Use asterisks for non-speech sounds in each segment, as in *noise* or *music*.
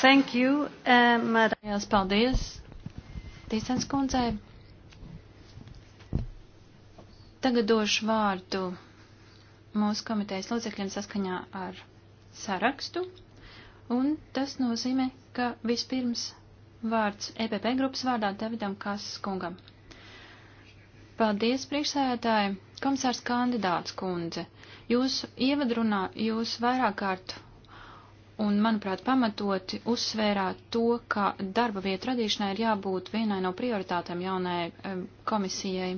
Thank you, uh, madam. Paldies, Tīsens kundzei. Tagad došu vārdu mūsu komitejas locekļiem saskaņā ar sarakstu, un tas nozīmē, ka vispirms vārds EPP grupas vārdā Davidam Kasas kungam. Paldies, priekšsēdētāji, komisārs kandidāts kundze. Jūsu ievadrunā jūs vairāk kārt un, manuprāt, pamatoti uzsvērāt to, ka darba vietu radīšanai ir jābūt vienai no prioritātēm jaunajai komisijai.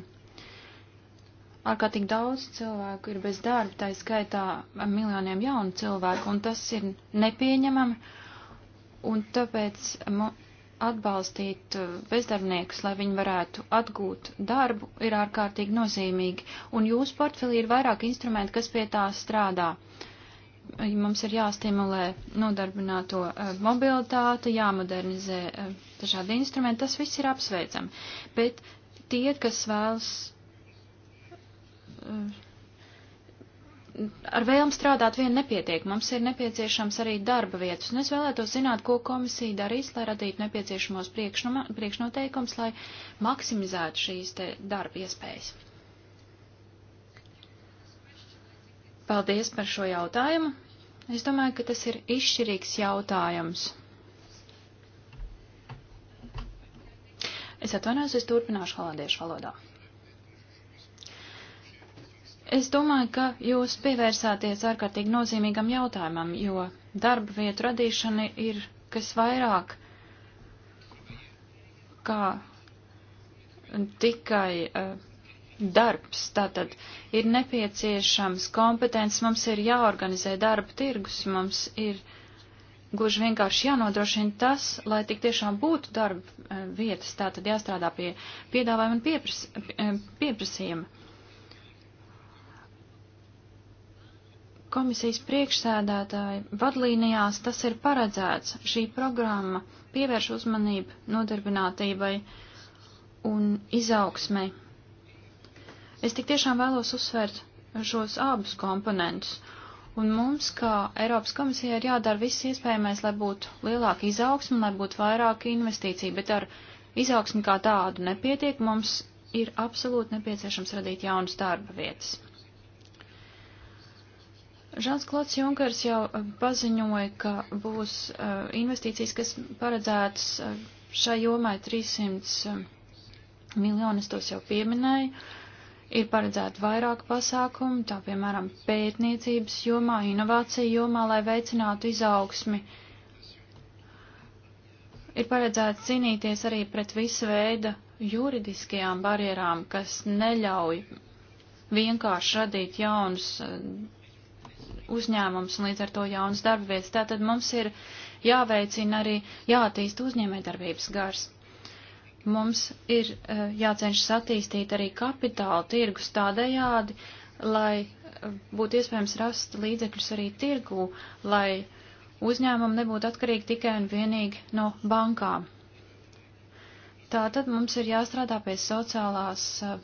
Ārkārtīgi daudz cilvēku ir bez darba, tā skaitā miljoniem jaunu cilvēku, un tas ir nepieņemami, un tāpēc atbalstīt eh, bezdarbniekus, lai viņi varētu atgūt darbu, ir ārkārtīgi nozīmīgi, un jūsu portfelī ir vairāk instrumenti, kas pie tā strādā mums ir jāstimulē nodarbināto eh, mobilitāte, jāmodernizē eh, dažādi instrumenti, tas viss ir apsveicami. Bet tie, kas vēlas eh, ar vēlmu strādāt vien nepietiek, mums ir nepieciešams arī darba vietas, un es vēlētos zināt, ko komisija darīs, lai radītu nepieciešamos priekšnoteikums, lai maksimizētu šīs te darba iespējas. Paldies par šo jautājumu. Es domāju, ka tas ir izšķirīgs jautājums. Es atvainojos, es turpināšu holandiešu valodā. Es domāju, ka jūs pievērsāties ārkārtīgi nozīmīgam jautājumam, jo darba vietu radīšana ir kas vairāk kā tikai uh, darbs. Tātad ir nepieciešams kompetents, mums ir jāorganizē darba tirgus, mums ir gluži vienkārši jānodrošina tas, lai tik tiešām būtu darba eh, vietas, tātad jāstrādā pie piedāvājuma un piepras, eh, pieprasījuma. Komisijas priekšsēdētāji vadlīnijās tas ir paredzēts. Šī programma pievērš uzmanību nodarbinātībai un izaugsmai. Es tik tiešām vēlos uzsvērt šos abus komponentus. Un mums, kā Eiropas komisijai, ir jādara viss iespējamais, lai būtu lielāka izaugsme un lai būtu vairāk investīcija, bet ar izaugsmi kā tādu nepietiek, mums ir absolūti nepieciešams radīt jaunas darba vietas. Žāns Klots Junkers jau eh, paziņoja, ka būs eh, investīcijas, kas paredzētas eh, šai jomai 300 miljonus, tos jau pieminēju. Ir paredzēti vairāk pasākumu, tā piemēram pētniecības jomā, inovāciju jomā, lai veicinātu izaugsmi. Ir paredzēts cīnīties arī pret visu veidu juridiskajām barjerām, kas neļauj vienkārši radīt jaunus eh, uzņēmums un līdz ar to jaunas darba vietas. Tātad mums ir jāveicina arī jātīst uzņēmē darbības gars. Mums ir uh, jācenšas attīstīt arī kapitāla tirgus tādējādi, lai uh, būtu iespējams rast līdzekļus arī tirgū, lai uzņēmumi nebūtu atkarīgi tikai un vienīgi no bankām. Tātad mums ir jāstrādā pie sociālās uh,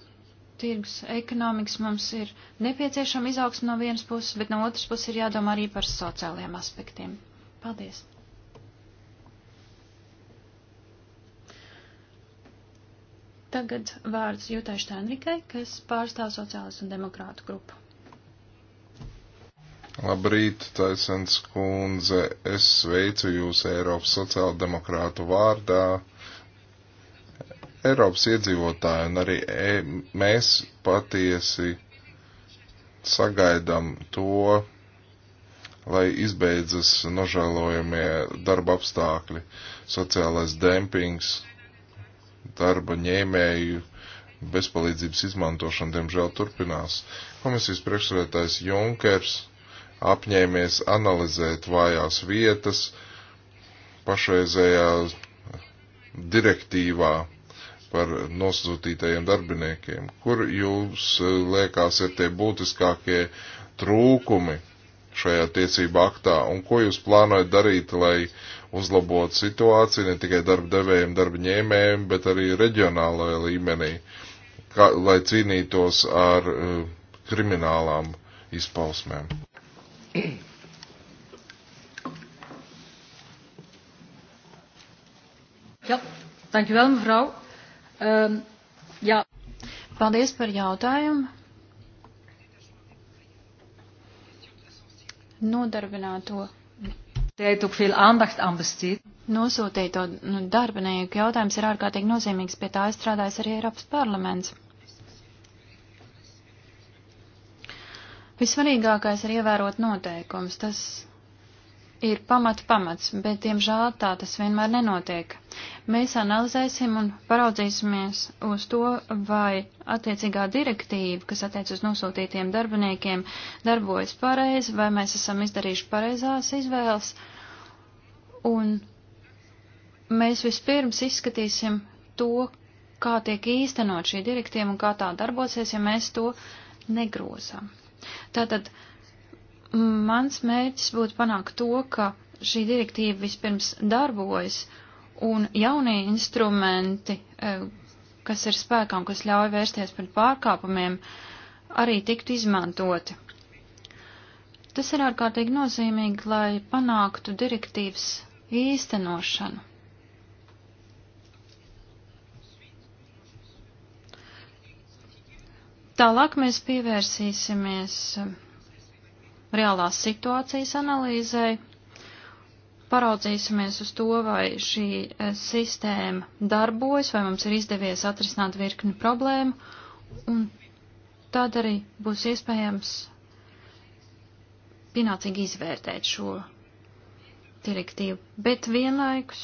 tirgus ekonomikas, mums ir nepieciešama izaugsme no vienas puses, bet no otras puses ir jādomā arī par sociālajiem aspektiem. Paldies! Tagad vārds Jūtai Štēnrikai, kas pārstāv sociālistu un demokrātu grupu. Labrīt, Taisens kundze, es sveicu jūs Eiropas sociāldemokrātu vārdā. Eiropas iedzīvotāji un arī e mēs patiesi sagaidām to, lai izbeidzas nožēlojamie darba apstākļi, sociālais dempings, darba ņēmēju bezpalīdzības izmantošana, diemžēl, turpinās. Komisijas priekšsēdētājs Junkers apņēmies analizēt vājās vietas pašreizējā direktīvā par nosūtītajiem darbiniekiem. Kur jūs eh, liekas ir tie būtiskākie trūkumi, šajā tiesību aktā un ko jūs plānojat darīt, lai uzlabotu situāciju ne tikai darba devējiem, darba ņēmējiem, bet arī reģionālajā līmenī, kā, lai cīnītos ar uh, kriminālām izpausmēm. Jā, dankjewel mevrouw. Um, jā. Paldies par jautājumu. nodarbināto. Nosūtīto nu, darbinieku jautājums ir ārkārtīgi nozīmīgs, pie tā strādājas arī Eiropas parlaments. Visvarīgākais ir ievērot noteikums, tas ir pamata pamats, bet diemžēl tā tas vienmēr nenotiek. Mēs analizēsim un paraudzīsimies uz to, vai attiecīgā direktīva, kas attiec uz nosūtītiem darbiniekiem, darbojas pareizi, vai mēs esam izdarījuši pareizās izvēles. Un mēs vispirms izskatīsim to, kā tiek īstenot šī direktīva un kā tā darbosies, ja mēs to negrozam. Tātad, uh, Mans mērķis būtu panākt to, ka šī direktīva vispirms darbojas un jaunie instrumenti, e, kas ir spēkā un kas ļauj vērsties pret pārkāpumiem, arī tiktu izmantoti. Tas ir ārkārtīgi nozīmīgi, lai panāktu direktīvas īstenošanu. Tālāk mēs pievērsīsimies reālās situācijas analīzei, paraudzīsimies uz to, vai šī eh, sistēma darbojas, vai mums ir izdevies atrisināt virkni problēmu, un tad arī būs iespējams pienācīgi izvērtēt šo direktīvu. Bet vienlaikus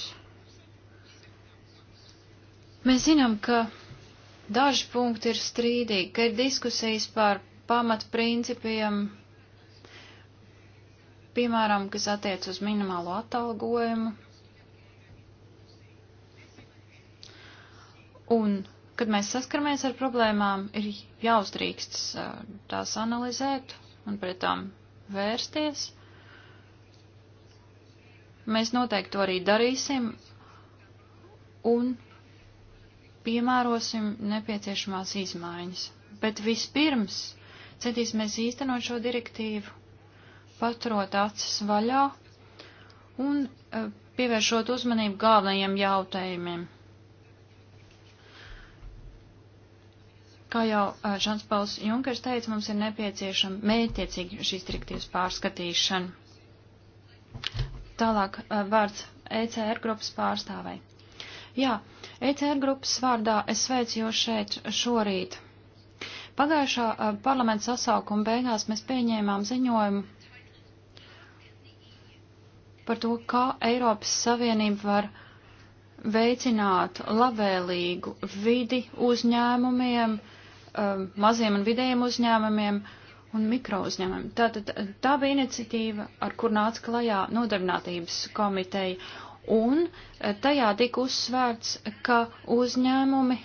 mēs zinām, ka daži punkti ir strīdīgi, ka ir diskusijas par pamatprincipiem, piemēram, kas attiec uz minimālo atalgojumu. Un, kad mēs saskaramies ar problēmām, ir jāuzdrīkstas uh, tās analizēt un pret tām vērsties. Mēs noteikti to arī darīsim un piemērosim nepieciešamās izmaiņas. Bet vispirms centīsimies īstenot šo direktīvu paturot acis vaļā un e, pievēršot uzmanību galvenajiem jautājumiem. Kā jau e, Žants Pauls Junkers teica, mums ir nepieciešama mērķtiecīga šīs direktīvas pārskatīšana. Tālāk e, vārds ECR grupas pārstāvai. Jā, ECR grupas vārdā es sveicu jūs šeit šorīt. Pagājušā parlamenta sasaukuma beigās mēs pieņēmām ziņojumu par to, kā Eiropas Savienība var veicināt labvēlīgu vidi uzņēmumiem, um, maziem un vidējiem uzņēmumiem un mikrouzņēmumiem. Tātad tā bija iniciatīva, ar kur nāca klajā nodarbinātības komiteja, un eh, tajā tika uzsvērts, ka uzņēmumi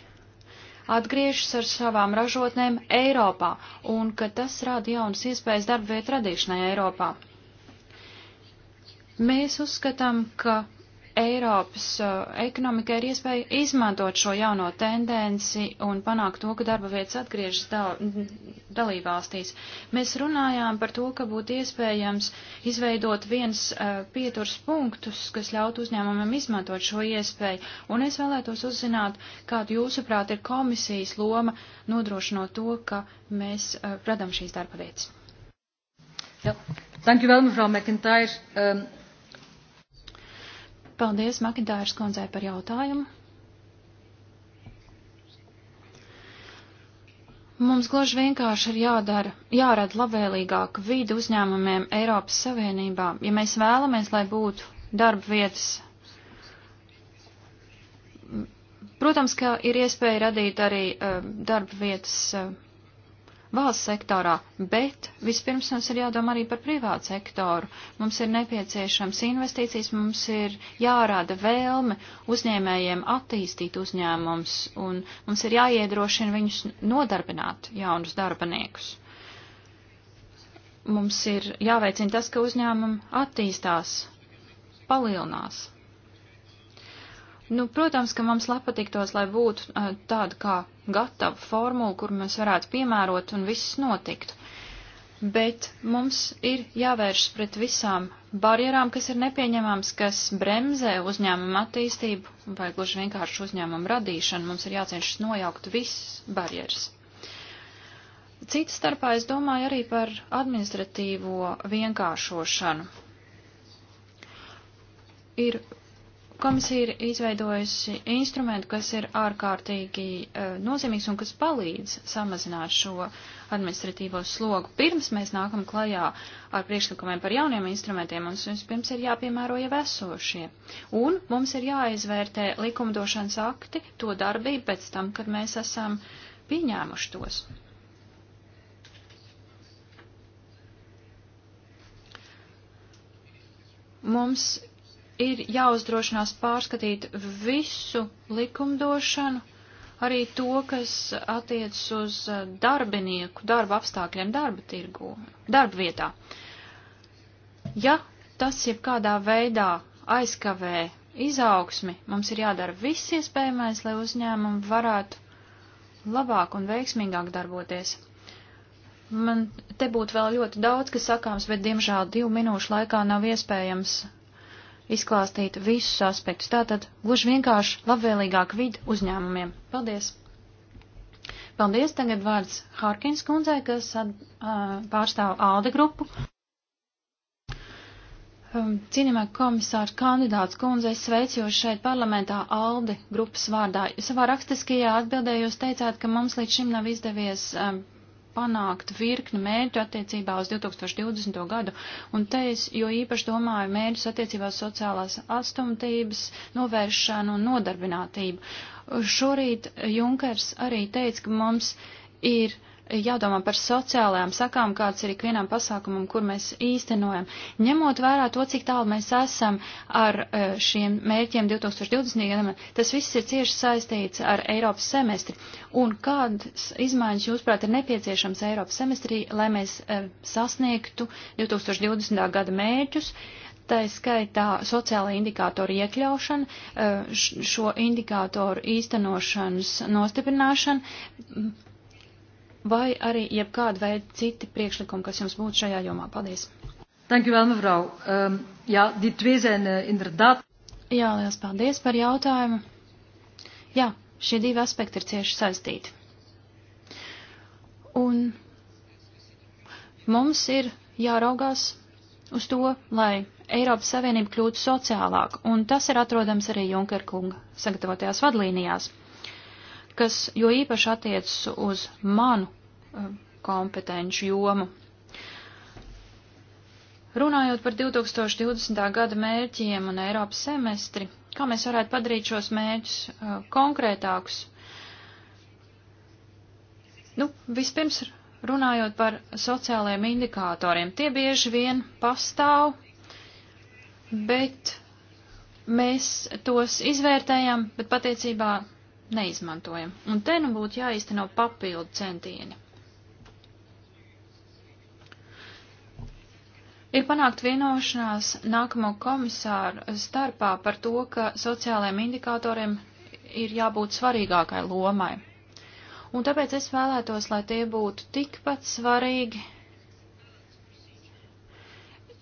atgriežas ar savām ražotnēm Eiropā, un ka tas rada jaunas iespējas darba vietu radīšanai Eiropā. Mēs uzskatām, ka Eiropas uh, eh, ekonomikai ir iespēja izmantot šo jauno tendenci un panākt to, ka darba vietas atgriežas dal dalībvalstīs. Mēs runājām par to, ka būtu iespējams izveidot viens uh, pieturs punktus, kas ļaut uzņēmumam izmantot šo iespēju, un es vēlētos uzzināt, kāda jūsuprāt ir komisijas loma nodrošinot to, ka mēs uh, eh, radam šīs darba vietas. Jā. Dankjewel, mevrouw McIntyre. Um, Paldies Makintāras kundzei par jautājumu. Mums gluži vienkārši ir jādara, jārada labvēlīgāka vide uzņēmumiem Eiropas Savienībā, ja mēs vēlamies, lai būtu darba vietas. Protams, ka ir iespēja radīt arī uh, darba vietas uh, valsts sektorā, bet vispirms mums ir jādomā arī par privātu sektoru. Mums ir nepieciešams investīcijas, mums ir jārāda vēlme uzņēmējiem attīstīt uzņēmums un mums ir jāiedrošina viņus nodarbināt jaunus darbiniekus. Mums ir jāveicina tas, ka uzņēmumi attīstās, palielinās. Nu, protams, ka mums patiktos, lai būtu uh, tāda kā gatava formula, kur mēs varētu piemērot un viss notiktu. Bet mums ir jāvēršas pret visām barjerām, kas ir nepieņemams, kas bremzē uzņēmumu attīstību vai gluži vienkārši uzņēmumu radīšanu. Mums ir jācenšas nojaukt visas barjeras. Cita starpā es domāju arī par administratīvo vienkāršošanu. Ir Komisija ir izveidojusi instrumentu, kas ir ārkārtīgi uh, nozīmīgs un kas palīdz samazināt šo administratīvo slogu. Pirms mēs nākam klajā ar priekšlikumiem par jauniem instrumentiem, mums vispirms ir jāpiemēro jau esošie. Un mums ir jāizvērtē likumdošanas akti, to darbību pēc tam, kad mēs esam pieņēmuši tos. Mums ir jāuzdrošinās pārskatīt visu likumdošanu, arī to, kas attiec uz eh, darbinieku darba apstākļiem darba tirgu, darba vietā. Ja tas jebkādā veidā aizkavē izaugsmi, mums ir jādara viss iespējamais, lai uzņēmumi varētu labāk un veiksmīgāk darboties. Man te būtu vēl ļoti daudz, kas sakāms, bet diemžēl divu minūšu laikā nav iespējams izklāstīt visus aspektus. Tātad, gluži vienkārši labvēlīgāk vidi uzņēmumiem. Paldies! Paldies! Tagad vārds Hārkins kundzei, kas at, uh, pārstāv ALDE grupu. Um, Cienījumā komisāra kandidāts kundze, es sveicu jūs šeit parlamentā ALDE grupas vārdā. Savā rakstiskajā atbildē jūs teicāt, ka mums līdz šim nav izdevies um, panākt virkni mērķu attiecībā uz 2020. gadu, un te es jo īpaši domāju mērķus attiecībā uz sociālās astumtības, novēršanu un nodarbinātību. Šorīt Junkers arī teica, ka mums ir jādomā par sociālajām sakām, kāds ir ikvienam pasākumam, kur mēs īstenojam. Ņemot vērā to, cik tālu mēs esam ar e, šiem mērķiem 2020. gadam, tas viss ir cieši saistīts ar Eiropas semestri. Un kādas izmaiņas, jūsuprāt, ir nepieciešams Eiropas semestrī, lai mēs e, sasniegtu 2020. gada mērķus? Tā ir skaitā sociāla indikātora iekļaušana, e, šo indikātoru īstenošanas nostiprināšana, vai arī jebkāda veida citi priekšlikumi, kas jums būtu šajā jomā. Paldies! Thank you, well, mevrouw. Um, ehm, jā, die twee zijn uh, inderdaad. Jā, liels paldies par jautājumu. Jā, šie divi aspekti ir cieši saistīti. Un mums ir jāraugās uz to, lai Eiropas Savienība kļūtu sociālāk, un tas ir atrodams arī Junker kunga sagatavotajās vadlīnijās, kas jo īpaši attiecas uz manu Eh, kompetenci jomu. Runājot par 2020. gada mērķiem un Eiropas semestri, kā mēs varētu padarīt šos mērķus eh, konkrētākus? Nu, vispirms runājot par sociālajiem indikatoriem, tie bieži vien pastāv, bet mēs tos izvērtējam, bet patiecībā neizmantojam. Un te nu būtu jāizteno papildu centieni. Ir panākt vienošanās nākamo komisāru starpā par to, ka sociālajiem indikatoriem ir jābūt svarīgākai lomai. Un tāpēc es vēlētos, lai tie būtu tikpat svarīgi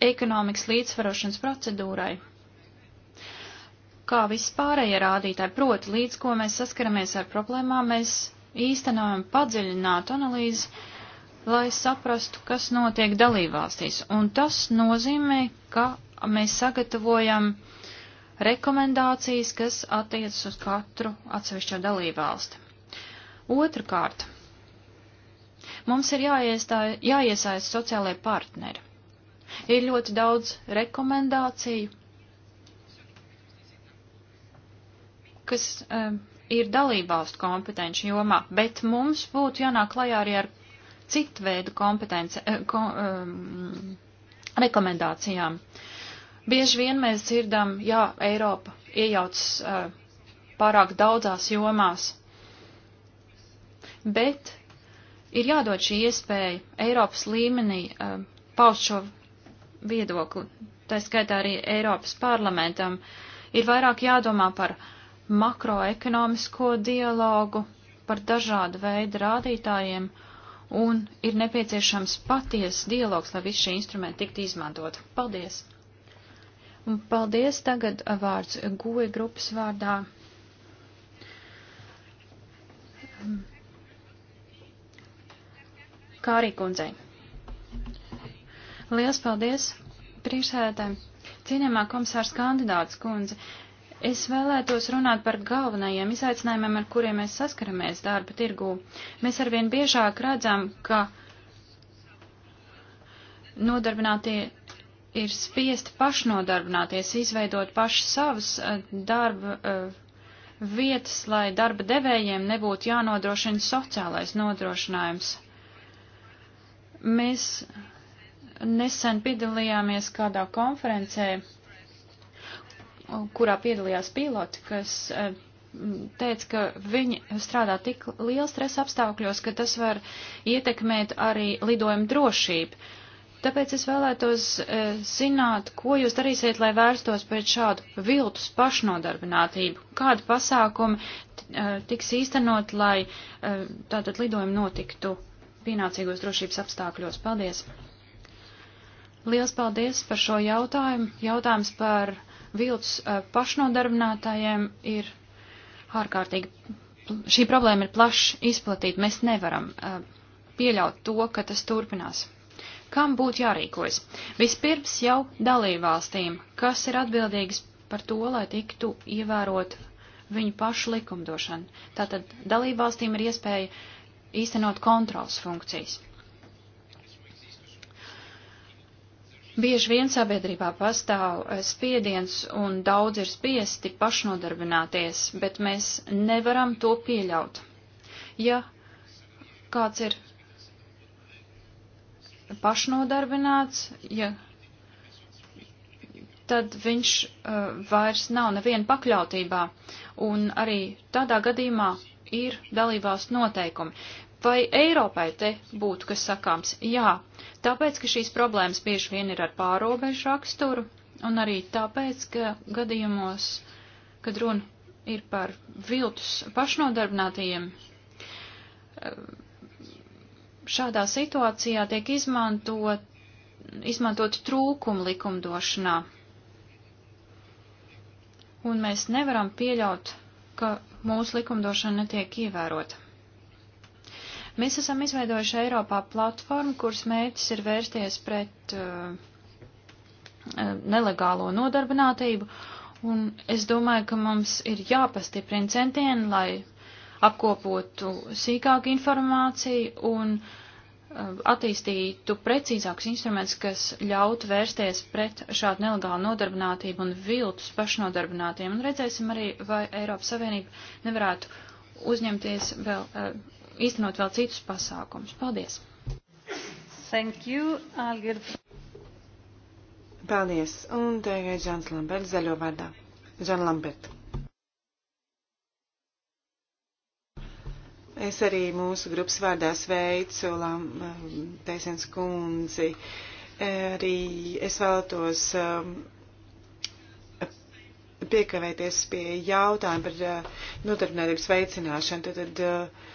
ekonomikas līdzsvarošanas procedūrai, kā vispārējie rādītāji, proti, līdz ko mēs saskaramies ar problēmām, mēs īstenojam padziļinātu analīzi, lai saprastu, kas notiek dalībvalstīs. Un tas nozīmē, ka mēs sagatavojam rekomendācijas, kas attiecas uz katru atsevišķo dalībvalsti. Otrakārt, mums ir jāiestāj, jāiesaist sociālajie partneri. Ir ļoti daudz rekomendāciju, kas um, ir dalībvalstu kompetenci jomā, bet mums būtu jānāk klajā arī ar citu veidu kompetence, eh, ko, um, rekomendācijām. Bieži vien mēs dzirdam, jā, Eiropa iejaucas uh, pārāk daudzās jomās, bet ir jādod šī iespēja Eiropas līmenī uh, paust šo viedokli. Tā skaitā arī Eiropas parlamentam ir vairāk jādomā par makroekonomisko dialogu, par dažādu veidu rādītājiem un ir nepieciešams patiesas dialogs, lai visi šie instrumenti tiktu izmantot. Paldies! Un paldies tagad vārds guja grupas vārdā. Kārī kundzei. Liels paldies priekšsēdētājiem. Cienījamā komisārs kandidāts kundze, Es vēlētos runāt par galvenajiem izaicinājumiem, ar kuriem mēs saskaramies darba tirgū. Mēs arvien biežāk redzam, ka nodarbinātie ir spiesti pašnodarbināties, izveidot paši savas eh, darba eh, vietas, lai darba devējiem nebūtu jānodrošina sociālais nodrošinājums. Mēs nesen piedalījāmies kādā konferencē kurā piedalījās piloti, kas eh, teica, ka viņi strādā tik liels stresa apstākļos, ka tas var ietekmēt arī lidojumu drošību. Tāpēc es vēlētos eh, zināt, ko jūs darīsiet, lai vērstos pret šādu viltus pašnodarbinātību. Kādi pasākumi eh, tiks īstenot, lai tātad lidojumi notiktu pienācīgos drošības apstākļos? Paldies! Liels paldies par šo jautājumu. Jautājums par uh, viltus pašnodarbinātājiem ir ārkārtīgi, šī problēma ir plaši izplatīta. Mēs nevaram pieļaut to, ka tas turpinās. Kam būtu jārīkojas? Vispirms jau dalībvalstīm, kas ir atbildīgas par to, lai tiktu ievērot viņu pašu likumdošanu. Tātad dalībvalstīm ir iespēja īstenot kontrols funkcijas. Bieži vien sabiedrībā pastāv eh, spiediens un daudz ir spiesti pašnodarbināties, bet mēs nevaram to pieļaut. Ja kāds ir pašnodarbināts, ja, tad viņš uh, vairs nav neviena pakļautībā. Un arī tādā gadījumā ir dalībās noteikumi. Vai Eiropai te būtu kas sakāms? Jā, tāpēc, ka šīs problēmas bieži vien ir ar pārobežu raksturu, un arī tāpēc, ka gadījumos, kad runa ir par viltus pašnodarbinātajiem, šādā situācijā tiek izmantot, izmantot trūkumu likumdošanā. Un mēs nevaram pieļaut, ka mūsu likumdošana netiek ievērota. Mēs esam izveidojuši Eiropā platformu, kuras mērķis ir vērsties pret uh, uh, nelegālo nodarbinātību, un es domāju, ka mums ir jāpastiprina centieni, lai apkopotu sīkāku informāciju un uh, attīstītu precīzākus instrumentus, kas ļautu vērsties pret šādu nelegālu nodarbinātību un viltus pašnodarbinātiem. Un redzēsim arī, vai Eiropas Savienība nevarētu uzņemties vēl uh, īstenot vēl citus pasākumus. Paldies! Thank you. I'll get... Paldies. Un tagad Žans Lamberts zaļo vārdā. Žan Lambert. Es arī mūsu grupas vārdā sveicu Lam, um, Teisens kundzi. E, arī es vēlētos um, piekavēties pie jautājuma par uh, nodarbinātības veicināšanu. Tad, tad, uh,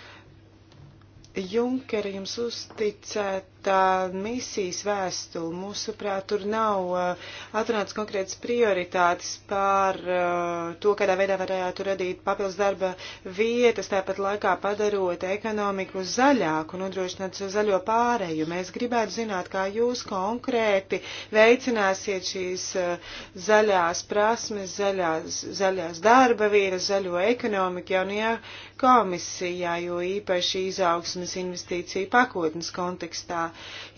Junkera jums uzticēt tā misijas vēstule. Mūsuprāt, tur nav uh, atrunāts konkrētas prioritātes par uh, to, kādā veidā varētu radīt papildus darba vietas, tāpat laikā padarot ekonomiku zaļāku, nodrošināt šo zaļo pārēju. Mēs gribētu zināt, kā jūs konkrēti veicināsiet šīs uh, zaļās prasmes, zaļās, zaļās darba vietas, zaļo ekonomiku jaunajā komisijā, jo īpaši izaugsmas investīciju pakotnes kontekstā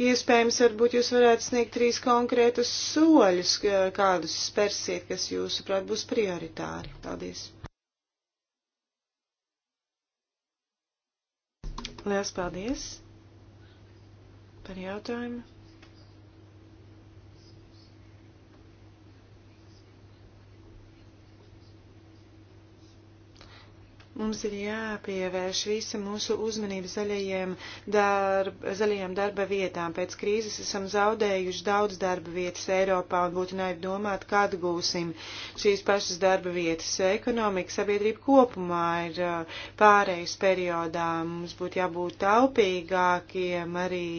Iespējams, varbūt jūs varētu sniegt trīs konkrētus soļus, kādus spērsiet, kas jūsuprāt būs prioritāri. Paldies! Liels paldies par jautājumu! Mums ir jāpievērš visa mūsu uzmanība zaļajiem darb, zaļajām darba vietām. Pēc krīzes esam zaudējuši daudz darba vietas Eiropā un būtu naivi domāt, kā atgūsim šīs pašas darba vietas. Ekonomika, sabiedrība kopumā ir uh, pārējais periodā. Mums būtu jābūt taupīgākiem arī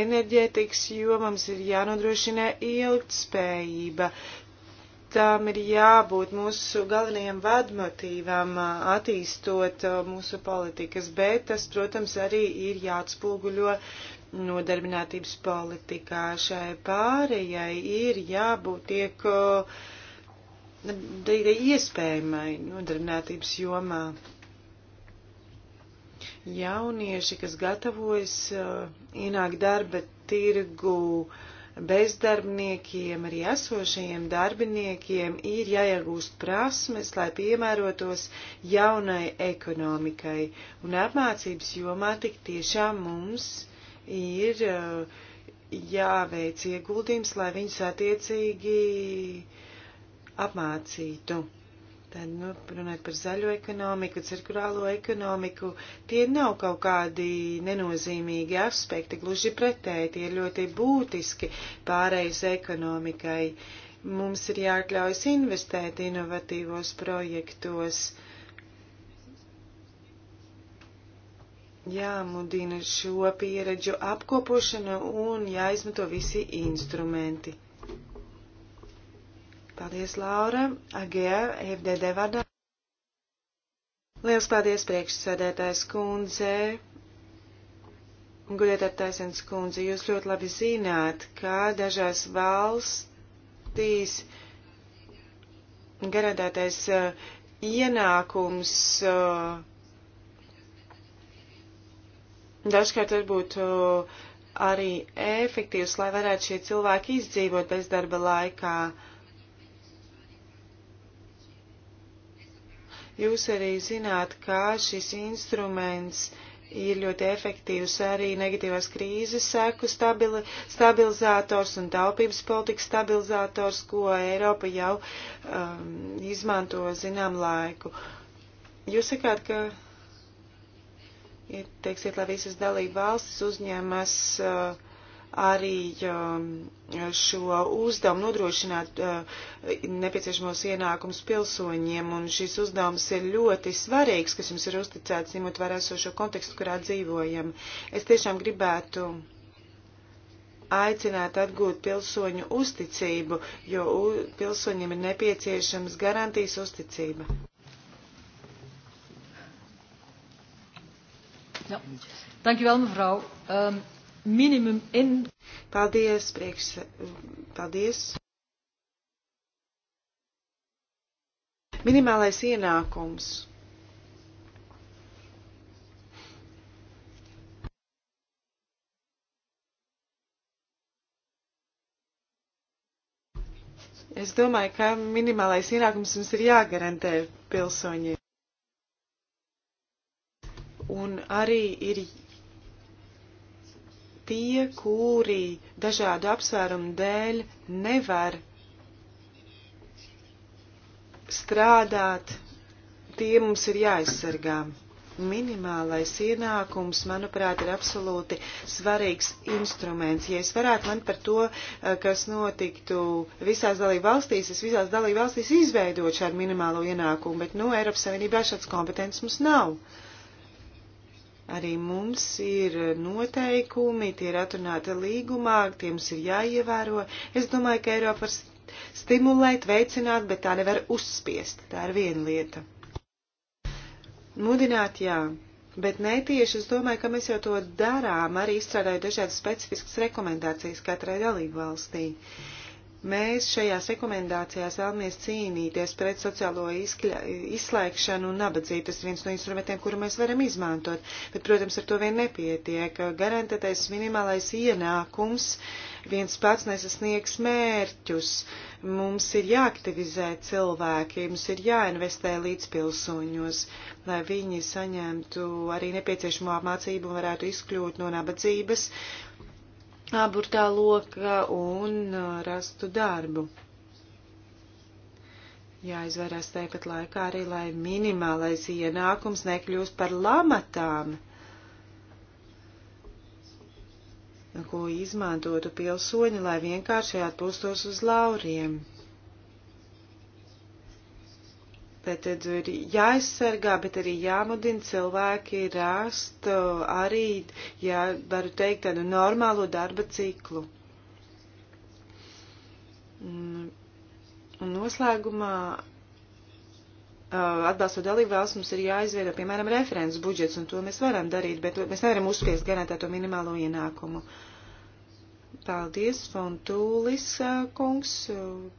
enerģētikas jomams ir jānodrošina ilgtspējība tam ir jābūt mūsu galvenajam vadmotīvam attīstot mūsu politikas, bet tas, protams, arī ir jāatspūguļo nodarbinātības politikā. Šai pārējai ir jābūt tiek iespējamai nodarbinātības jomā. Jaunieši, kas gatavojas ienāk darba tirgu, uh, bezdarbniekiem, arī esošajiem darbiniekiem ir jāiegūst prasmes, lai piemērotos jaunai ekonomikai. Un apmācības jomā tik tiešām mums ir eh, jāveic ieguldījums, lai viņus attiecīgi apmācītu. Tad, nu, runājot par zaļo ekonomiku, cirkulālo ekonomiku, tie nav kaut kādi nenozīmīgi aspekti, gluži pretēji, tie ir ļoti būtiski pārējais ekonomikai. Mums ir jāatļaujas investēt inovatīvos projektos, jāmudina šo pieredžu apkopošanu un jāizmanto visi instrumenti. Paldies, Laura. Agie, FDD vārdā. Liels paldies, priekšsēdētājs kundze. Gudētā taisens kundze, jūs ļoti labi zināt, ka dažās valstīs garantētais uh, ienākums uh, dažkārt varbūt uh, arī efektīvs, lai varētu šie cilvēki izdzīvot bezdarba laikā. Uh, Jūs arī zināt, kā šis instruments ir ļoti efektīvs arī negatīvās krīzes seku stabili, stabilizators un taupības politikas stabilizators, ko Eiropa jau um, izmanto zinām laiku. Jūs sakāt, ka ir, teiksiet, lai visas dalība valstis uzņemas uh, arī um, šo uzdevumu nodrošināt uh, nepieciešamos ienākumus pilsoņiem, un šis uzdevums ir ļoti svarīgs, kas jums ir uzticēts, ņemot vērā šo kontekstu, kurā dzīvojam. Es tiešām gribētu aicināt atgūt pilsoņu uzticību, jo pilsoņiem ir nepieciešams garantijas uzticība. Ja. Dankjewel mevrouw. Um, minimum in. Paldies, prieks, paldies. Minimālais ienākums. Es domāju, ka minimālais ienākums mums ir jāgarantē pilsoņiem. Un arī ir tie, kuri dažādu apsvērumu dēļ nevar strādāt, tie mums ir jāaizsargā. Minimālais ienākums, manuprāt, ir absolūti svarīgs instruments. Ja es varētu lemt par to, eh, kas notiktu visās dalību valstīs, es visās dalību valstīs izveidot šādu minimālo ienākumu, bet, nu, Eiropas Savienībā šāds kompetents mums nav. Uh, Arī mums ir noteikumi, tie ir atrunāti līgumā, tie mums ir jāievēro. Es domāju, ka Eiropa var stimulēt, veicināt, bet tā nevar uzspiest. Tā ir viena lieta. Mudināt, jā. Bet netieši es domāju, ka mēs jau to darām, arī izstrādājot dažādas specifiskas rekomendācijas katrai dalību valstī. Uh, Mēs šajās rekomendācijās vēlamies cīnīties pret sociālo izkļa, izslēgšanu un nabadzību. Tas ir viens no instrumentiem, kuru mēs varam izmantot. Bet, protams, ar to vien nepietiek. Garantētais minimālais ienākums viens pats nesasniegs mērķus. Mums ir jāaktivizē cilvēki, mums ir jāinvestē līdzpilsoņos, lai viņi saņemtu arī nepieciešamo apmācību un varētu izkļūt no nabadzības aburtā lokā un uh, rastu darbu. Jāizvērās tāpat laikā arī, lai minimālais ienākums nekļūst par lamatām, ko izmantotu pilsoņi, lai vienkārši atpūstos uz lauriem. Tātad ir jāaizsargā, bet arī jāmudina cilvēki rast arī, ja varu teikt, tādu normālu darba ciklu. Un noslēgumā atbalstot dalību valsts mums ir jāizveido, piemēram, referents budžets, un to mēs varam darīt, bet mēs nevaram uzspiest garantēto minimālo ienākumu. Uh, Paldies, Fontūlis kungs,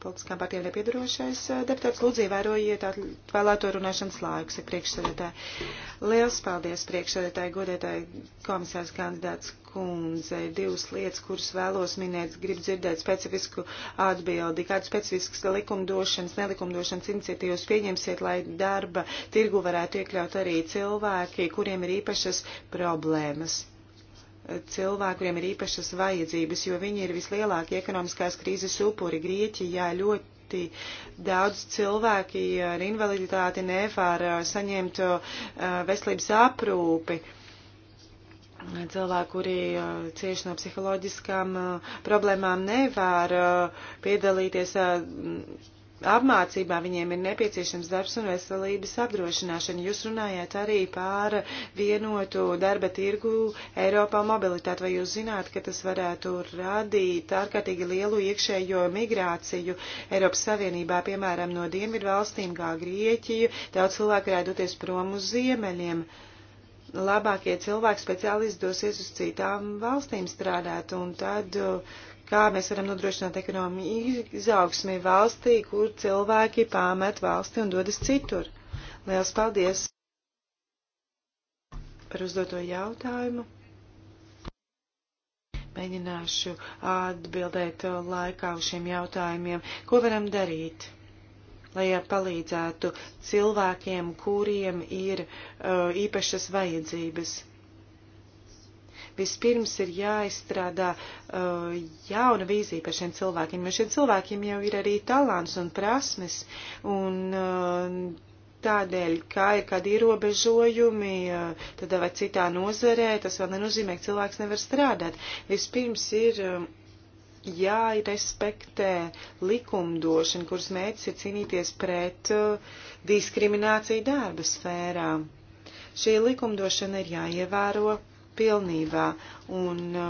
politiskām partijām nepiedarošais deputāts. Lūdzu, ievērojiet atvēlēto runāšanas laiku, saka priekšsēdētāji. Liels paldies priekšsēdētāji, godētāji komisārs kandidāts kundze. Divas lietas, kuras vēlos minēt, grib dzirdēt specifisku atbildi. Kādu specifiskas likumdošanas, nelikumdošanas iniciatīvas pieņemsiet, lai darba tirgu varētu iekļaut arī cilvēki, kuriem ir īpašas problēmas? cilvēki, kuriem ir īpašas vajadzības, jo viņi ir vislielākie ekonomiskās krīzes upuri. Grieķijā ļoti ļoti daudz cilvēki ar invaliditāti nevar saņemt veselības aprūpi. Cilvēki, kuri cieši no psiholoģiskām problēmām, nevar piedalīties apmācībā viņiem ir nepieciešams darbs un veselības apdrošināšana. Jūs runājāt arī pār vienotu darba tirgu Eiropā mobilitāti. Vai jūs zināt, ka tas varētu radīt ārkārtīgi lielu iekšējo migrāciju Eiropas Savienībā, piemēram, no dienvidu valstīm kā Grieķiju? Daudz cilvēku varētu doties prom uz ziemeļiem. Labākie cilvēki speciālisti dosies uz citām valstīm strādāt, un tad uh, kā mēs varam nodrošināt ekonomiju izaugsmi valstī, kur cilvēki pārmet valsti un dodas citur. Liels paldies par uzdoto jautājumu. Mēģināšu atbildēt laikā uz šiem jautājumiem. Ko varam darīt, lai palīdzētu cilvēkiem, kuriem ir uh, īpašas vajadzības? Vispirms ir jāizstrādā uh, jauna vīzija par šiem cilvēkiem, jo šiem cilvēkiem jau ir arī talants un prasmes. Un, uh, Tādēļ, kā ir kādi ierobežojumi, uh, tad vai citā nozarē, tas vēl nenozīmē, ka cilvēks nevar strādāt. Vispirms ir uh, jārespektē likumdošana, kuras mērķis ir cīnīties pret uh, diskrimināciju darba sfērā. Šī likumdošana ir jāievēro pilnībā. Un uh,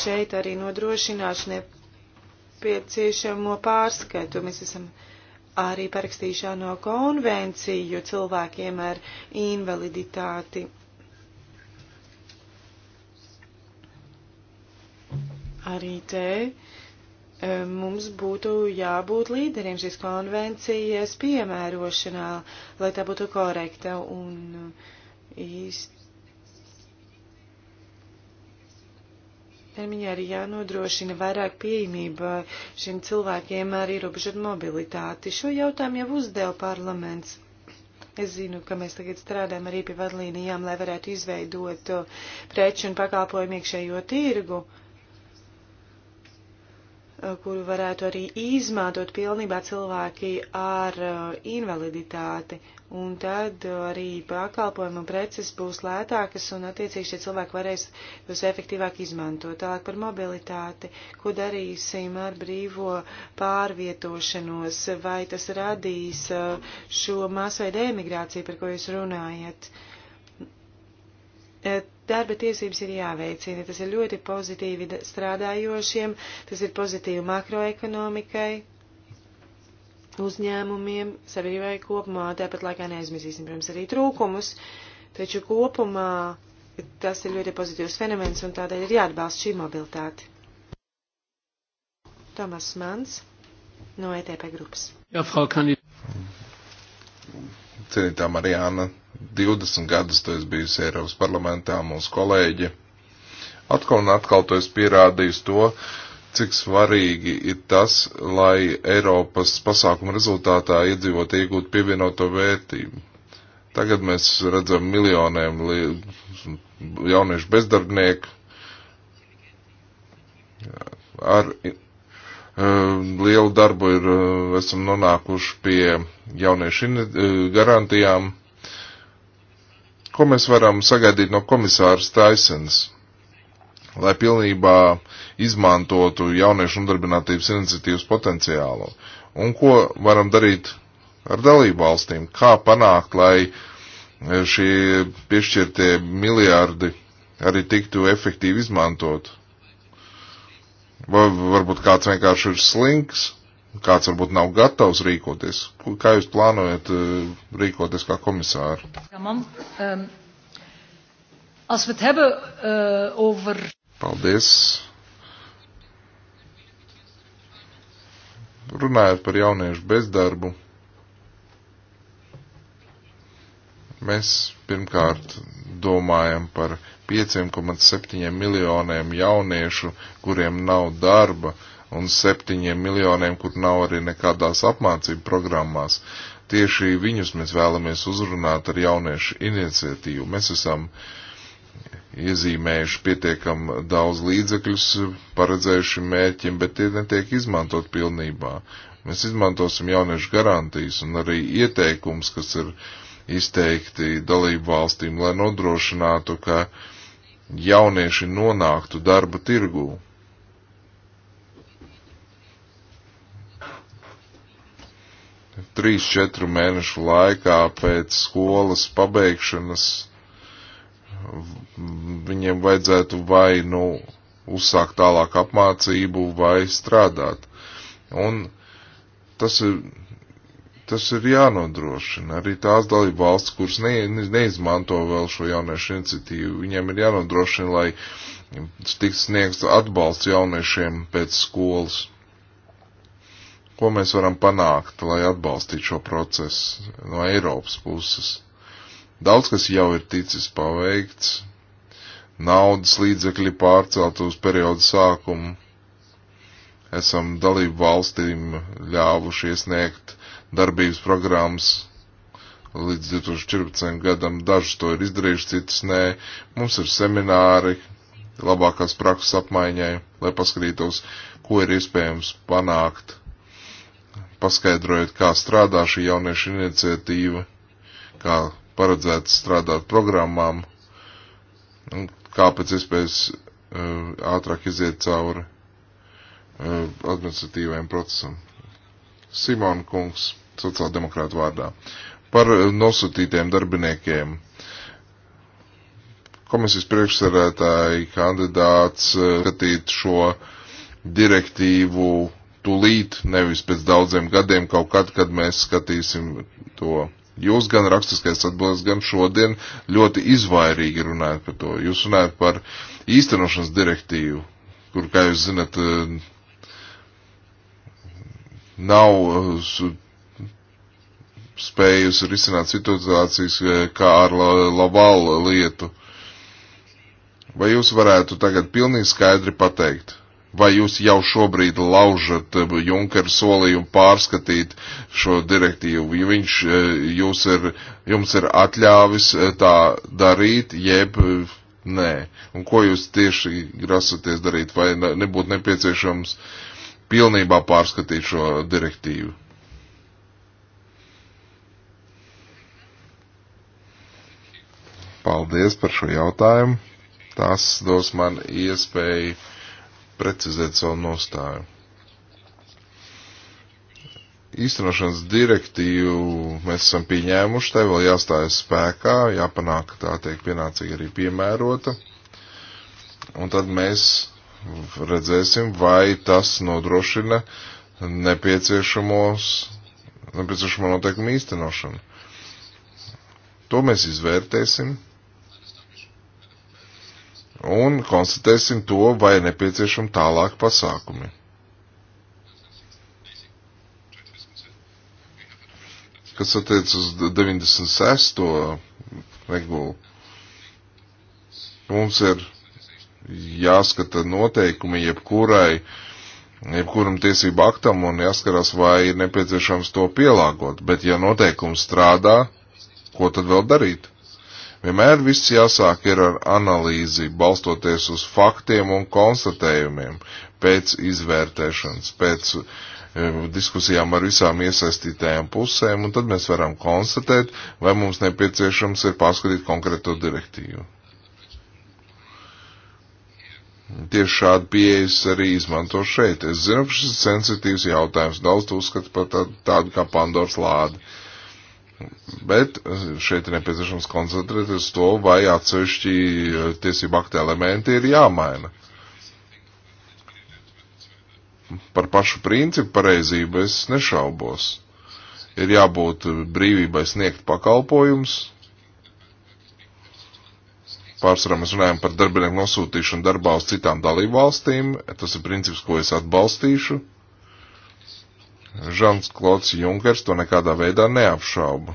šeit arī nodrošināšu nepieciešamo pārskatu. Mēs esam arī parakstījuši no konvenciju cilvēkiem ar invaliditāti. Arī te e, mums būtu jābūt līderiem šīs konvencijas piemērošanā, lai tā būtu korekta un e, īsti Termiņā arī jānodrošina vairāk pieejamība šiem cilvēkiem ar ierobežotu mobilitāti. Šo jautājumu jau uzdeva parlaments. Es zinu, ka mēs tagad strādājam arī pie vadlīnijām, lai varētu izveidot preču un pakalpojumu iekšējo tirgu. Uh, Eh, kuru varētu arī izmantot pilnībā cilvēki ar eh, invaliditāti. Un tad arī pakalpojumu preces būs lētākas un attiecīgi šie cilvēki varēs tos efektīvāk izmantot. Tālāk par mobilitāti, ko darīsim ar brīvo pārvietošanos, vai tas radīs eh, šo masveidu emigrāciju, par ko jūs runājat. Et darba tiesības ir jāveicina. Tas ir ļoti pozitīvi strādājošiem, tas ir pozitīvi makroekonomikai, uzņēmumiem, sabiedrībai kopumā. Tāpat laikā neaizmirsīsim, protams, arī trūkumus, taču kopumā tas ir ļoti pozitīvs fenomens un tādēļ ir jāatbalsta šī mobilitāte. Tomas Mans no ETP grupas. Jā, Frau Kandidāte. Cienītā Marijāna, 20 gadus tu esi bijusi Eiropas parlamentā, mūsu kolēģi. Atkal un atkal tu esi pierādījis to, cik svarīgi ir tas, lai Eiropas pasākuma rezultātā iedzīvot iegūt pievienoto vērtību. Tagad mēs redzam miljoniem jauniešu bezdarbnieku ar e, lielu darbu ir, e, esam nonākuši pie jauniešu e, garantijām Ko mēs varam sagaidīt no komisāras Taisens, lai pilnībā izmantotu jauniešu nodarbinātības iniciatīvas potenciālu? Un ko varam darīt ar dalību valstīm? Kā panākt, lai šie piešķirtie miljardi arī tiktu efektīvi izmantot? Vai varbūt kāds vienkārši ir slinks kāds varbūt nav gatavs rīkoties. Kā jūs plānojat eh, rīkoties kā komisāri? Ehm, eh, Paldies. Runājot par jauniešu bezdarbu, mēs pirmkārt domājam par 5,7 miljoniem jauniešu, kuriem nav darba, uh, un septiņiem miljoniem, kur nav arī nekādās apmācību programmās. Tieši viņus mēs vēlamies uzrunāt ar jauniešu iniciatīvu. Mēs esam iezīmējuši pietiekam daudz līdzekļus paredzējuši mērķim, bet tie netiek izmantot pilnībā. Mēs izmantosim jauniešu garantijas un arī ieteikums, kas ir izteikti dalību valstīm, lai nodrošinātu, ka jaunieši nonāktu darba tirgū 3-4 mēnešu laikā pēc skolas pabeigšanas viņiem vajadzētu vai nu uzsākt tālāk apmācību vai strādāt. Un tas ir, tas ir jānodrošina. Arī tās dalība valsts, kuras ne, neizmanto vēl šo jauniešu iniciatīvu, viņiem ir jānodrošina, lai tiks sniegts atbalsts jauniešiem pēc skolas. Ko mēs varam panākt, lai atbalstītu šo procesu no Eiropas puses? Daudz kas jau ir ticis paveikts, naudas līdzekļi pārcelt uz periodu sākumu, esam dalību valstīm ļāvuši iesniegt darbības programmas līdz 2014. gadam. Dažas to ir izdarījuši, citas nē. Mums ir semināri labākās prakses apmaiņai, lai paskatītos, ko ir iespējams panākt paskaidrojot, kā strādā šī jauniešu iniciatīva, kā paredzēts strādāt programmām, un kā pēc iespējas eh, ātrāk iziet cauri eh, administratīvajam procesam. Simon Kungs, sociāldemokrāta vārdā. Par eh, nosūtītiem darbiniekiem. Komisijas priekšsarētāji kandidāts skatīt šo direktīvu tūlīt, nevis pēc daudziem gadiem, kaut kad, kad mēs skatīsim to. Jūs gan rakstiskais atbildes, gan šodien ļoti izvairīgi runājat par to. Jūs runājat par īstenošanas direktīvu, kur, kā jūs zinat, eh, nav eh, spējusi risināt situācijas eh, kā ar Lavalu lietu. Vai jūs varētu tagad pilnīgi skaidri pateikt, Vai jūs jau šobrīd laužat eh, Junkeru solījumu pārskatīt šo direktīvu? Viņš eh, jūs ir, jums ir atļāvis eh, tā darīt, jeb nē. Un ko jūs tieši grasaties darīt? Vai nebūtu nepieciešams pilnībā pārskatīt šo direktīvu? Paldies par šo jautājumu. Tas dos man iespēju precizēt savu nostāju. Īstenošanas direktīvu mēs esam pieņēmuši, tai vēl jāstājas spēkā, jāpanāk, ka tā tiek pienācīgi arī piemērota. Un tad mēs redzēsim, vai tas nodrošina nepieciešamos, nepieciešamo noteikumu īstenošanu. To mēs izvērtēsim un konstatēsim to, vai nepieciešam tālāk pasākumi. Kas attiec uz 96. regulu, mums ir jāskata noteikumi jebkurai, jebkuram tiesību aktam un jāskarās, vai ir nepieciešams to pielāgot. Bet ja noteikums strādā, ko tad vēl darīt? Vienmēr viss jāsāk ir ar analīzi, balstoties uz faktiem un konstatējumiem, pēc izvērtēšanas, pēc e, diskusijām ar visām iesaistītajām pusēm, un tad mēs varam konstatēt, vai mums nepieciešams ir pārskatīt konkrēto direktīvu. Tieši šādu pieejas arī izmanto šeit. Es zinu, ka šis sensitīvs jautājums daudz uzskata par tādu kā Pandoras lādi. Uh, Bet eh, šeit ir nepieciešams koncentrēties to, vai atsevišķi eh, tiesību akta elementi ir jāmaina. Par pašu principu pareizību es nešaubos. Ir jābūt brīvībai sniegt pakalpojums, pārsvarā mēs runājam par darbinieku nosūtīšanu darbā uz citām dalībvalstīm. Tas ir princips, ko es atbalstīšu. Žans Klods Junkers to nekādā veidā neapšauba.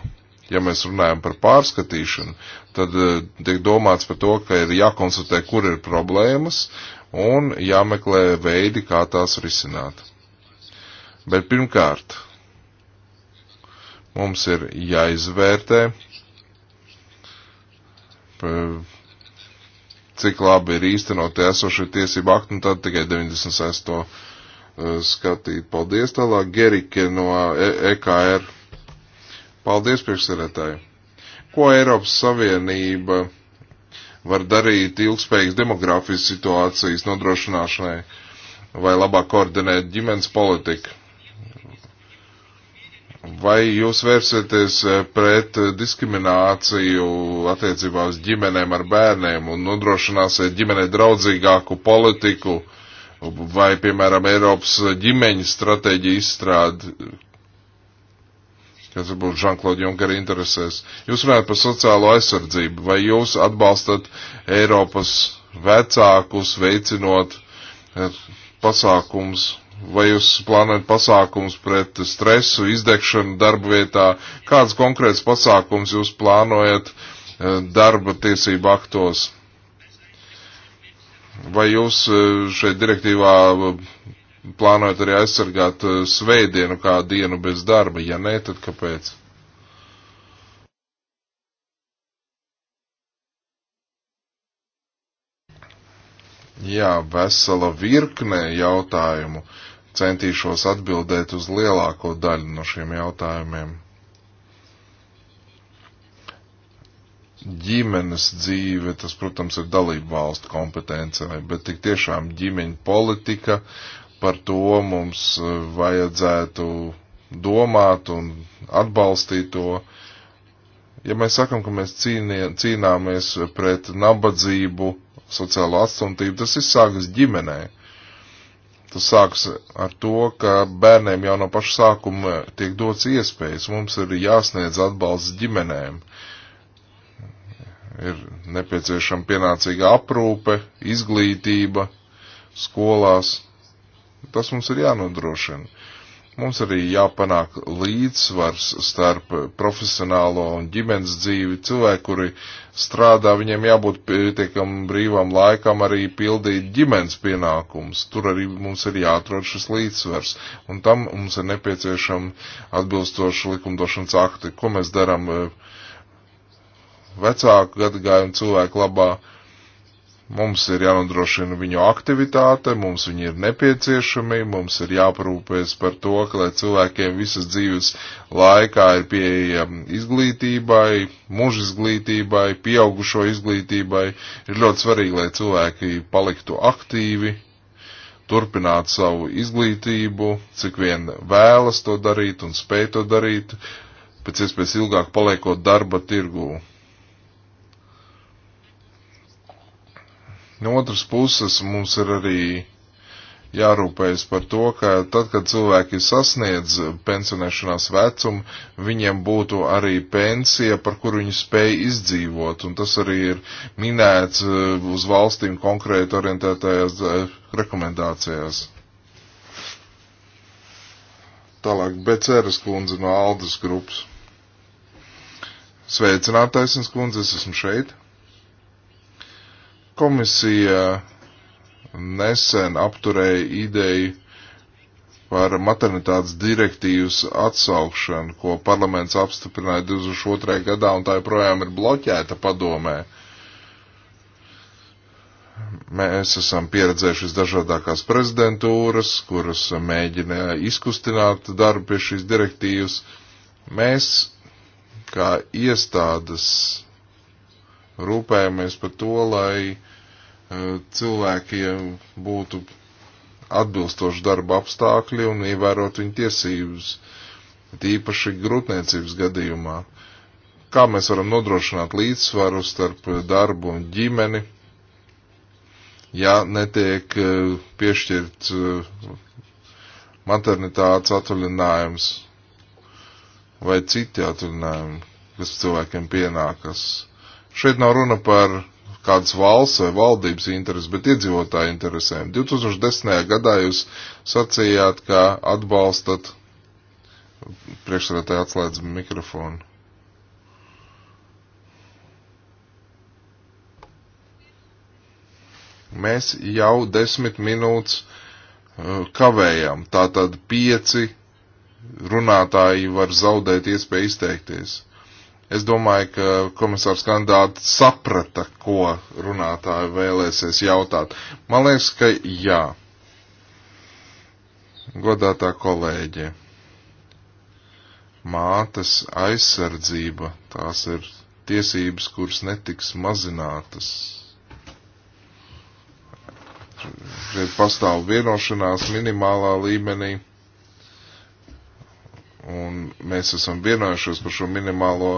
Ja mēs runājam par pārskatīšanu, tad eh, tiek domāts par to, ka ir jākonstatē, kur ir problēmas un jāmeklē veidi, kā tās risināt. Bet pirmkārt, mums ir jāizvērtē, cik labi ir īstenot esošie tiesību akti, un tad tikai 96. Uh, skatīt. Paldies tālāk, Gerike no EKR. E Paldies, priekšsarētāji. Ko Eiropas Savienība var darīt ilgspējīgas demografijas situācijas nodrošināšanai vai labāk koordinēt ģimenes politiku? Vai jūs vērsieties uh, pret diskrimināciju attiecībā uz ģimenēm ar bērniem un nodrošināsiet ģimenei draudzīgāku politiku? Uh, vai, piemēram, Eiropas ģimeņa stratēģija izstrāde, kas varbūt Žanklaudu Junkeru interesēs. Jūs runājat par sociālo aizsardzību, vai jūs atbalstat Eiropas vecākus veicinot eh, pasākums, vai jūs plānojat pasākums pret stresu, izdegšanu darba vietā, kāds konkrēts pasākums jūs plānojat eh, darba tiesību aktos? Vai jūs e, šeit direktīvā e, plānojat arī aizsargāt e, svētdienu kā dienu bez darba? Ja nē, tad kāpēc? Jā, vesela virknē jautājumu. Centīšos atbildēt uz lielāko daļu no šiem jautājumiem. ģimenes dzīve, tas, protams, ir dalību valstu kompetencē, bet tik tiešām ģimeņa politika par to mums e, vajadzētu domāt un atbalstīt to. Ja mēs sakam, ka mēs cīnie, cīnāmies pret nabadzību, sociālo atstumtību, tas viss sākas ģimenē. Tas sāks ar to, ka bērniem jau no paša sākuma tiek dots iespējas. Mums ir jāsniedz atbalsts ģimenēm ir nepieciešama pienācīga aprūpe, izglītība skolās. Tas mums ir jānodrošina. Mums arī jāpanāk līdzsvars starp profesionālo un ģimenes dzīvi. Cilvēki, kuri strādā, viņiem jābūt pietiekam brīvam laikam arī pildīt ģimenes pienākums. Tur arī mums ir jāatrod šis līdzsvars. Un tam mums ir nepieciešama atbilstoša likumdošanas akti, ko mēs darām uh, vecāku gadagājumu cilvēku labā. Mums ir jānodrošina viņu aktivitāte, mums viņi ir nepieciešami, mums ir jāparūpēs par to, ka lai cilvēkiem visas dzīves laikā ir pieejama izglītībai, mūža izglītībai, pieaugušo izglītībai. Ir ļoti svarīgi, lai cilvēki paliktu aktīvi, turpinātu savu izglītību, cik vien vēlas to darīt un spēj to darīt, pēc iespējas ilgāk paliekot darba tirgū No otras puses mums ir arī jārūpējas par to, ka tad, kad cilvēki sasniedz pensionēšanās vecumu, viņiem būtu arī pensija, par kuru viņi spēj izdzīvot. Un tas arī ir minēts eh, uz valstīm konkrēti orientētajās eh, rekomendācijās. Tālāk Beceras kundze no Aldas grupas. Sveicinātais un skundze, es esmu šeit. Komisija nesen apturēja ideju par maternitātes direktīvas atsaukšanu, ko parlaments apstiprināja 2002. gadā, un tā joprojām ir bloķēta padomē. Mēs esam pieredzējuši dažādākās prezidentūras, kuras mēģina izkustināt darbu pie šīs direktīvas. Mēs, kā iestādes, rūpējamies par to, lai uh, cilvēkiem būtu atbilstoši darba apstākļi un ievērot viņu tiesības, tīpaši grūtniecības gadījumā. Kā mēs varam nodrošināt līdzsvaru starp darbu un ģimeni, ja netiek e, piešķirts e, maternitātes atvaļinājums vai citi atvaļinājumi, kas cilvēkiem pienākas. Šeit nav runa par kādas valsts vai valdības intereses, bet iedzīvotāju interesēm. 2010. gadā jūs sacījāt, ka atbalstat priekšsēdētāju atslēdz mikrofonu. Mēs jau desmit minūtes uh, kavējam, tātad pieci runātāji var zaudēt iespēju izteikties. Es domāju, ka komisārs kandidāts saprata, ko runātāji vēlēsies jautāt. Man liekas, ka jā. Godātā kolēģe, mātes aizsardzība, tās ir tiesības, kuras netiks mazinātas. Šeit pastāv vienošanās minimālā līmenī un mēs esam vienojušies par šo minimālo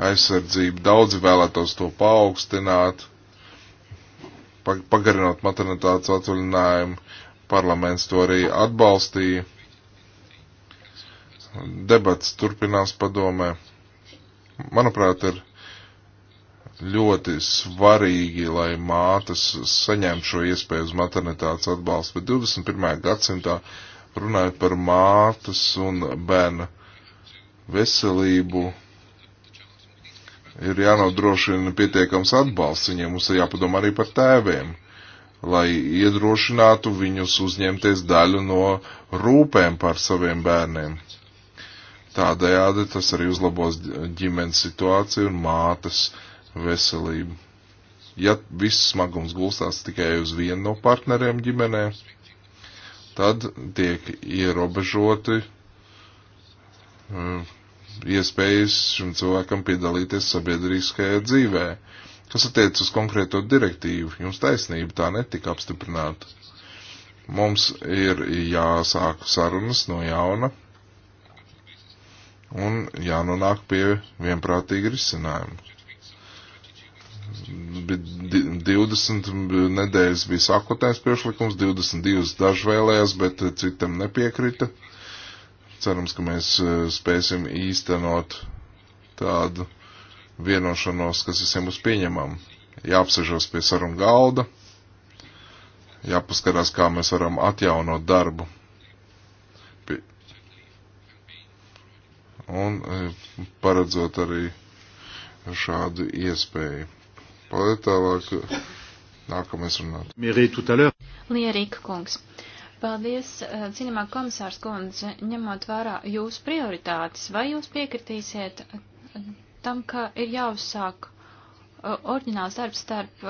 aizsardzību. Daudzi vēlētos to paaugstināt, pagarinot maternitātes atvaļinājumu. Parlaments to arī atbalstīja. Debats turpinās padomē. Manuprāt, ir ļoti svarīgi, lai mātes saņemtu šo iespēju uz maternitātes atbalstu, bet 21. gadsimtā runājot par mātes un bērna veselību, ir jānodrošina pietiekams atbalsts viņiem, mums ir jāpadomā arī par tēviem, lai iedrošinātu viņus uzņemties daļu no rūpēm par saviem bērniem. Tādējādi tas arī uzlabos ģimenes situāciju un mātes veselību. Ja viss smagums gulstās tikai uz vienu no partneriem ģimenē, tad tiek ierobežoti um, iespējas šim cilvēkam piedalīties sabiedriskajā dzīvē. Kas attiec uz konkrēto direktīvu, jums taisnība tā netika apstiprināta. Mums ir jāsāk sarunas no jauna un jānonāk pie vienprātīga risinājuma. 20 nedēļas bija sākotnējs priekšlikums, 22 daži vēlējās, bet citam nepiekrita. Uh, Cerams, ka mēs e, spēsim īstenot tādu vienošanos, kas visiem būs pieņemama. Jāapsežos pie sarunu galda, jāpaskarās, kā mēs varam atjaunot darbu. Un e, paredzot arī šādu iespēju. Paldies tālāk, nākamais runāt. Mierī, tu tālāk. Lierīka kungs. Paldies, eh, cinemā komisārs kundze, ņemot vērā jūsu prioritātes, vai jūs piekritīsiet eh, tam, ka ir jāuzsāk eh, oriģināls darbs starp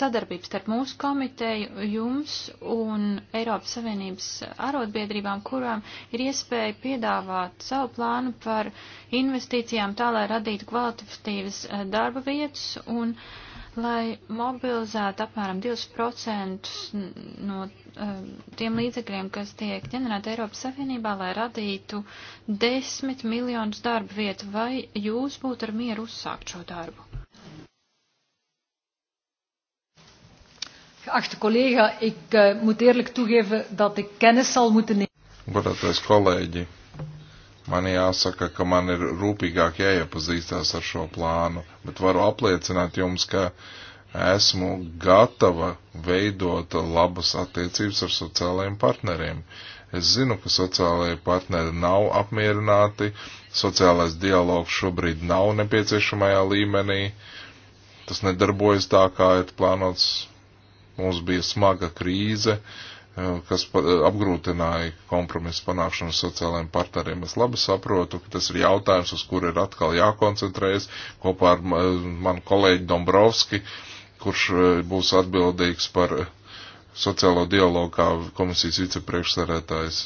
sadarbības starp mūsu komiteju, jums un Eiropas Savienības arotbiedrībām, kurām ir iespēja piedāvāt savu plānu par investīcijām tā, lai radītu kvalitatīvas darba vietas un uh, lai mobilizētu apmēram 2% no um, tiem līdzekļiem, kas tiek ģenerēti Eiropas Savienībā, lai radītu 10 miljonus darba vietu. Vai jūs būtu ar mieru uzsākt šo darbu? Geachte collega, ik uh, moet eerlijk toegeven dat ik kennis zal moeten nemen. Godātais kolēģi, Man jāsaka, ka man ir rūpīgāk jāiepazīstās ar šo plānu, bet varu apliecināt jums, ka esmu gatava veidot labas attiecības ar sociālajiem partneriem. Es zinu, ka sociālajie partneri nav apmierināti, sociālais dialogs šobrīd nav nepieciešamajā līmenī, tas nedarbojas tā, kā ir plānots. Mums bija smaga krīze, uh, Eh, kas eh, apgrūtināja kompromisu panākšanu sociālajiem partneriem. Es labi saprotu, ka tas ir jautājums, uz kuru ir atkal jākoncentrējas kopā ar eh, manu kolēģi Dombrovski, kurš būs atbildīgs par sociālo dialogu kā komisijas vicepriekšsarētājs.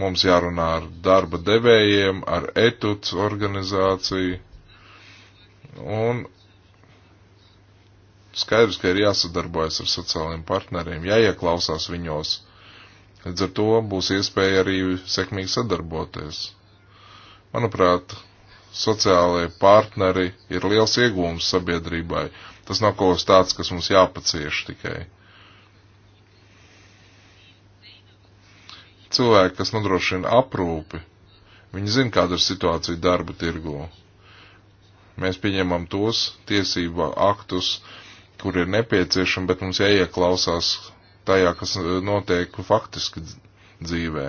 Mums jārunā ar darba devējiem, ar etuc organizāciju un Skaidrs, ka ir jāsadarbojas ar sociālajiem partneriem, jāieklausās viņos. Līdz ar to būs iespēja arī sekmīgi sadarboties. Manuprāt, sociālajie partneri ir liels iegūms sabiedrībai. Tas nav kaut kas tāds, kas mums jāpacieš tikai. Cilvēki, kas nodrošina aprūpi, viņi zina, kāda ir situācija darba tirgū. Mēs pieņemam tos tiesību aktus, kur ir nepieciešama, bet mums jāieklausās tajā, kas eh, notiek faktiski dzīvē.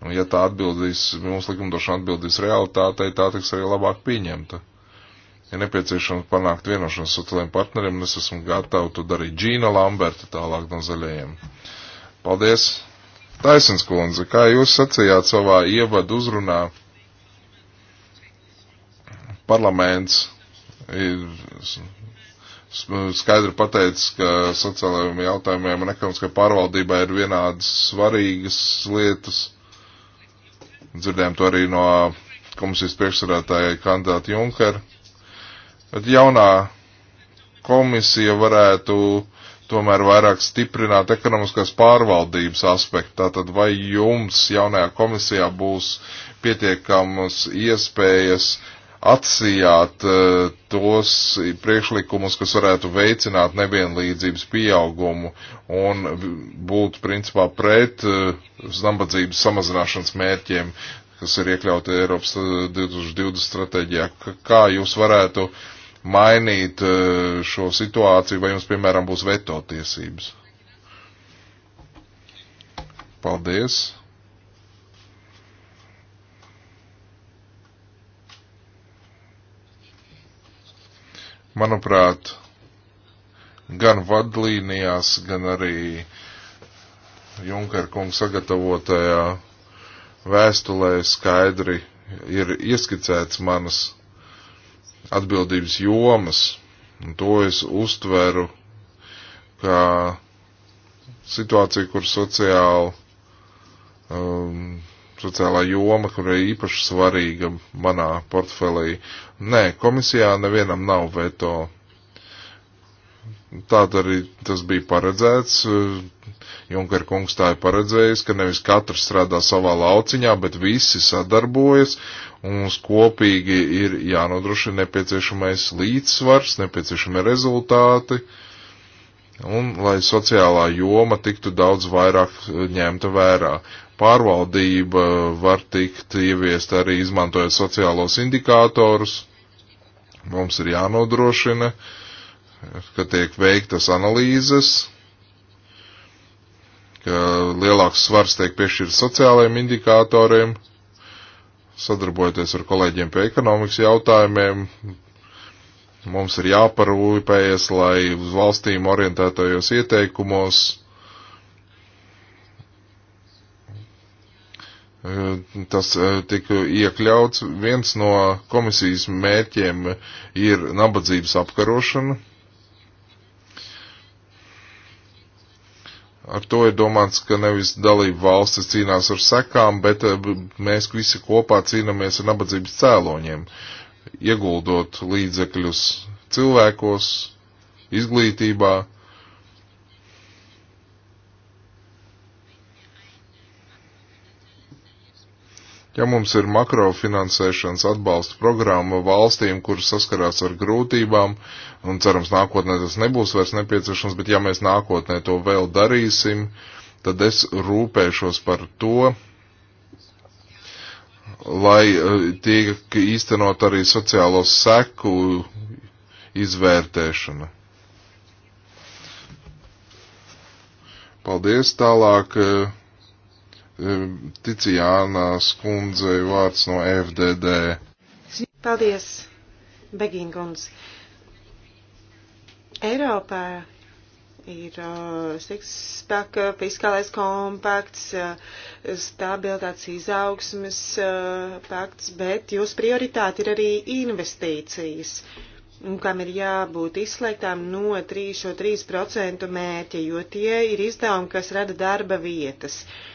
Un ja tā atbildīs, mūsu likumdošana atbildīs realitātei, tā tiks arī labāk pieņemta. Ir ja nepieciešams panākt vienošanos sociālajiem partneriem, un es esmu gatavs to darīt Džīna Lamberta tālāk no zaļajiem. Paldies! Taisens kundze, kā jūs sacījāt savā ievadu uzrunā, parlaments ir skaidri pateicis, ka sociālajiem jautājumiem un ekonomiskai pārvaldībai ir vienādas svarīgas lietas. Dzirdējām to arī no komisijas priekšsarātāja kandidāta Junkera. Bet jaunā komisija varētu tomēr vairāk stiprināt ekonomiskās pārvaldības aspektu. Tātad vai jums jaunajā komisijā būs pietiekamas iespējas atsijāt uh, tos priekšlikumus, kas varētu veicināt nevienlīdzības pieaugumu un būt principā pret uh, nabadzības samazināšanas mērķiem, kas ir iekļauti Eiropas 2020 eh, stratēģijā. Kā jūs varētu mainīt uh, šo situāciju, vai jums, piemēram, būs veto tiesības? Paldies! Manuprāt, gan vadlīnijās, gan arī Junker kungs sagatavotajā vēstulē skaidri ir ieskicēts manas atbildības jomas, un to es uztveru kā situāciju, kur sociāli um, sociālā joma, kur ir īpaši svarīga manā portfelī. Nē, komisijā nevienam nav veto. Tātad arī tas bija paredzēts. Junker kungs tā ir paredzējis, ka nevis katrs strādā savā lauciņā, bet visi sadarbojas un mums kopīgi ir jānodrošina nepieciešamais līdzsvars, nepieciešamie rezultāti un lai sociālā joma tiktu daudz vairāk ņemta vērā pārvaldība var tikt ieviest arī izmantojot sociālos indikātorus. Mums ir jānodrošina, ka tiek veiktas analīzes, ka lielāks svars tiek piešķirts sociālajiem indikātoriem, sadarbojoties ar kolēģiem pie ekonomikas jautājumiem. Mums ir jāparūpējas, lai uz valstīm orientētajos ieteikumos Eh, tas eh, tika iekļauts. Viens no komisijas mērķiem ir nabadzības apkarošana. Ar to ir domāts, ka nevis dalība valstis cīnās ar sekām, bet eh, mēs visi kopā cīnāmies ar nabadzības cēloņiem, ieguldot līdzekļus cilvēkos, izglītībā, Ja mums ir makrofinansēšanas atbalsta programma valstīm, kuras saskarās ar grūtībām, un cerams nākotnē tas nebūs vairs nepieciešams, bet ja mēs nākotnē to vēl darīsim, tad es rūpēšos par to, lai eh, tiek īstenot arī sociālo seku izvērtēšana. Paldies tālāk. Uh, Ticijānā skundzei vārds no FDD. Paldies, Begīngunds. Eiropā ir uh, sixpaka, fiskālais kompakts, uh, stabilitātes izaugsmes uh, pakts, bet jūsu prioritāte ir arī investīcijas, kam ir jābūt izslēgtām no 3,3% mērķa, jo tie ir izdevumi, kas rada darba vietas. Uh,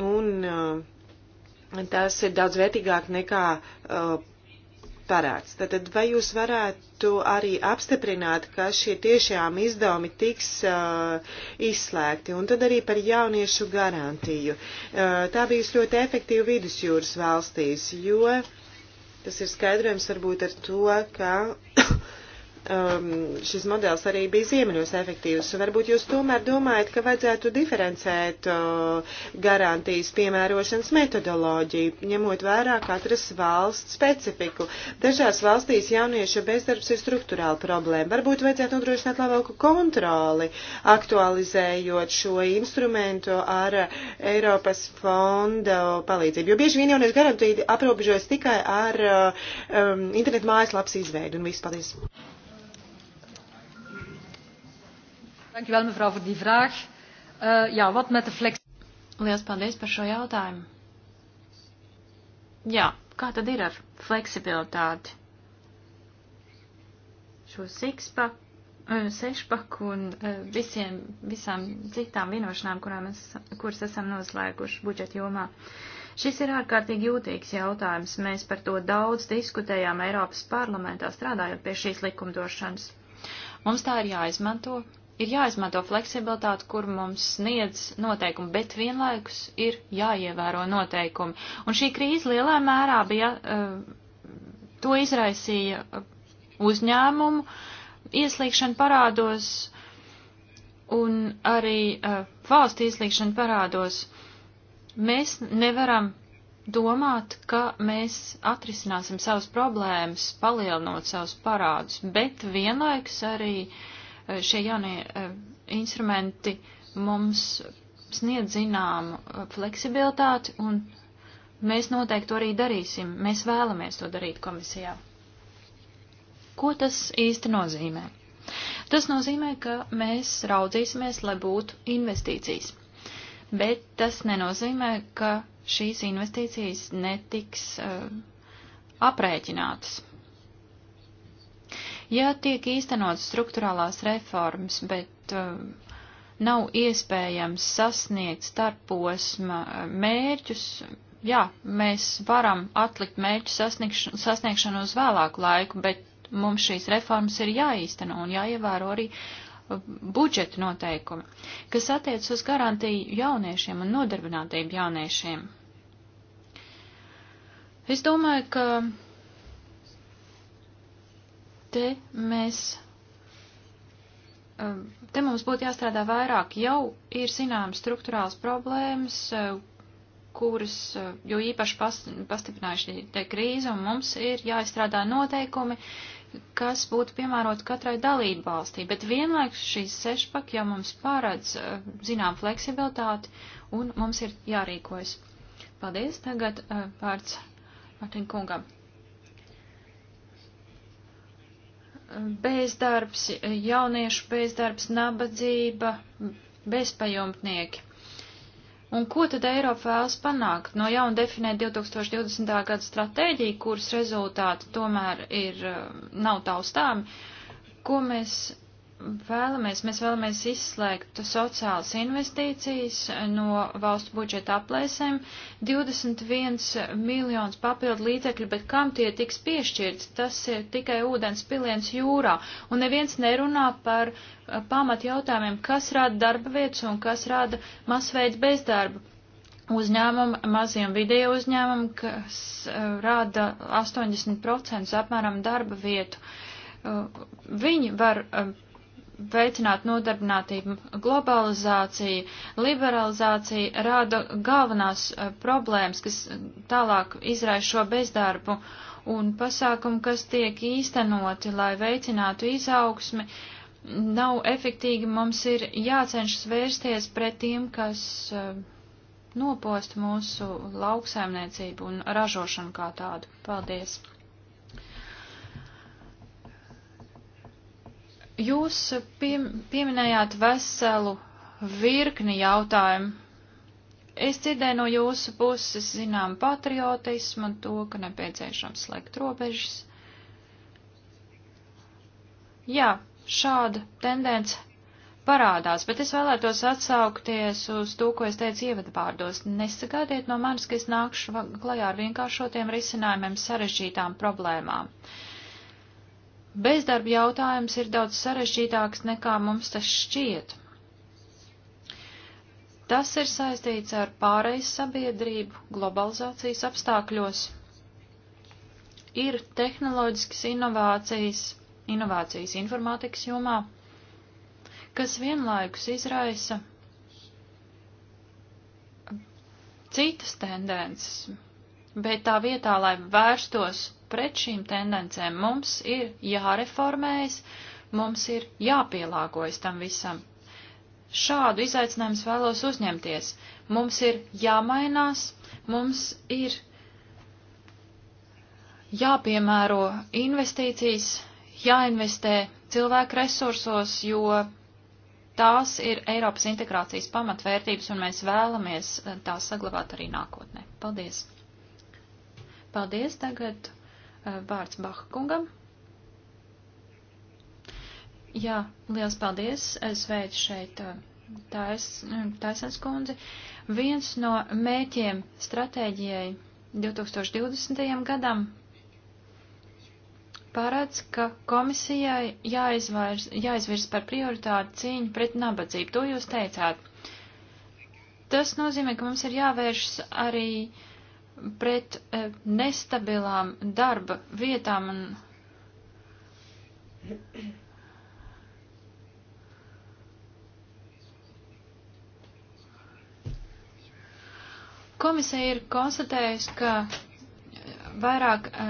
Un uh, tas ir daudz vērtīgāk nekā uh, parāds. Tātad vai jūs varētu arī apstiprināt, ka šie tiešām izdevumi tiks uh, izslēgti? Un tad arī par jauniešu garantiju. Uh, tā bijusi ļoti efektīva vidusjūras valstīs, jo tas ir skaidrojums varbūt ar to, ka *coughs* um, šis modelis arī bija ziemeļos efektīvs. Varbūt jūs tomēr domājat, ka vajadzētu diferencēt uh, garantijas piemērošanas metodoloģiju, ņemot vērā katras valsts specifiku. Dažās valstīs jauniešu bezdarbs ir struktūrāla problēma. Varbūt vajadzētu nodrošināt labāku kontroli, aktualizējot šo instrumentu ar Eiropas fonda palīdzību. Jo bieži vien jauniešu garantija aprobežojas tikai ar uh, um, internetu mājaslapas izveidu un viss. Paldies! Dankjewel, mevrouw, voor die vraag. Uh, eh, jā, wat met de flex... Liels paldies par šo jautājumu. Jā, kā tad ir ar fleksibilitāti? Šo sixpack, uh, eh, sešpaku un uh, visiem, visām citām vienošanām, es, kuras esam noslēguši budžeta jomā. Šis ir ārkārtīgi jūtīgs jautājums. Mēs par to daudz diskutējām Eiropas parlamentā, strādājot pie šīs likumdošanas. Mums tā ir jāizmanto, ir jāizmanto fleksibilitāte, kur mums sniedz noteikumi, bet vienlaikus ir jāievēro noteikumi. Un šī krīze lielā mērā bija, eh, to izraisīja eh, uzņēmumu ieslīgšana parādos un arī eh, valsts ieslīgšana parādos. Mēs nevaram domāt, ka mēs atrisināsim savas problēmas, palielinot savus parādus, bet vienlaikus arī uh, Eh, šie jaunie eh, instrumenti mums sniedz zināmu eh, fleksibilitāti, un mēs noteikti to arī darīsim. Mēs vēlamies to darīt komisijā. Ko tas īsti nozīmē? Tas nozīmē, ka mēs raudzīsimies, lai būtu investīcijas. Bet tas nenozīmē, ka šīs investīcijas netiks uh, aprēķinātas. Ja tiek īstenotas struktūrālās reformas, bet uh, nav iespējams sasniegt starposma uh, mērķus, jā, mēs varam atlikt mērķu sasniegšanu, sasniegšanu uz vēlāku laiku, bet mums šīs reformas ir jāīsteno un jāievēro arī uh, budžeta noteikumi, kas attiec uz garantiju jauniešiem un nodarbinātību jauniešiem. Es domāju, ka te mēs um, te mums būtu jāstrādā vairāk. Jau ir zināmas struktūrāls problēmas, uh, kuras, uh, jo īpaši pastiprinājuši te krīze, un mums ir jāizstrādā noteikumi, kas būtu piemērot katrai dalību valstī. Bet vienlaikus šīs sešpak jau mums pārādz uh, zinām fleksibilitāti, un mums ir jārīkojas. Paldies, tagad vārds Martin Kungam. bezdarbs, jauniešu bezdarbs, nabadzība, bezpajumtnieki. Un ko tad Eiropa vēlas panākt? No jauna definēt 2020. gada stratēģiju, kuras rezultāti tomēr ir, eh, nav taustāmi, ko mēs vēlamies, mēs vēlamies izslēgt sociālas investīcijas no valstu budžeta aplēsēm. 21 miljonus papildu līdzekļu, bet kam tie tiks piešķirts? Tas ir tikai ūdens piliens jūrā. Un neviens nerunā par uh, pamat jautājumiem, kas rada darba vietas un kas rada masveids bezdarba. Uzņēmumu, maziem video uzņēmumu, kas uh, rada 80% apmēram darba vietu. Uh, viņi var veicināt nodarbinātību, globalizācija, liberalizācija rāda galvenās eh, problēmas, kas tālāk izraisa šo bezdarbu un pasākumu, kas tiek īstenoti, lai veicinātu izaugsmi, nav efektīgi. Mums ir jācenšas vērsties pret tiem, kas eh, nopost mūsu lauksaimniecību un ražošanu kā tādu. Paldies! Jūs pie, pieminējāt veselu virkni jautājumu. Es dzirdēju no jūsu puses, zinām, patriotismu un to, ka nepieciešams slēgt robežas. Jā, šāda tendence parādās, bet es vēlētos atsaukties uz to, ko es teicu ievadvārdos. Nesagādiet no manis, ka es nākšu klajā ar vienkāršotiem risinājumiem sarežģītām problēmām. Uh, Bezdarba jautājums ir daudz sarežģītāks nekā mums tas šķiet. Tas ir saistīts ar pārejas sabiedrību globalizācijas apstākļos. Ir tehnoloģiskas inovācijas, inovācijas informātikas jomā, kas vienlaikus izraisa citas tendences, bet tā vietā, lai vērstos pret šīm tendencēm, mums ir jāreformējas, mums ir jāpielāgojas tam visam. Šādu izaicinājumu vēlos uzņemties. Mums ir jāmainās, mums ir jāpiemēro investīcijas, jāinvestē cilvēku resursos, jo tās ir Eiropas integrācijas pamatvērtības, un mēs vēlamies tās saglabāt arī nākotnē. Paldies! Paldies tagad eh, vārds Bahkungam. Jā, liels paldies. Es veicu šeit eh, taisnes eh, kundzi. Viens no mēķiem stratēģijai 2020. gadam paredz, ka komisijai jāizvairs, jāizvirs par prioritāti cīņu pret nabadzību. To jūs teicāt. Tas nozīmē, ka mums ir jāvēršas arī uh, pret e, nestabilām darba vietām un Komisija ir konstatējusi, ka vairāk e,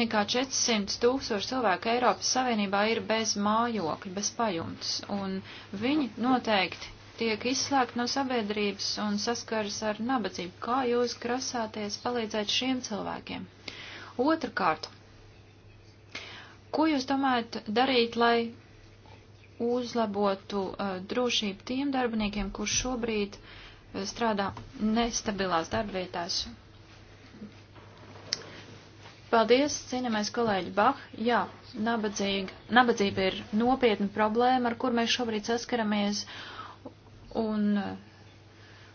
nekā 400 tūkstoši cilvēku Eiropas Savienībā ir bez mājokļa, bez pajumtes, un viņi noteikti tiek izslēgti no sabiedrības un saskaras ar nabadzību. Kā jūs grasāties palīdzēt šiem cilvēkiem? Otrakārt, ko jūs domājat darīt, lai uzlabotu uh, drošību tiem darbiniekiem, kur šobrīd uh, strādā nestabilās darbvietās. Paldies, cienījamais kolēģi Bah. Jā, nabadzīga, nabadzība ir nopietna problēma, ar kur mēs šobrīd saskaramies. Uh, Un eh,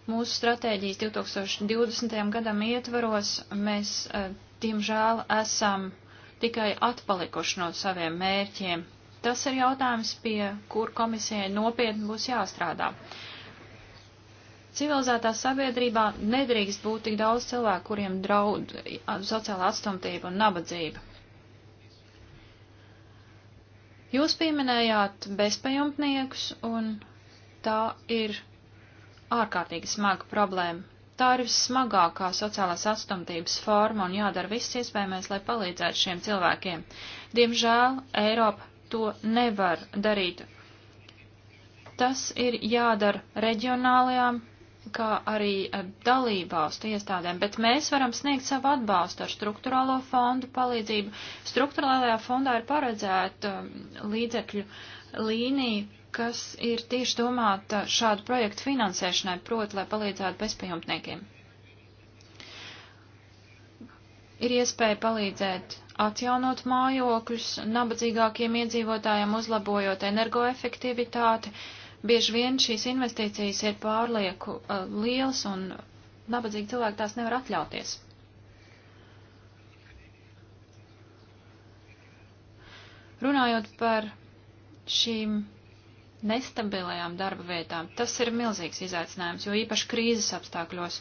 mūsu stratēģijas 2020. gadam ietvaros mēs, eh, diemžēl, esam tikai atpalikuši no saviem mērķiem. Tas ir jautājums, pie kur komisijai nopietni būs jāstrādā. Civilizētā sabiedrībā nedrīkst būt tik daudz cilvēku, kuriem draud sociāla atstumtība un nabadzība. Jūs pieminējāt bezpajumtniekus un tā ir ārkārtīgi smaga problēma. Tā ir vissmagākā sociālās atstumtības forma un jādara viss iespējamais, lai palīdzētu šiem cilvēkiem. Diemžēl Eiropa to nevar darīt. Tas ir jādara reģionālajām, kā arī dalībvalstu iestādēm, bet mēs varam sniegt savu atbalstu ar struktūrālo fondu palīdzību. Struktūrālajā fondā ir paredzēta um, līdzekļu līnija kas ir tieši domāta šādu projektu finansēšanai, proti, lai palīdzētu bezpajumtniekiem. Ir iespēja palīdzēt atjaunot mājokļus nabadzīgākiem iedzīvotājiem, uzlabojot energoefektivitāti. Bieži vien šīs investīcijas ir pārlieku uh, lielas un nabadzīgi cilvēki tās nevar atļauties. Runājot par šīm nestabilajām darba vietām. Tas ir milzīgs izaicinājums, jo īpaši krīzes apstākļos.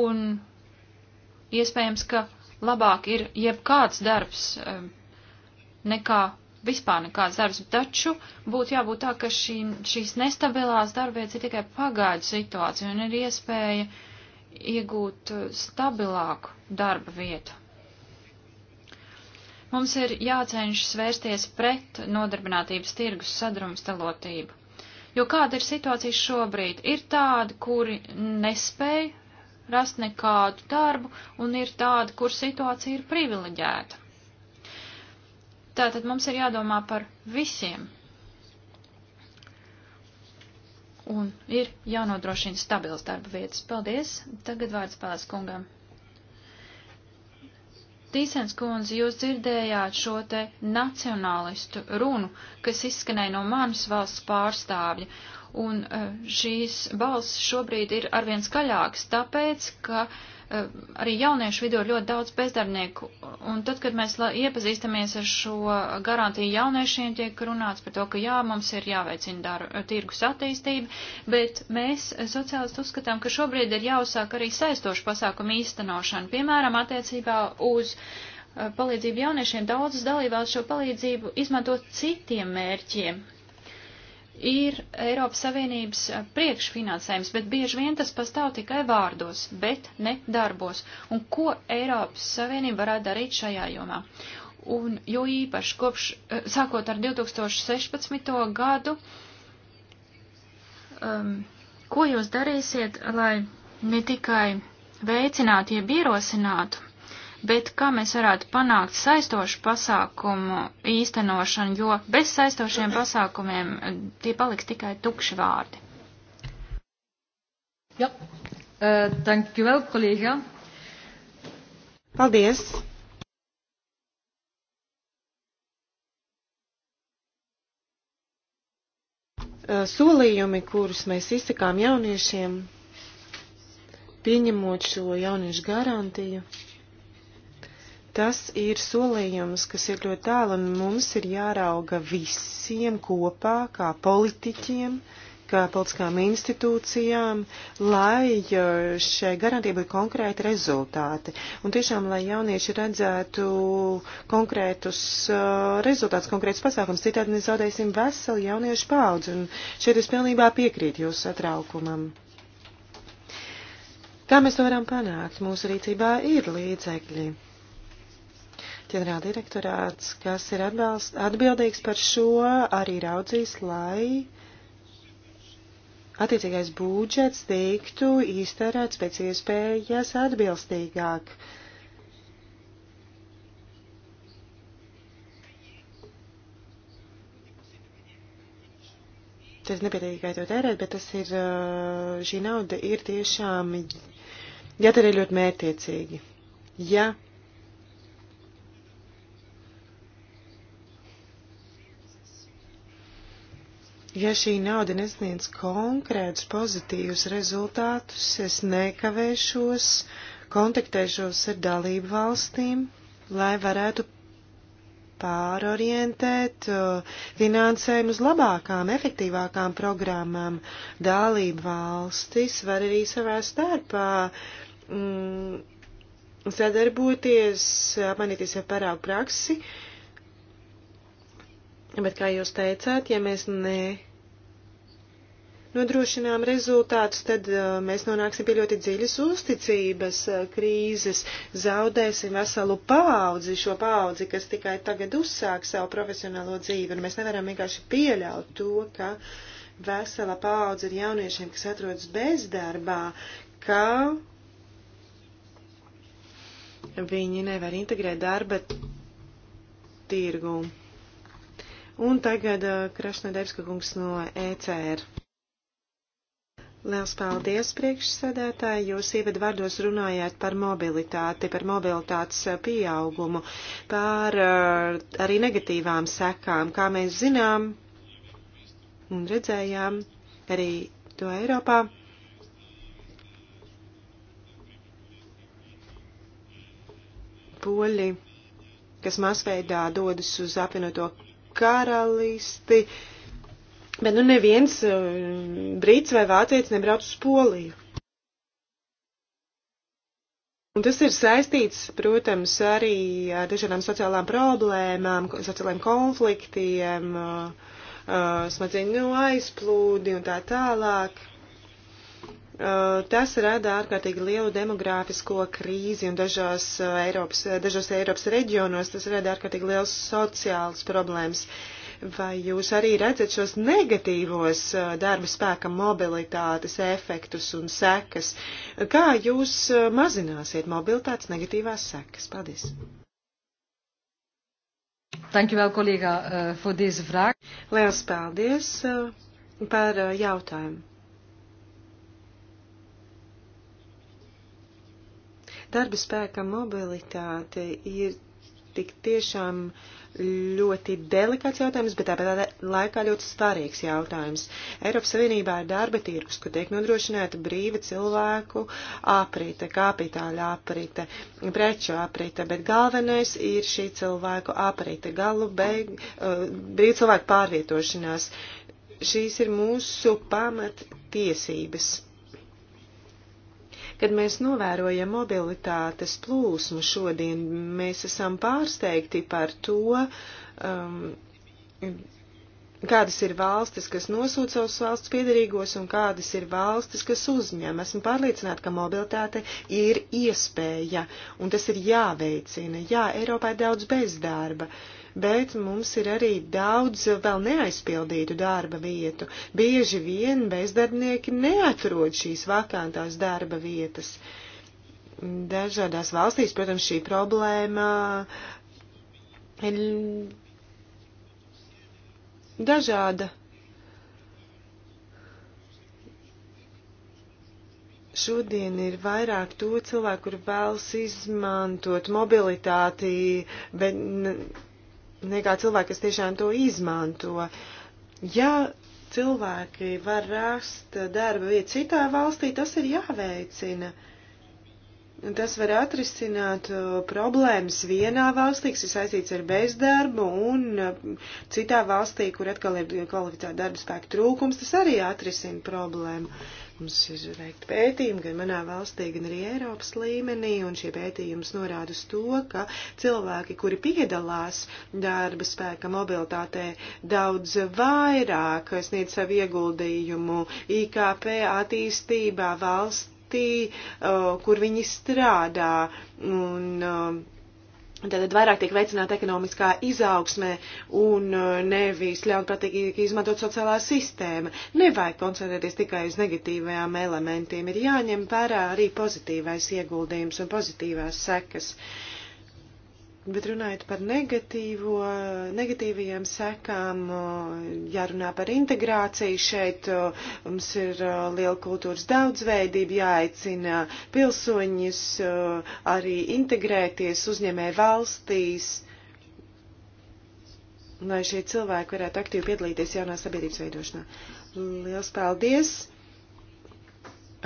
Un iespējams, ka labāk ir jebkāds darbs eh, nekā vispār nekāds darbs, taču būtu jābūt tā, ka šī, šīs nestabilās darbvietas ir tikai pagaidu situācija un ir iespēja iegūt eh, stabilāku darba vietu. Mums ir jācenšas vērsties pret nodarbinātības tirgus sadrumstalotību. Jo kāda ir situācija šobrīd? Ir tādi, kuri nespēj rast nekādu darbu, un ir tādi, kur situācija ir privileģēta. Tātad mums ir jādomā par visiem. Un ir jānodrošina stabils darba vietas. Paldies! Tagad vārds pāles kungam. Tīsens kundze, jūs dzirdējāt šo te nacionālistu runu, kas izskanēja no manas valsts pārstāvja, Un e, šīs balss šobrīd ir arvien skaļāks, tāpēc, ka e, arī jauniešu vidū ir ļoti daudz bezdarbnieku. Un tad, kad mēs iepazīstamies ar šo garantiju jauniešiem, tiek runāts par to, ka jā, mums ir jāveicina dar, tirgus attīstība, bet mēs e, sociālisti uzskatām, ka šobrīd ir jāuzsāk arī saistošu pasākumu īstenošanu, piemēram, attiecībā uz palīdzību jauniešiem. Daudzas dalībās šo palīdzību izmanto citiem mērķiem, ir Eiropas Savienības eh, priekšfinansējums, bet bieži vien tas pastāv tikai vārdos, bet ne darbos. Un ko Eiropas Savienība varētu darīt šajā jomā? Un jo īpaši kopš, eh, sākot ar 2016. gadu, um, ko jūs darīsiet, lai ne tikai veicinātu, jeb ierosinātu bet kā mēs varētu panākt saistošu pasākumu īstenošanu, jo bez saistošiem pasākumiem eh, tie paliks tikai tukši vārdi. Jā, thank you well, kolēģi. Paldies. Solījumi, kurus mēs izsakām jauniešiem, pieņemot šo jauniešu garantiju. Tas ir solījums, kas ir ļoti tālu, un mums ir jārauga visiem kopā, kā politiķiem, kā politiskām institūcijām, lai uh, šai garantija būtu konkrēti rezultāti. Un tiešām, lai jaunieši redzētu konkrētus uh, rezultātus, konkrētus pasākums, citādi mēs zaudēsim veselu jauniešu paudzi. Un šeit es pilnībā piekrītu jūsu satraukumam. Kā mēs to varam panākt? Mūsu rīcībā ir līdzekļi ģenerāldirektorāts, kas ir atbalst, atbildīgs par šo, arī raudzīs, lai attiecīgais būdžets tiktu iztērēts pēc iespējas atbilstīgāk. Tas nepietiek tikai to tērēt, bet tas ir, šī nauda ir tiešām jātērē ļoti mērtiecīgi. Ja Ja šī nauda nesniedz konkrētus pozitīvus rezultātus, es nekavēšos, kontaktēšos ar dalību valstīm, lai varētu pārorientēt uh, finansējumu uz labākām, efektīvākām programmām. Dalība valstis var arī savā starpā mm, sadarboties, apmainīties ar parāgu praksi. Bet, kā jūs teicāt, ja mēs ne nodrošinām rezultātus, tad uh, mēs nonāksim pie ļoti dziļas uzticības uh, krīzes, zaudēsim veselu paudzi, šo paudzi, kas tikai tagad uzsāk savu profesionālo dzīvi, un mēs nevaram vienkārši pieļaut to, ka vesela paudze ir jauniešiem, kas atrodas bezdarbā, ka viņi nevar integrēt darba tirgu. Un tagad uh, Krašna Debska kungs no ECR. Liels paldies, priekšsēdētāji. Jūs ievad vārdos runājāt par mobilitāti, par mobilitātes pieaugumu, par eh, arī negatīvām sekām. Kā mēs zinām un redzējām arī to Eiropā. Poļi, kas masveidā dodas uz apvienoto karalisti, uh, Bet nu neviens eh, brīts vai vācietis nebrauc uz Poliju. Un tas ir saistīts, protams, arī ar dažādām sociālām problēmām, sociāliem konfliktiem, eh, eh, smadzeņu aizplūdi un tā tālāk. Tas rada ārkārtīgi lielu demogrāfisko krīzi un dažos Eiropas, dažos Eiropas reģionos tas rada ārkārtīgi liels sociāls problēmas. Uh, Vai jūs arī redzat šos negatīvos darba spēka mobilitātes efektus un sekas? Kā jūs mazināsiet mobilitātes negatīvās sekas? Paldies! Dankjewel, collega, voor deze vraag. Liels paldies par jautājumu. Darba spēka mobilitāte ir tik tiešām ļoti delikāts jautājums, bet tāpat laikā ļoti svarīgs jautājums. Eiropas Savienībā ir darba tirgus, kur tiek nodrošināta brīva cilvēku aprite, kapitāla aprite, preču aprite, bet galvenais ir šī cilvēku aprite, galu beig, eh, brīva cilvēku pārvietošanās. Šīs ir mūsu pamat tiesības Kad mēs novērojam mobilitātes plūsmu šodien, mēs esam pārsteigti par to, um, kādas ir valstis, kas nosūta savus valsts piedarīgos un kādas ir valstis, kas uzņem. Esmu pārliecināta, ka mobilitāte ir iespēja un tas ir jāveicina. Jā, Eiropā ir daudz bezdarba. Uh, bet mums ir arī daudz vēl neaizpildītu darba vietu. Bieži vien bezdarbnieki neatrod šīs vakantās darba vietas. Dažādās valstīs, protams, šī problēma ir dažāda. šodien ir vairāk to cilvēku, kur vēlas izmantot mobilitāti, bet nekā cilvēki, kas tiešām to izmanto. Ja cilvēki var rast darba vietu citā valstī, tas ir jāveicina. Tas var atrisināt uh, problēmas vienā valstī, kas ir saistīts ar bezdarbu, un uh, citā valstī, kur atkal ir kvalificēta darba spēka trūkums, tas arī atrisina problēmu. Mums ir veikta pētījuma gan manā valstī, gan arī Eiropas līmenī, un šie pētījums norāda uz to, ka cilvēki, kuri piedalās darba spēka mobilitātē, daudz vairāk sniedz savu ieguldījumu IKP attīstībā valstī, kur viņi strādā. Un, Tātad vairāk tiek veicināta ekonomiskā izaugsmē un uh, nevis ļaunprātīgi izmantot sociālā sistēma. Nevajag koncentrēties tikai uz negatīvajām elementiem, ir jāņem vērā arī pozitīvais ieguldījums un pozitīvās sekas. Uh, Bet runājot par negatīvo, negatīvajām sekām, jārunā par integrāciju šeit, mums ir liela kultūras daudzveidība, jāaicina pilsoņus arī integrēties uzņēmē valstīs, lai šie cilvēki varētu aktīvi piedalīties jaunā sabiedrības veidošanā. Liels paldies!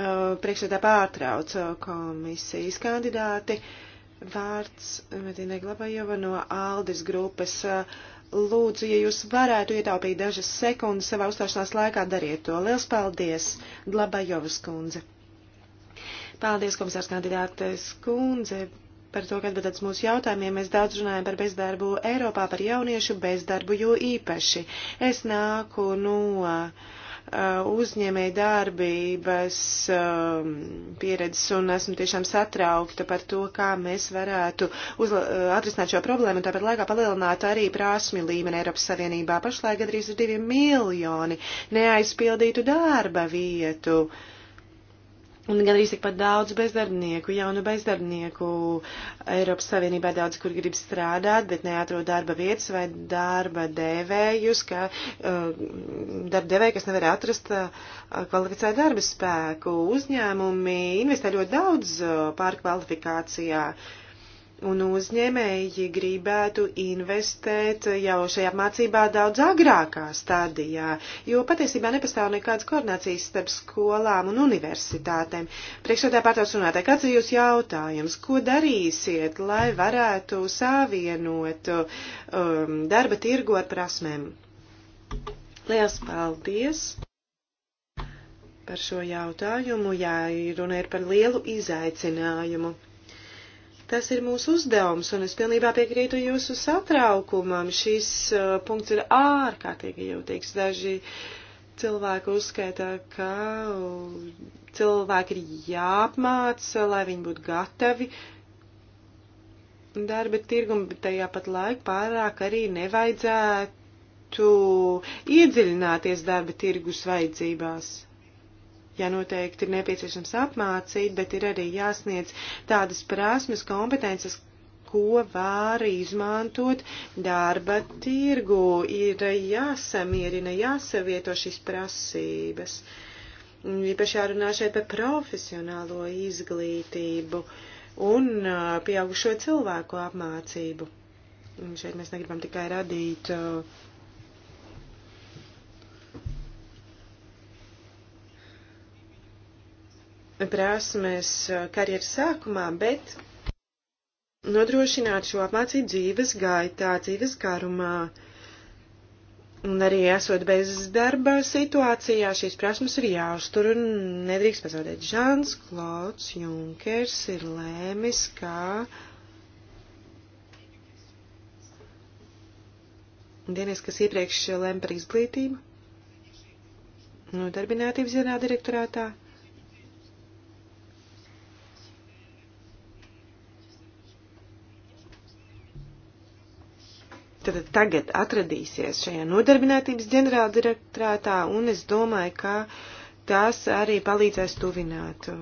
Priekšsēdā pārtrauc komisijas kandidāti. Vārds eh, Medīnai Glabājova no Aldis grupas. Eh, lūdzu, ja jūs varētu ietaupīt dažas sekundes savā uzstāšanās laikā, dariet to. Liels paldies, Glabājovas kundze. Paldies, komisārs kandidātes kundze, par to, kad atbildēts mūsu jautājumiem, mēs daudz runājam par bezdarbu Eiropā, par jauniešu bezdarbu, jo īpaši es nāku no. Nu, Eh, uzņēmēja darbības eh, pieredzes un esmu tiešām satraukta par to, kā mēs varētu eh, atrisināt šo problēmu un tāpat laikā palielināt arī prāsmi līmeni Eiropas Savienībā. Pašlaik gadrīz ir divi miljoni neaizpildītu darba vietu. Uh, Un gan arī tikpat daudz bezdarbnieku, jaunu bezdarbnieku Eiropas Savienībā daudz, kur grib strādāt, bet neatrod darba vietas vai darba devējus, ka uh, darba devēji, kas nevar atrast uh, kvalificētu darba spēku. Uzņēmumi investē ļoti daudz uh, pārkvalifikācijā. Uh, un uzņēmēji gribētu investēt jau šajā mācībā daudz agrākā stadijā, jo patiesībā nepastāv nekādas koordinācijas starp skolām un universitātēm. Priekšādā pārtaus runātāji, kāds ir jūsu jautājums? Ko darīsiet, lai varētu savienot um, darba tirgu ar prasmēm? Liels paldies! Par šo jautājumu, jā, runa ir par lielu izaicinājumu. Tas ir mūsu uzdevums, un es pilnībā piekrītu jūsu satraukumam. Šis uh, punkts ir ārkārtīgi jūtīgs. Daži cilvēki uzskaita, ka uh, cilvēki ir jāapmāca, lai viņi būtu gatavi darba tirgumu, bet tajā pat laikā pārāk arī nevajadzētu iedziļināties darba tirgus vajadzībās. Jā, noteikti ir nepieciešams apmācīt, bet ir arī jāsniedz tādas prasmes, kompetences, ko var izmantot darba tirgu. Ir jāsamierina, jāsavieto šīs prasības. Īpaši ja jārunā šeit par profesionālo izglītību un uh, pieaugušo cilvēku apmācību. Un šeit mēs negribam tikai radīt uh, prasmes eh, karjeras sākumā, bet nodrošināt šo apmācību dzīves gaitā, dzīves garumā. Un arī esot bezdarba situācijā, šīs prasmes ir jāuztur un nedrīkst pazaudēt. Žāns Klauds Junkers ir lēmis, kā dienas, kas iepriekš lēma par izglītību, nodarbinātības dienā direktorātā, tad tagad atradīsies šajā nodarbinātības ģenerāldirektorātā, un es domāju, ka tas arī palīdzēs tuvināt uh,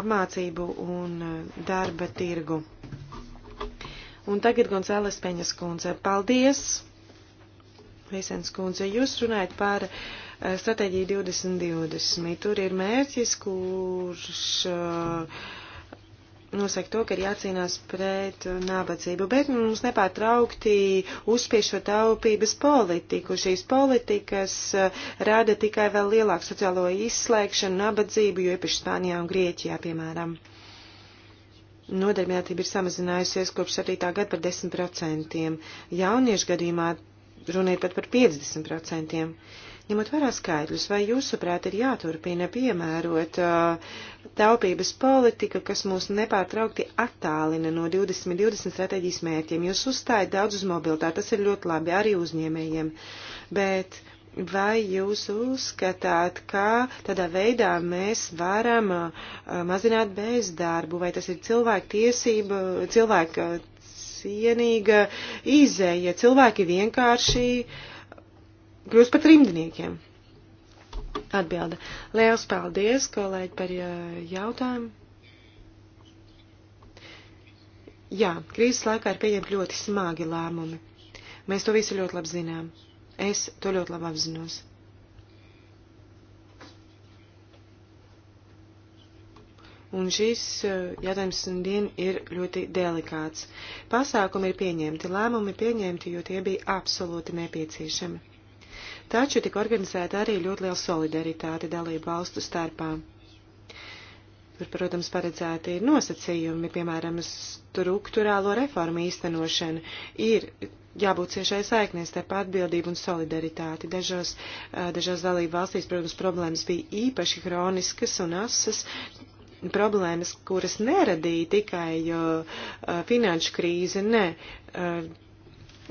apmācību un uh, darba tirgu. Un tagad Gonzales Peņas kundze, paldies! Vēsens kundze, jūs runājat par uh, stratēģiju 2020. Tur ir mērķis, kurš uh, nosaka to, ka ir jācīnās pret uh, nabadzību, bet mums nepārtraukti uzspiež šo taupības politiku. Šīs politikas uh, rada tikai vēl lielāku sociālo izslēgšanu, nabadzību, jo īpaši Spānijā un Grieķijā, piemēram. Nodarbinātība ir samazinājusies kopš 7. gada par 10%, jauniešu gadījumā runa ir pat par 50%. Ņemot vērā skaidrus, vai jūsuprāt ir jāturpina piemērot uh, taupības politika, kas mūs nepārtraukti attālina no 2020 stratēģijas mērķiem? Jūs uzstājat daudz uz mobilitāti, tas ir ļoti labi arī uzņēmējiem, bet Vai jūs uzskatāt, ka tādā veidā mēs varam uh, mazināt bezdarbu, vai tas ir cilvēku tiesība, cilvēka cienīga izēja? Cilvēki vienkārši uh, kļūst pat rimdniekiem. Atbilde. Liels paldies, kolēģi, par jautājumu. Jā, krīzes laikā ir pieņemti ļoti smagi lēmumi. Mēs to visu ļoti labi zinām. Es to ļoti labi apzinos. Un šis eh, jautājums dien ir ļoti delikāts. Pasākumi ir pieņemti, lēmumi ir pieņemti, jo tie bija absolūti nepieciešami taču tika organizēta arī ļoti liela solidaritāte dalību valstu starpā. Tur, protams, paredzēti ir nosacījumi, piemēram, struktūrālo reformu īstenošana. Ir jābūt ciešai saiknē starp atbildību un solidaritāti. Dažos, dažos dalību valstīs, protams, problēmas bija īpaši hroniskas un asas. Problēmas, kuras neradīja tikai jo, finanšu krīze, ne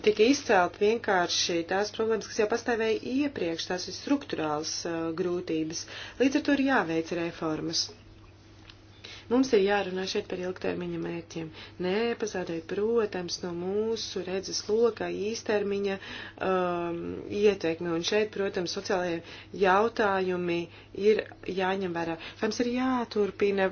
tika izcelt vienkārši tās problēmas, kas jau pastāvēja iepriekš, tās ir struktūrāls uh, grūtības. Līdz ar to ir jāveic reformas. Mums ir jārunā šeit par ilgtermiņa mērķiem. Nepazaudēt, protams, no mūsu redzes lokā īstermiņa um, ieteikmi. Un šeit, protams, sociālajie jautājumi ir jāņem vērā. Mums ir jāturpina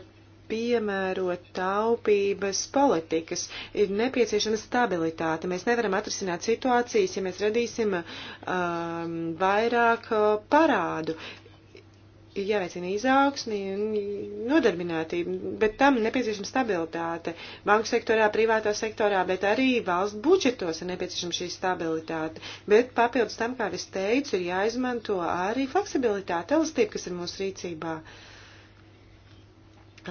piemērot taupības politikas. Ir nepieciešama stabilitāte. Mēs nevaram atrisināt situācijas, ja mēs radīsim um, vairāk uh, parādu. Ir jāveicina izaugsmi un nodarbinātība, bet tam nepieciešama stabilitāte. Banku sektorā, privātā sektorā, bet arī valsts budžetos ir nepieciešama šī stabilitāte. Bet papildus tam, kā es teicu, ir jāizmanto arī fleksibilitāte, elastība, kas ir mūsu rīcībā. Uh,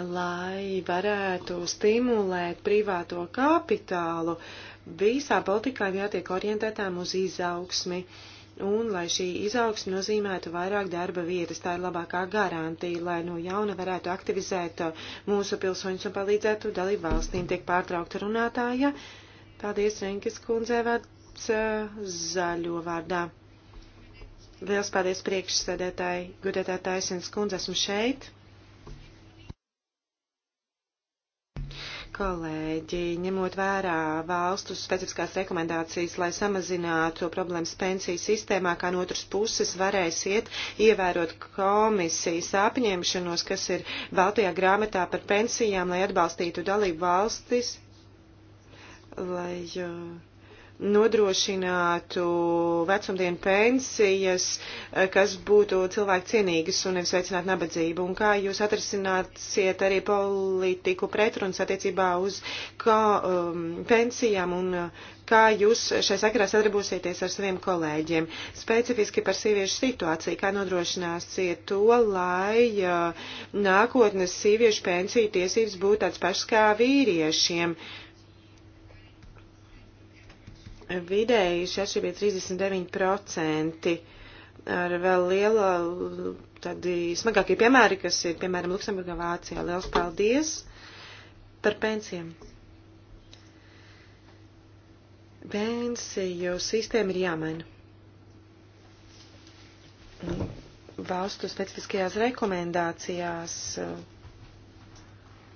lai varētu stimulēt privāto kapitālu, visā politikā ir jātiek orientētām uz izaugsmi. Un, lai šī izaugsme nozīmētu vairāk darba vietas, tā ir labākā garantija, lai no jauna varētu aktivizēt mūsu pilsoņus un palīdzētu dalību valstīm. Tiek pārtraukta runātāja. Paldies, Renkis kundzē, vārds eh, zaļo vārdā. Liels paldies priekšsēdētāji, gudētāji Taisins kundze, esmu šeit. Kolēģi, ņemot vērā valstu specifiskās rekomendācijas, lai samazinātu problēmas pensiju sistēmā, kā no otras puses varēsiet ievērot komisijas apņemšanos, kas ir Baltijā grāmatā par pensijām, lai atbalstītu dalību valstis, lai. Uh, nodrošinātu vecumdienu pensijas, eh, kas būtu cilvēku cienīgas un nevis veicinātu nabadzību. Un kā jūs atrasināsiet arī politiku pretrunas attiecībā uz kā, um, pensijām un eh, kā jūs šai sakarā sadarbosieties ar saviem kolēģiem. Specifiski par sieviešu situāciju, kā nodrošināsiet to, lai uh, nākotnes sieviešu pensiju tiesības būtu tāds pašs kā vīriešiem. Uh, Vidēji šie bija 39% ar vēl liela, tādi smagākie piemēri, kas ir, piemēram, Luksemburgā, Vācijā. Liels paldies par pensijām. Pensiju sistēma ir jāmaina valstu specifiskajās rekomendācijās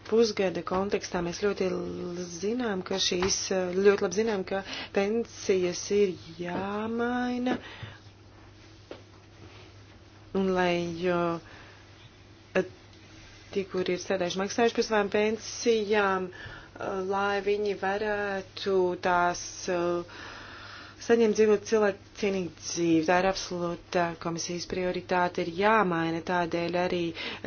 pusgada kontekstā mēs ļoti zinām, ka šīs, ļoti labi zinām, ka pensijas ir jāmaina. Un lai jo, eh, tie, kur ir sēdējuši maksājuši par savām pensijām, eh, lai viņi varētu tās uh, saņemt dzīvot cilvēku cienīgu dzīvi. Tā ir absolūta komisijas prioritāte, ir jāmaina tādēļ arī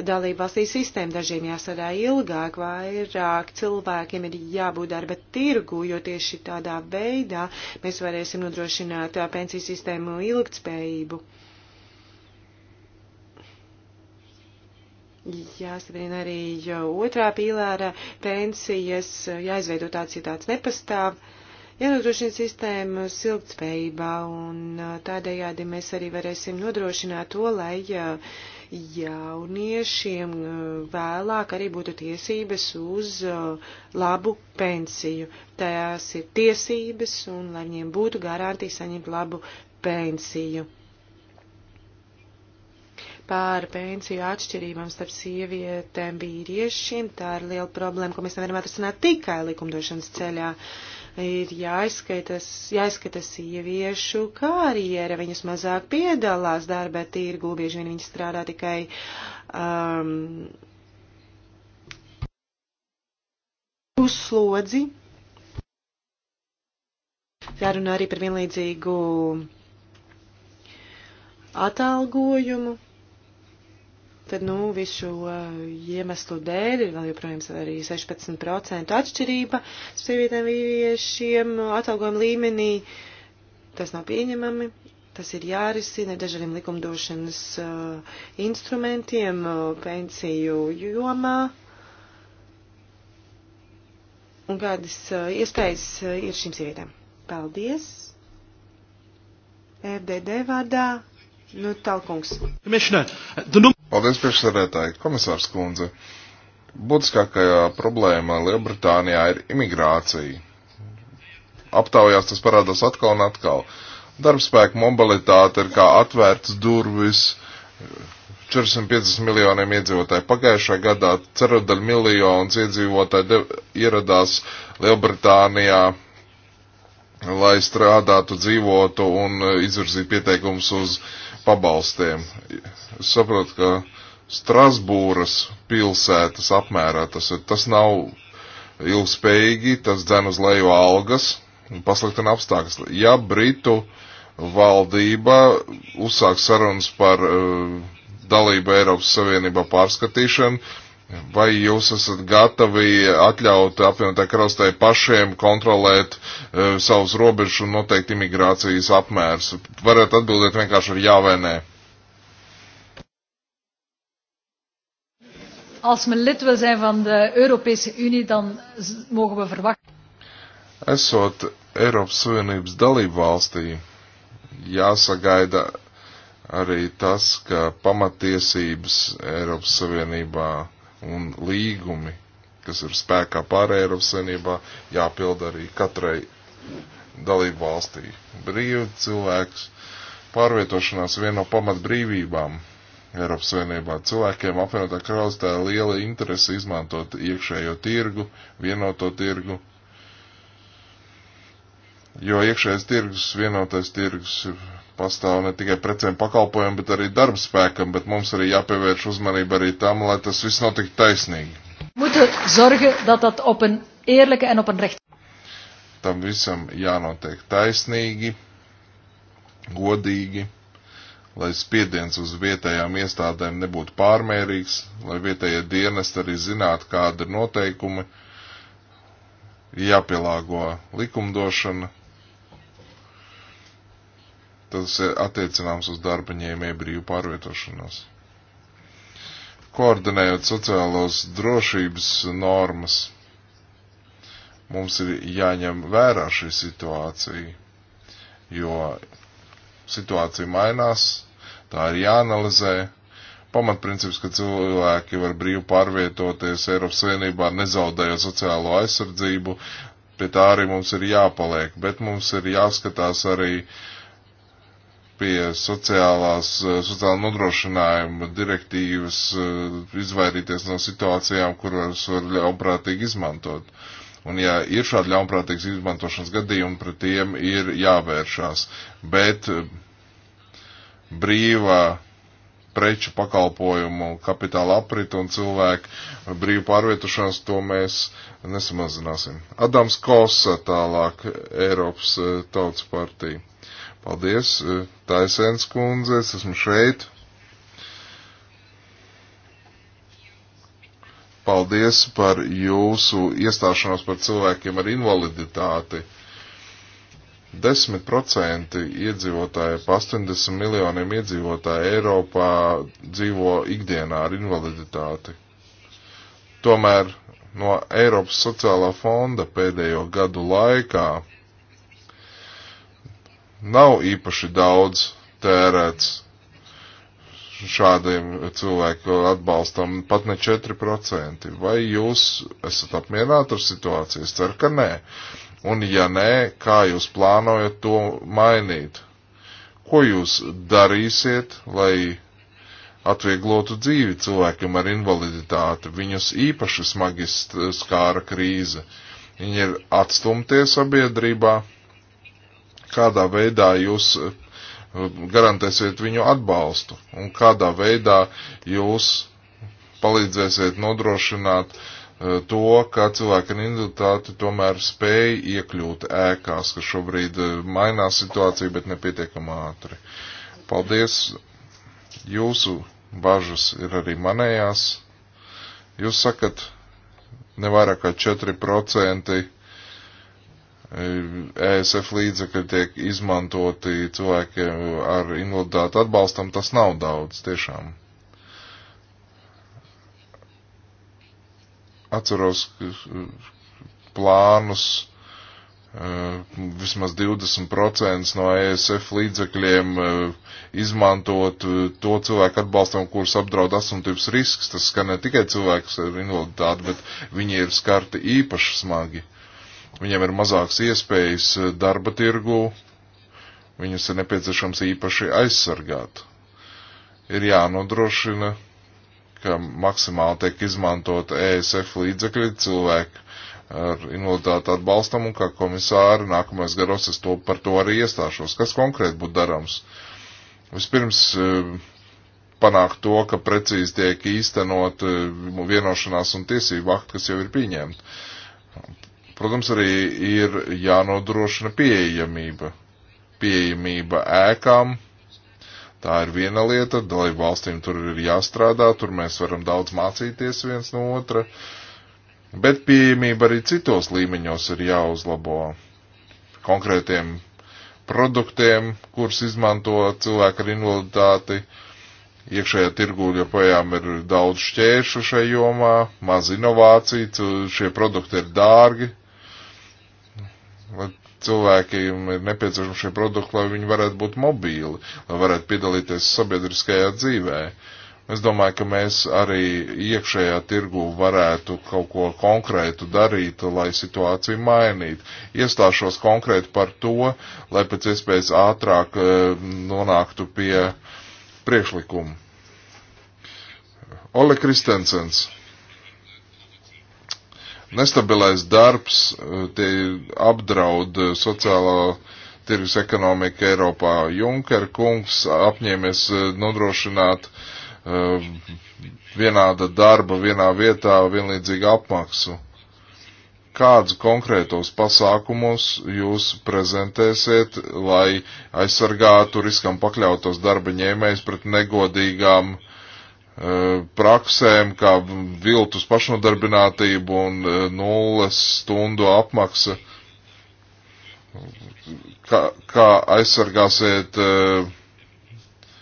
dalība valstī sistēma. Dažiem jāsadā ilgāk, vairāk cilvēkiem ir jābūt darba tirgu, jo tieši tādā veidā mēs varēsim nodrošināt pensiju sistēmu ilgtspējību. Jāsaprina arī otrā pīlāra pensijas, jāizveido tāds, ja tāds nepastāv. Uh, jānodrošina sistēmas ilgtspējībā, un tādējādi mēs arī varēsim nodrošināt to, lai jauniešiem vēlāk arī būtu tiesības uz labu pensiju. Tās ir tiesības, un lai viņiem būtu garantija saņemt labu pensiju par pensiju atšķirībām starp sievietēm vīriešiem. Tā ir liela problēma, ko mēs nevaram atrasināt tikai likumdošanas ceļā. Uh, ir jāizskaitas, jāizskata sieviešu karjera, viņas mazāk piedalās darbā tirgu, bieži vien viņas strādā tikai. Um, Uzslodzi. Jārunā arī par vienlīdzīgu atalgojumu tad, nu, visu šo uh, iemeslu dēļ ir vēl joprojām arī 16% atšķirība sievietēm vīriešiem atalgojuma līmenī. Tas nav pieņemami. Tas ir jārisina dažādiem likumdošanas uh, instrumentiem, uh, pensiju jomā. Un kādas uh, iespējas uh, ir šīm sievietēm? Paldies! FDD vārdā, nu, talkungs. Commissioner, the number... Paldies, priekšsarētāji. Komisārs Kundze, būtiskākajā problēma Lielbritānijā ir imigrācija. Aptaujās tas parādās atkal un atkal. Darbspēka mobilitāte ir kā atvērts durvis 450 miljoniem iedzīvotāju. Pagājušā gadā cerudaļ miljons iedzīvotāju ieradās Lielbritānijā, lai strādātu, dzīvotu un izvirzītu pieteikumus uz uh, pabalstiem. Es saprotu, ka Strasbūras pilsētas apmērā tas ir. Tas nav ilgspējīgi, tas dzen uz leju algas un pasliktina apstākļus. Ja Britu valdība uzsāk sarunas par uh, dalību Eiropas Savienībā pārskatīšanu, Vai jūs esat gatavi atļaut apvienotā karalistē pašiem kontrolēt uh, savus robežus un noteikt imigrācijas apmērus? Varat atbildēt vienkārši ar jā vai nē. Als men lid wil zijn van de Europese Unie, dan mogen we verwachten. Esot Eiropas Savienības dalību valstī, jāsagaida arī tas, ka pamatiesības Eiropas Savienībā un līgumi, kas ir spēkā pārējā Eiropas Savienībā, jāpild arī katrai dalību valstī. Brīvi cilvēks pārvietošanās viena no pamatbrīvībām Eiropas Savienībā. Cilvēkiem apvienotā kraustē liela interese izmantot iekšējo tirgu, vienoto tirgu, jo iekšējais tirgus, vienotais tirgus ir pastāv ne tikai precēm pakalpojumiem, bet arī darbspēkam, bet mums arī jāpievērš uzmanība arī tam, lai tas viss notiktu taisnīgi. Tam visam jānotiek taisnīgi, godīgi, lai spiediens uz vietējām iestādēm nebūtu pārmērīgs, lai vietējie dienesti arī zinātu, kāda ir noteikumi, jāpielāgo likumdošana tas attiecināms uz darba ņēmēju brīvu pārvietošanos. Koordinējot sociālos drošības normas, mums ir jāņem vērā šī situācija, jo situācija mainās, tā ir jāanalizē. Pamatprincips, ka cilvēki var brīvi pārvietoties Eiropas Savienībā, nezaudējot sociālo aizsardzību, pie tā arī mums ir jāpaliek, bet mums ir jāskatās arī uh, pie sociālās, eh, sociāla nodrošinājuma direktīvas, eh, izvairīties no situācijām, kuras var ļaunprātīgi izmantot. Un ja ir šādi ļaunprātīgas izmantošanas gadījumi, pret tiem ir jāvēršās. Bet eh, brīvā preču pakalpojumu, kapitāla apritu un cilvēku brīvu pārvietošanos, to mēs nesamazināsim. Adams Kosa tālāk, Eiropas Tautas partija. Paldies, eh, Taisēns kundze, es esmu šeit. Paldies par jūsu iestāšanos par cilvēkiem ar invaliditāti. 10% iedzīvotāji, pa 80 miljoniem iedzīvotāji Eiropā dzīvo ikdienā ar invaliditāti. Tomēr no Eiropas sociālā fonda pēdējo gadu laikā nav īpaši daudz tērēts šādiem cilvēku atbalstam, pat ne 4%. Vai jūs esat apmierināti ar situāciju? Es ceru, ka nē. Un ja nē, kā jūs plānojat to mainīt? Ko jūs darīsiet, lai atvieglotu dzīvi cilvēkiem ar invaliditāti? Viņus īpaši smagi skāra krīze. Viņi ir atstumtie sabiedrībā kādā veidā jūs uh, garantēsiet viņu atbalstu un kādā veidā jūs palīdzēsiet nodrošināt uh, to, ka cilvēka individualitāte tomēr spēj iekļūt ēkās, ka šobrīd uh, mainās situācija, bet nepietiekam ātri. Paldies! Jūsu bažas ir arī manējās. Jūs sakat, nevairāk kā 4% ESF līdzekļi tiek izmantoti cilvēkiem ar invaliditāti atbalstam, tas nav daudz, tiešām. Atceros uh, plānus, uh, vismaz 20% no ESF līdzekļiem uh, izmantot to cilvēku atbalstam, kurus apdraud asumtības risks. Tas skar ne tikai cilvēkus ar invaliditāti, bet viņi ir skarti īpaši smagi viņiem ir mazāks iespējas eh, darba tirgu, viņus ir nepieciešams īpaši aizsargāt. Ir jānodrošina, ka maksimāli tiek izmantot ESF līdzekļi cilvēki ar invaliditāti atbalstam un kā komisāri nākamais gados es to par to arī iestāšos. Kas konkrēti būtu darams? Vispirms eh, panākt to, ka precīzi tiek īstenot eh, vienošanās un tiesību akti, kas jau ir pieņemti. Protams, arī ir jānodrošina pieejamība. Pieejamība ēkām. Tā ir viena lieta, dalību valstīm tur ir jāstrādā, tur mēs varam daudz mācīties viens no otra, bet pieejamība arī citos līmeņos ir jāuzlabo konkrētiem produktiem, kurus izmanto cilvēki ar invaliditāti. Iekšējā tirgū joprojām ir daudz šķēršu šai jomā, maz inovāciju, šie produkti ir dārgi, lai cilvēkiem ir nepieciešami šie produkti, lai viņi varētu būt mobīli, lai varētu piedalīties sabiedriskajā dzīvē. Es domāju, ka mēs arī iekšējā tirgu varētu kaut ko konkrētu darīt, lai situāciju mainītu. Iestāšos konkrēti par to, lai pēc iespējas ātrāk e, nonāktu pie priekšlikumu. Ole Kristensens. Nestabilais darbs eh, apdraud eh, sociālo tirgus ekonomiku Eiropā. Junker kungs apņēmies eh, nodrošināt vienāda darba vienā vietā vienlīdzīgu apmaksu. Kādus konkrētos pasākumus jūs prezentēsiet, lai aizsargātu riskam pakļautos darba ņēmējs pret negodīgām uh, Eh, praksēm, kā viltus pašnodarbinātību un eh, nulles stundu apmaksa. Kā, kā aizsargāsiet eh,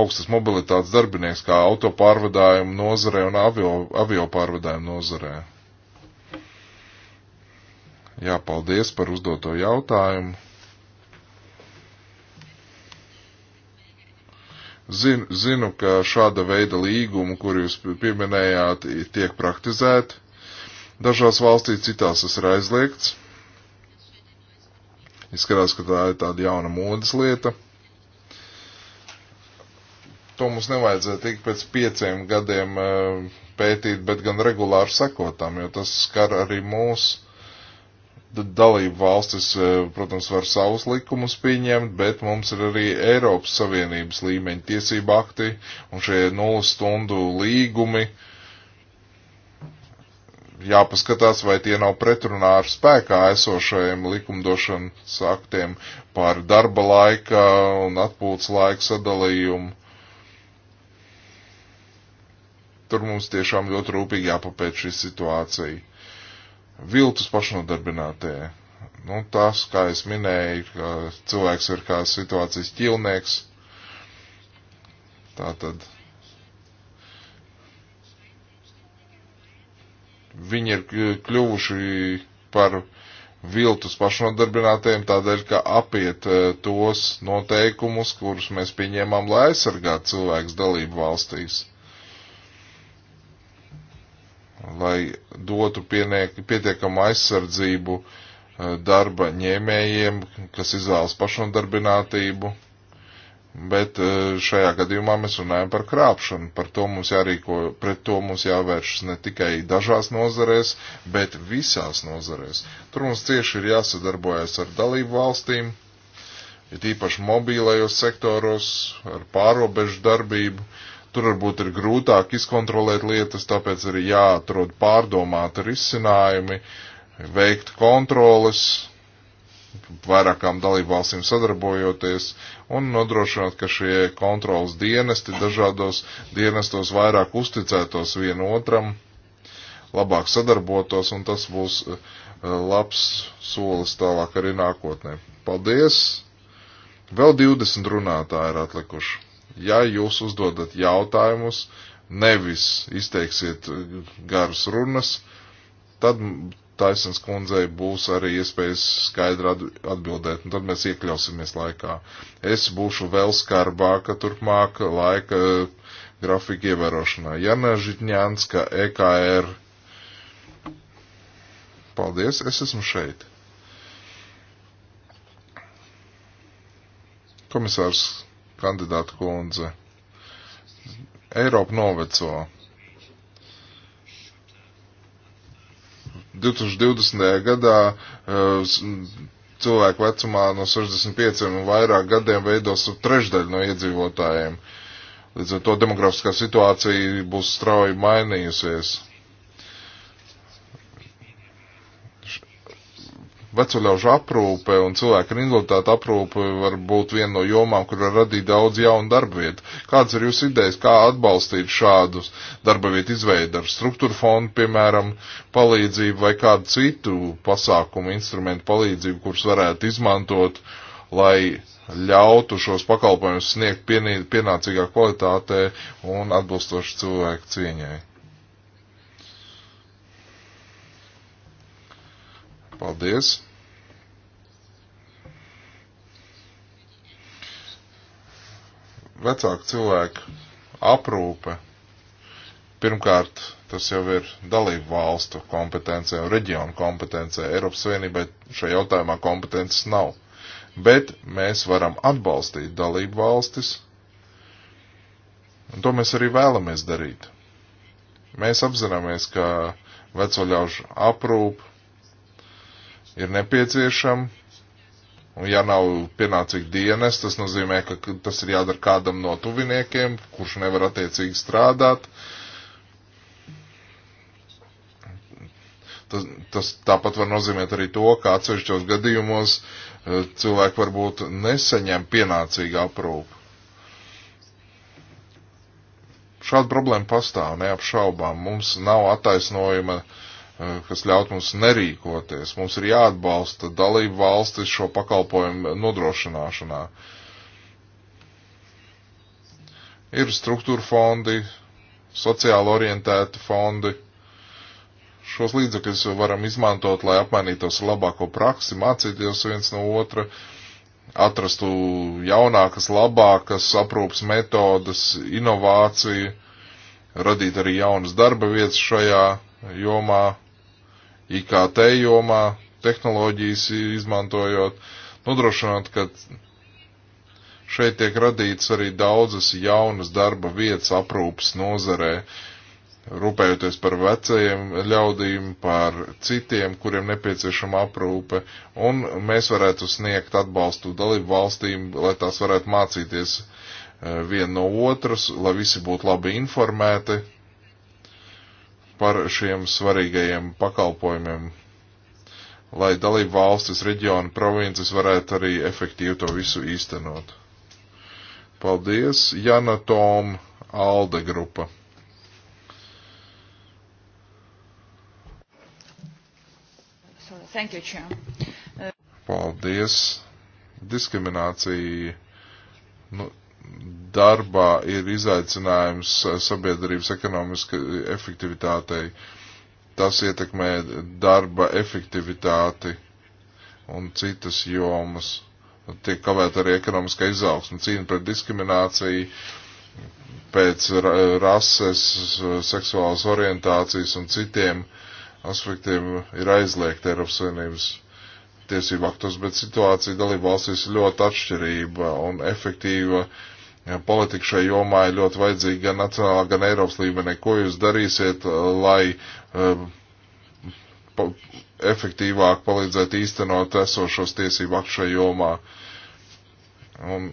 augstas mobilitātes darbinieks, kā autopārvadājumu nozarē un avio, avio pārvadājumu nozarē? Jā, paldies par uzdoto jautājumu. Zinu, zinu, ka šāda veida līgumi, kur jūs pieminējāt, tiek praktizēti. Dažās valstīs citās tas ir aizliegts. Izskatās, ka tā ir tāda jauna modas lieta. To mums nevajadzētu tik pēc pieciem gadiem e, pētīt, bet gan regulāri sekotam, jo tas skar arī mūsu dalību valstis, e, protams, var savus likumus pieņemt, bet mums ir arī Eiropas Savienības līmeņa tiesība akti un šie nulles stundu līgumi. Jāpaskatās, vai tie nav pretrunā ar spēkā esošajiem likumdošanas aktiem par darba laika un atpūtas laika sadalījumu. Tur mums tiešām ļoti rūpīgi jāpapēt šī situācija viltus pašnodarbinātie. Nu, tas, kā es minēju, ka cilvēks ir kā situācijas ķilnieks. Tātad viņi ir kļuvuši par viltus pašnodarbinātiem tādēļ, ka apiet e, tos noteikumus, kurus mēs pieņēmām, lai aizsargātu cilvēks dalību valstīs lai dotu pietiekamu aizsardzību eh, darba ņēmējiem, kas izvēlas pašnodarbinātību, bet eh, šajā gadījumā mēs runājam par krāpšanu. Par to mums jārīko, pret to mums jāvēršas ne tikai dažās nozarēs, bet visās nozarēs. Tur mums cieši ir jāsadarbojas ar dalību valstīm, ir ja īpaši mobīlajos sektoros, ar pārobežu darbību Tur varbūt ir grūtāk izkontrolēt lietas, tāpēc arī jāatrod pārdomāti risinājumi, veikt kontroles, vairākām dalībvalstīm sadarbojoties un nodrošināt, ka šie kontrolas dienesti dažādos dienestos vairāk uzticētos vienotram, labāk sadarbotos un tas būs eh, labs solis tālāk arī nākotnē. Paldies! Vēl 20 runātāji ir atlikuši ja jūs uzdodat jautājumus, nevis izteiksiet eh, garas runas, tad Taisens kundzei būs arī iespējas skaidri atbildēt, un tad mēs iekļausimies laikā. Es būšu vēl skarbāka turpmāk laika eh, grafika ievērošanā. Jana Žitņānska, EKR. Paldies, es esmu šeit. Komisārs kandidāta kundze. Eiropa noveco. 2020. gadā uh, cilvēku vecumā no 65 un vairāk gadiem veidos trešdaļu no iedzīvotājiem. Līdz ar to demografiskā situācija būs strauji mainījusies. vecoļaužu aprūpe un cilvēku ar invaliditāti aprūpe var būt viena no jomām, kur var radīt daudz jaunu darba vietu. Kāds ir jūsu idejas, kā atbalstīt šādus darba vietu izveidu ar struktūru fondu, piemēram, palīdzību vai kādu citu pasākumu, instrumentu palīdzību, kurus varētu izmantot, lai ļautu šos pakalpojumus sniegt pienācīgā kvalitātē un atbilstoši cilvēku cieņai. Paldies! vecāku cilvēku aprūpe, pirmkārt, tas jau ir dalību valstu kompetencija un reģionu kompetencija. Eiropas Savienībai šajā jautājumā kompetences nav. Bet mēs varam atbalstīt dalību valstis, un to mēs arī vēlamies darīt. Mēs apzināmies, ka vecoļaužu aprūp ir nepieciešama, Un ja nav pienācīgi dienas, tas nozīmē, ka tas ir jādara kādam no tuviniekiem, kurš nevar attiecīgi strādāt. Tas, tas tāpat var nozīmēt arī to, ka atsevišķos gadījumos eh, cilvēki varbūt neseņem pienācīgu aprūpu. Šāda problēma pastāv neapšaubām. Mums nav attaisnojuma uh, Eh, kas ļaut mums nerīkoties. Mums ir jāatbalsta dalību valstis šo pakalpojumu nodrošināšanā. Ir struktūra fondi, sociāli orientēti fondi. Šos līdzekļus varam izmantot, lai apmainītos ar labāko praksi, mācīties viens no otra, atrastu jaunākas, labākas aprūpas metodas, inovāciju, radīt arī jaunas darba vietas šajā jomā IKT jomā, tehnoloģijas izmantojot, nodrošinot, ka šeit tiek radīts arī daudzas jaunas darba vietas aprūpas nozarē, rūpējoties par vecajiem ļaudīm, par citiem, kuriem nepieciešama aprūpe, un mēs varētu sniegt atbalstu dalību valstīm, lai tās varētu mācīties eh, viena no otras, lai visi būtu labi informēti, par šiem svarīgajiem pakalpojumiem, lai dalību valstis, reģionu, provinces varētu arī efektīvi to visu īstenot. Paldies, Jana Tom, Alde grupa. Thank you, Chair. Uh, Paldies. Diskriminācija. Nu, darbā ir izaicinājums sabiedrības ekonomiskai efektivitātei. Tas ietekmē darba efektivitāti un citas jomas. Tiek kavēt arī ekonomiskā izaugsme, cīņa pret diskrimināciju pēc rases, seksuālas orientācijas un citiem aspektiem ir aizliegta Eiropas Savienības tiesību aktos, bet situācija dalību valstīs ir ļoti atšķirība un efektīva uh, Ja politika šai jomā ir ļoti vajadzīga gan nacionālā, gan Eiropas līmenī. Ko jūs darīsiet, lai uh, pa, efektīvāk palīdzētu īstenot esošos tiesību aktu šai jomā? Un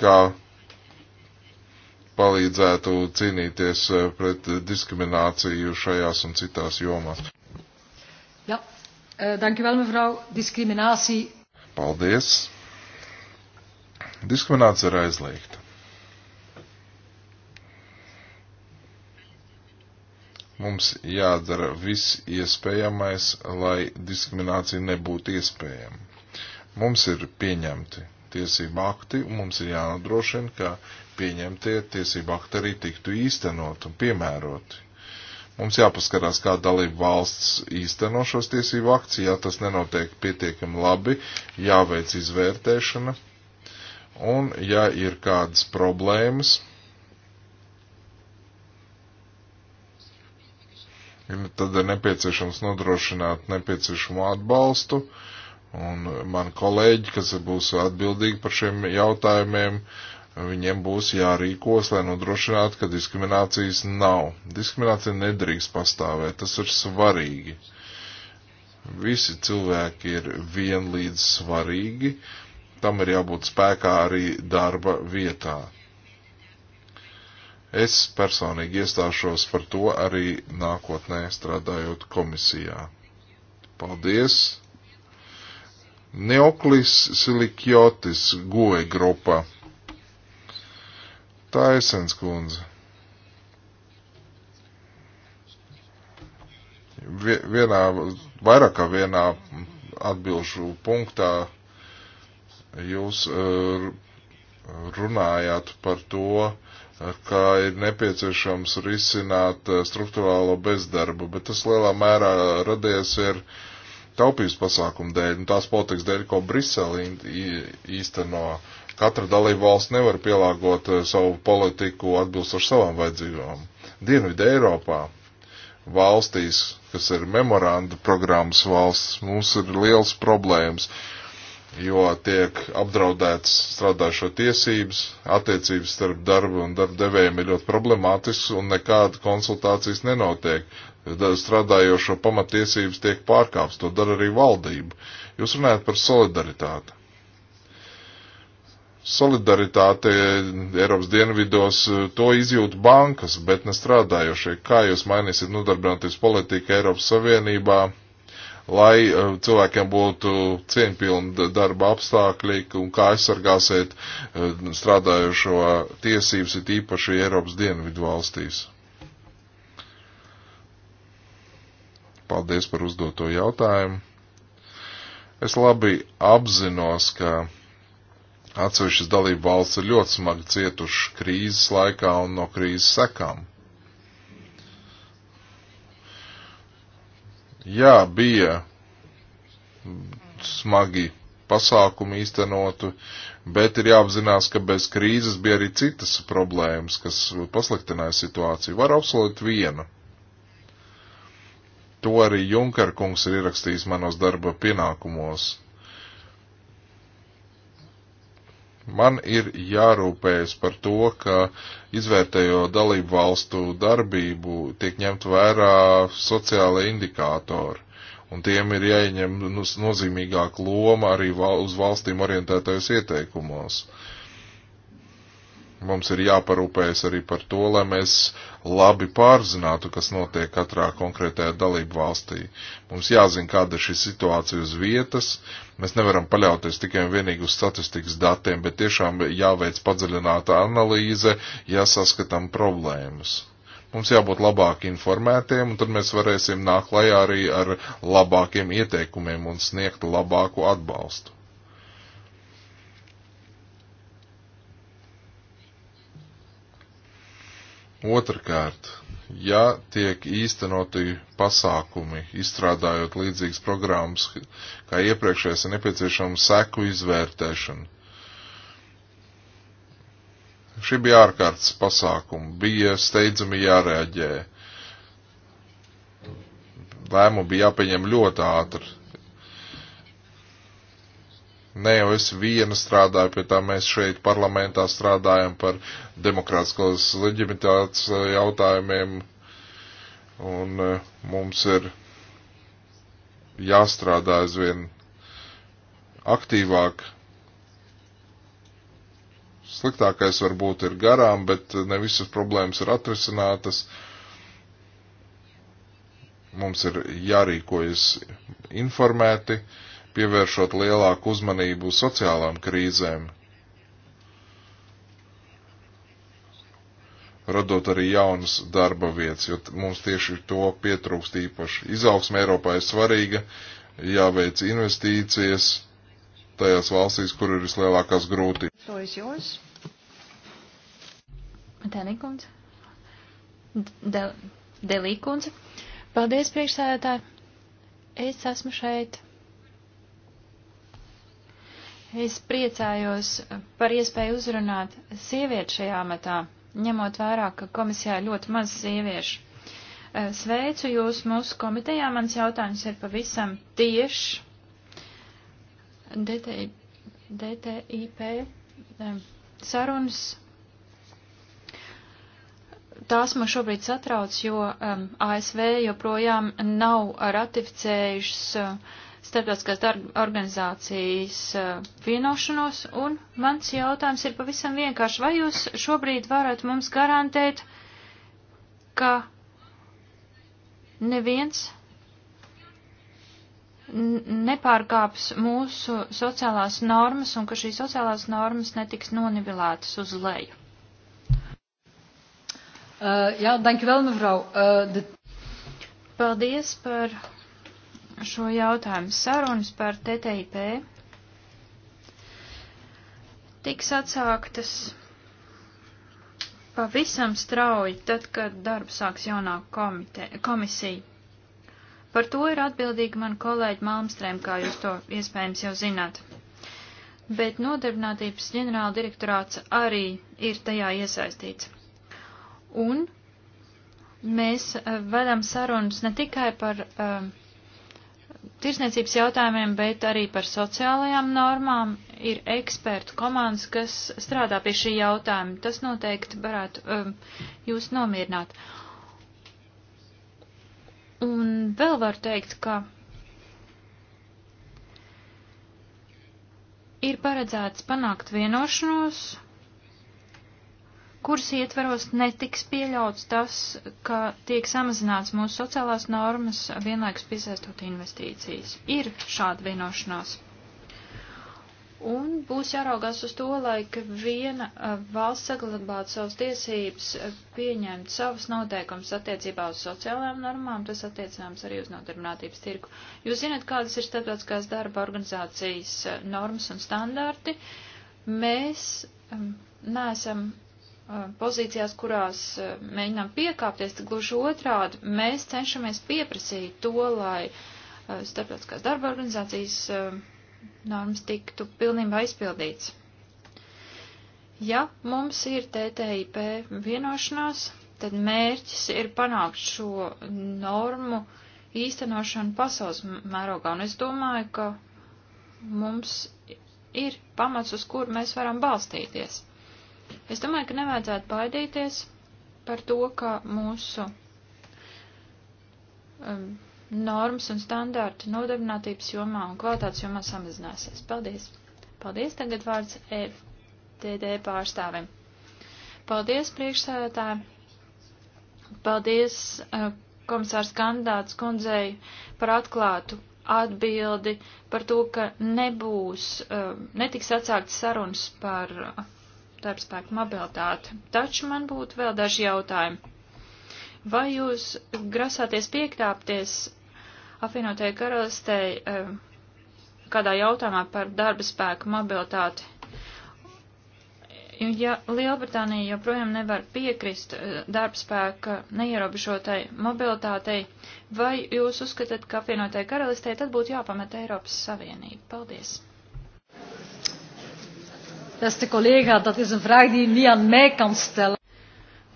kā palīdzētu cīnīties eh, pret diskrimināciju šajās un citās jomās? Jā, ja. Eh, dankjewel mevrouw. Diskriminācija. Paldies. Diskriminācija ir aizliegta. Mums jādara viss iespējamais, lai diskriminācija nebūtu iespējama. Mums ir pieņemti tiesību akti, un mums ir jānodrošina, ka pieņemtie tiesību akti arī tiktu īstenot un piemēroti. Mums jāpaskarās, kā dalība valsts īsteno šos tiesību akts, ja tas nenotiek pietiekami labi, jāveic izvērtēšana, un ja ir kādas problēmas, ir tad nepieciešams nodrošināt nepieciešamo atbalstu. Un man kolēģi, kas būs atbildīgi par šiem jautājumiem, viņiem būs jārīkos, lai nodrošinātu, ka diskriminācijas nav. Diskriminācija nedrīkst pastāvēt, tas ir svarīgi. Visi cilvēki ir vienlīdz svarīgi, tam ir jābūt spēkā arī darba vietā Es personīgi iestāšos par to arī nākotnē strādājot komisijā. Paldies! Neoklis Silikjotis goja grupa. Tā esens kundze. vienā, vairāk kā vienā atbilžu punktā jūs eh, runājāt par to, kā ir nepieciešams risināt eh, struktūrālo bezdarbu, bet tas lielā mērā radies ir taupības pasākumu dēļ un tās politikas dēļ, ko Brisele īsteno. Katra dalība valsts nevar pielāgot eh, savu politiku atbilstoši savām vajadzībām. Dienvidē Eiropā valstīs, kas ir memoranda programmas valsts, mums ir liels problēmas. Uh, jo tiek apdraudēts strādājušo tiesības, attiecības starp darbu un darba devējiem ir ļoti problemātisks un nekāda konsultācijas nenotiek. Strādājošo pamatiesības tiek pārkāpts, to dara arī valdība. Jūs runājat par solidaritāti. Solidaritāte Eiropas dienvidos to izjūt bankas, bet ne strādājošie. Kā jūs mainīsiet nodarbinātības politiku Eiropas Savienībā? lai eh, cilvēkiem būtu cieņpilni darba apstākļi un kā aizsargāsiet eh, strādājušo tiesības, it īpaši Eiropas dienvidu valstīs. Paldies par uzdoto jautājumu. Es labi apzinos, ka atsevišķas dalību valsts ir ļoti smagi cietušas krīzes laikā un no krīzes sekām. Jā, bija smagi pasākumi īstenotu, bet ir jāapzinās, ka bez krīzes bija arī citas problēmas, kas pasliktināja situāciju. Var apsolīt vienu. To arī Junkarkungs ir ierakstījis manos darba pienākumos Man ir jārūpējas par to, ka izvērtējo dalību valstu darbību tiek ņemt vērā sociālai indikātori, un tiem ir jāieņem nozīmīgāk loma arī val uz valstīm orientētajos ieteikumos. Uh, Mums ir jāparūpējas arī par to, lai mēs labi pārzinātu, kas notiek katrā konkrētajā dalību valstī. Mums jāzina, kāda ir šī situācija uz vietas. Mēs nevaram paļauties tikai un vienīgi uz statistikas datiem, bet tiešām jāveic padziļināta analīze, jāsaskatām problēmas mums jābūt labāk informētiem, un tad mēs varēsim nākt klajā arī ar labākiem ieteikumiem un sniegt labāku atbalstu. Otrakārt, ja tiek īstenoti pasākumi, izstrādājot līdzīgas programmas, kā iepriekšējais ir nepieciešama seku izvērtēšana. Šī bija ārkārtas pasākuma, bija steidzami jārēģē. Lēmumu bija jāpieņem ļoti ātri. Ne jau es viena strādāju pie tā, mēs šeit parlamentā strādājam par demokrātiskos leģimitātes eh, jautājumiem, un eh, mums ir jāstrādā aizvien aktīvāk. Sliktākais varbūt ir garām, bet ne visas problēmas ir atrisinātas mums ir jārīkojas informēti, pievēršot lielāku uzmanību sociālām krīzēm, radot arī jaunas darba vietas, jo mums tieši to pietrūkst īpaši. Izaugsme Eiropā ir svarīga, jāveic investīcijas tajās valstīs, kur ir vislielākās grūtības. To es jūs. Delikundze. De, Delikundze. Paldies, priekšsēdētāji. Es esmu šeit Es priecājos par iespēju uzrunāt sievieti šajā amatā, ņemot vērā, ka komisijā ir ļoti maz sieviešu. Eh, sveicu jūs mūsu komitejā, mans jautājums ir pavisam tieši. DTI, DTIP eh, sarunas tās man šobrīd satrauc, jo um, eh, ASV joprojām nav ratificējušas uh, starptautiskās darba organizācijas eh, vienošanos, un mans jautājums ir pavisam vienkārši. Vai jūs šobrīd varat mums garantēt, ka neviens nepārkāps mūsu sociālās normas un ka šīs sociālās normas netiks nonivilētas uz leju? Uh, jā, danki vēl, mevrau. Uh, eh, de... Paldies par šo jautājumu. Sarunas par TTIP tiks atsāktas pavisam strauji, tad, kad darbu sāks jaunā komite, komisija. Par to ir atbildīga man kolēģi Malmstrēm, kā jūs to iespējams jau zināt. Bet nodarbinātības ģenerāla direktorāts arī ir tajā iesaistīts. Un mēs eh, vedam sarunas ne tikai par uh, tirsniecības jautājumiem, bet arī par sociālajām normām ir ekspertu komandas, kas strādā pie šī jautājuma. Tas noteikti varētu um, jūs nomierināt. Un vēl var teikt, ka ir paredzēts panākt vienošanos kuras ietveros netiks pieļauts tas, ka tiek samazināts mūsu sociālās normas, vienlaikus piesaistot investīcijas. Ir šāda vienošanās. Un būs jāraugās uz to, lai viena valsts saglabātu savas tiesības, pieņemt savas noteikumus attiecībā uz sociālajām normām, tas attiecināms arī uz nodarbinātības tirgu. Jūs zināt, kādas ir starptautiskās darba organizācijas normas un standarti. Mēs neesam Uh, pozīcijās, kurās uh, mēģinām piekāpties, gluži otrādi, mēs cenšamies pieprasīt to, lai uh, starptautiskās darba organizācijas normas tiktu pilnībā izpildīts. Ja mums ir TTIP vienošanās, tad mērķis ir panākt šo normu īstenošanu pasaules mērogā, un es domāju, ka mums ir pamats, uz kur mēs varam balstīties. Es domāju, ka nevajadzētu baidīties par to, ka mūsu um, normas un standārti nodarbinātības jomā un kvalitātes jomā samazināsies. Paldies! Paldies! Tagad vārds FTD e pārstāvim. Paldies, priekšsēdētāji! Paldies, uh, komisārs kandidāts kundzei par atklātu atbildi par to, ka nebūs, uh, netiks atsāktas sarunas par uh, darbspēku mobilitāti. Taču man būtu vēl daži jautājumi. Vai jūs grasāties piektāpties apvienotajai karalistei eh, kādā jautājumā par darbspēku mobilitāti? Ja Lielbritānija joprojām nevar piekrist eh, darbspēka neierobežotai mobilitātei, vai jūs uzskatāt, ka apvienotajai karalistei tad būtu jāpamata Eiropas Savienība? Paldies! Beste collega, dat is een vraag die u niet aan mij kan stellen.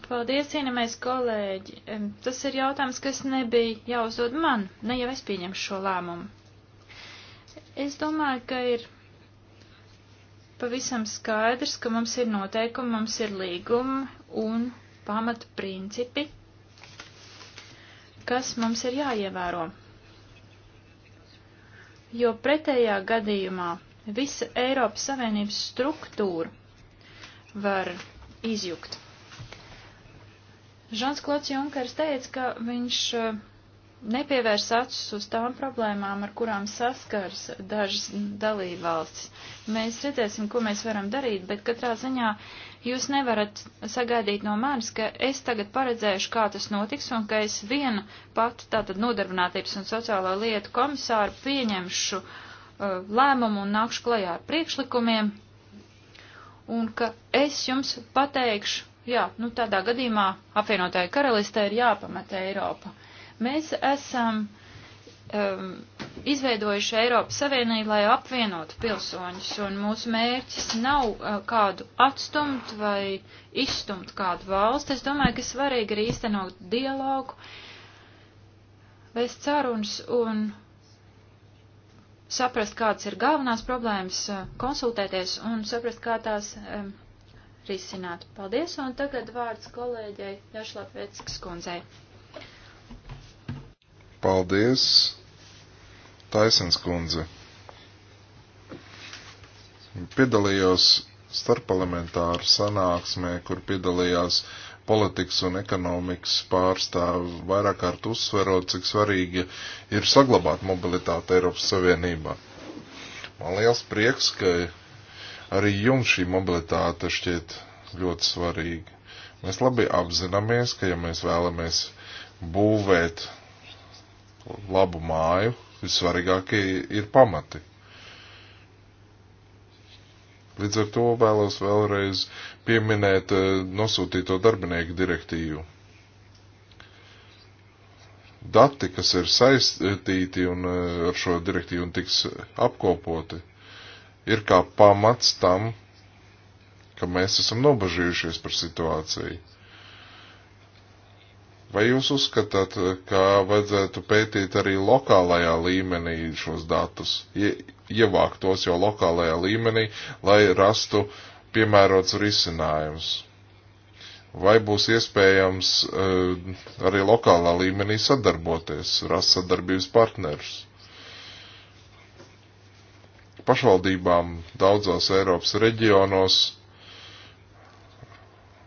Paldies, cienījamais kolēģi. Tas ir jautājums, kas nebija jāuzdod man, ne jau es pieņemšu šo lēmumu. Es domāju, ka ir pavisam skaidrs, ka mums ir noteikumi, mums ir līgumi un pamatu principi, kas mums ir jāievēro. Jo pretējā gadījumā visa Eiropas Savienības struktūra var izjukt. Žans Klots Junkers teica, ka viņš eh, nepievērs acis uz tām problēmām, ar kurām saskars dažas dalībvalstis. Mēs redzēsim, ko mēs varam darīt, bet katrā ziņā jūs nevarat sagaidīt no manis, ka es tagad paredzēšu, kā tas notiks, un ka es viena pati tātad nodarbinātības un sociālo lietu komisāru pieņemšu uh, Uh, lēmumu un nākšu klajā ar priekšlikumiem, un ka es jums pateikšu, jā, nu tādā gadījumā apvienotāja karalistē ir jāpamata Eiropa. Mēs esam um, izveidojuši Eiropas Savienību, lai apvienotu pilsoņus, un mūsu mērķis nav uh, kādu atstumt vai izstumt kādu valsti. Es domāju, ka svarīgi ir īstenot dialogu, vēst sarunas un saprast, kādas ir galvenās problēmas, eh, konsultēties un saprast, kā tās um, risināt. Paldies, un tagad vārds kolēģei Jašlapēckas kundzei. Paldies, Taisens kundze. Piedalījos starpparlamentāru sanāksmē, kur piedalījās uh, politikas un ekonomikas pārstāvi vairāk kārt uzsverot, cik svarīgi ir saglabāt mobilitāti Eiropas Savienībā. Man liels prieks, ka arī jums šī mobilitāte šķiet ļoti svarīga. Mēs labi apzināmies, ka ja mēs vēlamies būvēt labu māju, vissvarīgākie ir pamati. Līdz ar to vēlos vēlreiz pieminēt eh, nosūtīto darbinieku direktīvu. Dati, kas ir saistīti un eh, ar šo direktīvu un tiks apkopoti, ir kā pamats tam, ka mēs esam nobažījušies par situāciju. Vai jūs uzskatāt, ka vajadzētu pētīt arī lokālajā līmenī šos datus, ie, ievākt tos jau lokālajā līmenī, lai rastu piemērots risinājums? Vai būs iespējams uh, arī lokālā līmenī sadarboties, rast sadarbības partnerus? Pašvaldībām daudzos Eiropas reģionos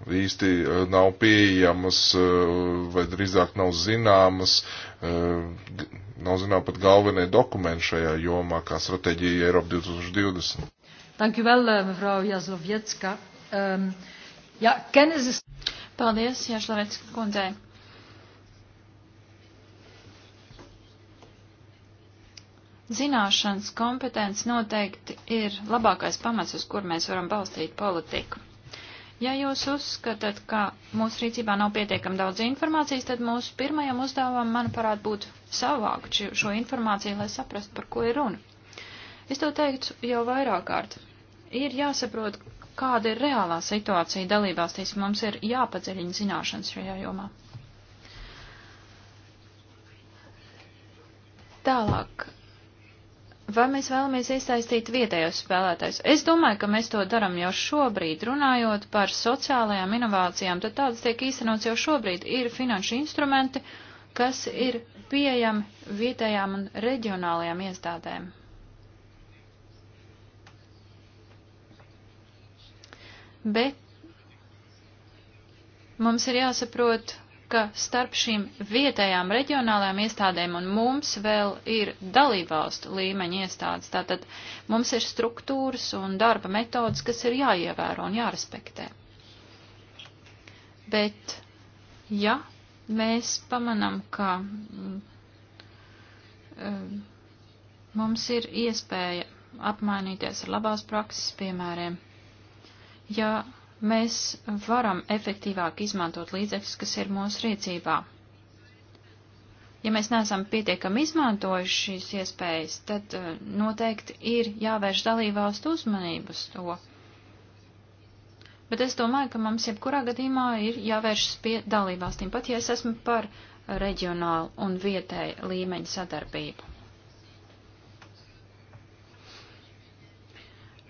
īsti eh, nav pieejamas, eh, vai drīzāk nav zināmas, eh, nav zinām pat galvenie dokumenti šajā jomā, kā stratēģija Eiropa 2020. Dankjewel, mevrouw Jaslovietska. Um, ehm, ja, kennis is... Paldies, Jaslovietska kundzei. Zināšanas kompetence noteikti ir labākais pamats, uz kur mēs varam balstīt politiku. Ja jūs uzskatāt, ka mūsu rīcībā nav pietiekami daudz informācijas, tad mūsu pirmajam uzdevumam, manuprāt, būtu savākt šo informāciju, lai saprastu, par ko ir runa. Es to teicu jau vairāk kārt. Ir jāsaprot, kāda ir reālā situācija dalībvalstīs, mums ir jāpadziļina zināšanas šajā jomā. Tālāk, vai mēs vēlamies iesaistīt vietējos spēlētājus? Es domāju, ka mēs to daram jau šobrīd. Runājot par sociālajām inovācijām, tad tādas tiek īstenots jau šobrīd. Ir finanšu instrumenti, kas ir pieejami vietējām un reģionālajām iestādēm. Bet mums ir jāsaprot, ka starp šīm vietējām reģionālajām iestādēm un mums vēl ir dalībvalstu līmeņa iestādes. Tātad mums ir struktūras un darba metodas, kas ir jāievēro un jārespektē. Bet, ja mēs pamanam, ka um, mums ir iespēja apmainīties ar labās prakses piemēriem, ja mēs varam efektīvāk izmantot līdzekļus, kas ir mūsu rīcībā. Ja mēs neesam pietiekami izmantojuši šīs iespējas, tad eh, noteikti ir jāvērš dalībvalstu uzmanību uz to. Bet es domāju, ka mums jebkurā gadījumā ir jāvēršas pie dalībvalstīm, pat ja es esmu par reģionālu un vietēju līmeņu sadarbību.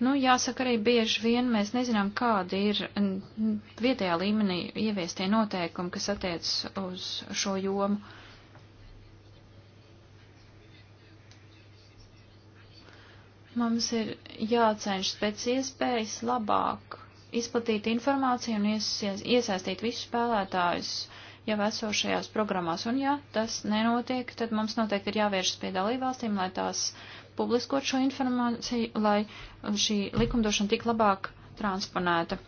Nu, jāsaka, arī bieži vien mēs nezinām, kādi ir vietējā līmenī ieviestie noteikumi, kas attiec uz šo jomu. Mums ir jācenšas pēc iespējas labāk izplatīt informāciju un iesaistīt visus spēlētājus jau esošajās programmās. Un ja tas nenotiek, tad mums noteikti ir jāvēršas pie dalībvalstīm, lai tās publiskot šo informāciju, lai šī likumdošana tik labāk transponēta.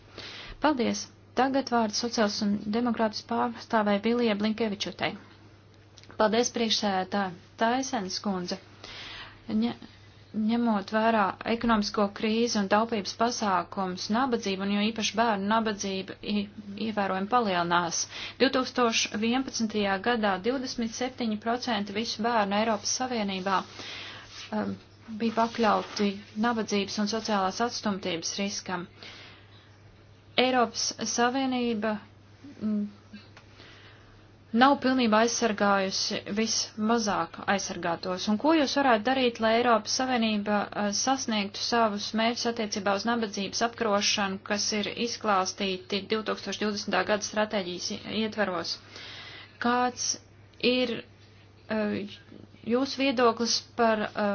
Paldies! Tagad vārds sociāls un demokrātas pārstāvēja Vilija Blinkevičutei. Paldies priekšsēdētāji Taisens kundze. Ņa, ņemot vērā ekonomisko krīzi un taupības pasākums, nabadzība un jo īpaši bērnu nabadzība ievērojami palielinās. 2011. gadā 27% visu bērnu Eiropas Savienībā Um, bija pakļauti nabadzības un sociālās atstumtības riskam. Eiropas Savienība mm, nav pilnībā aizsargājusi vismazāk aizsargātos. Un ko jūs varētu darīt, lai Eiropas Savienība uh, sasniegtu savus mērķus attiecībā uz nabadzības apkarošanu, kas ir izklāstīti 2020. gada stratēģijas ietvaros? Kāds ir uh, jūsu viedoklis par uh,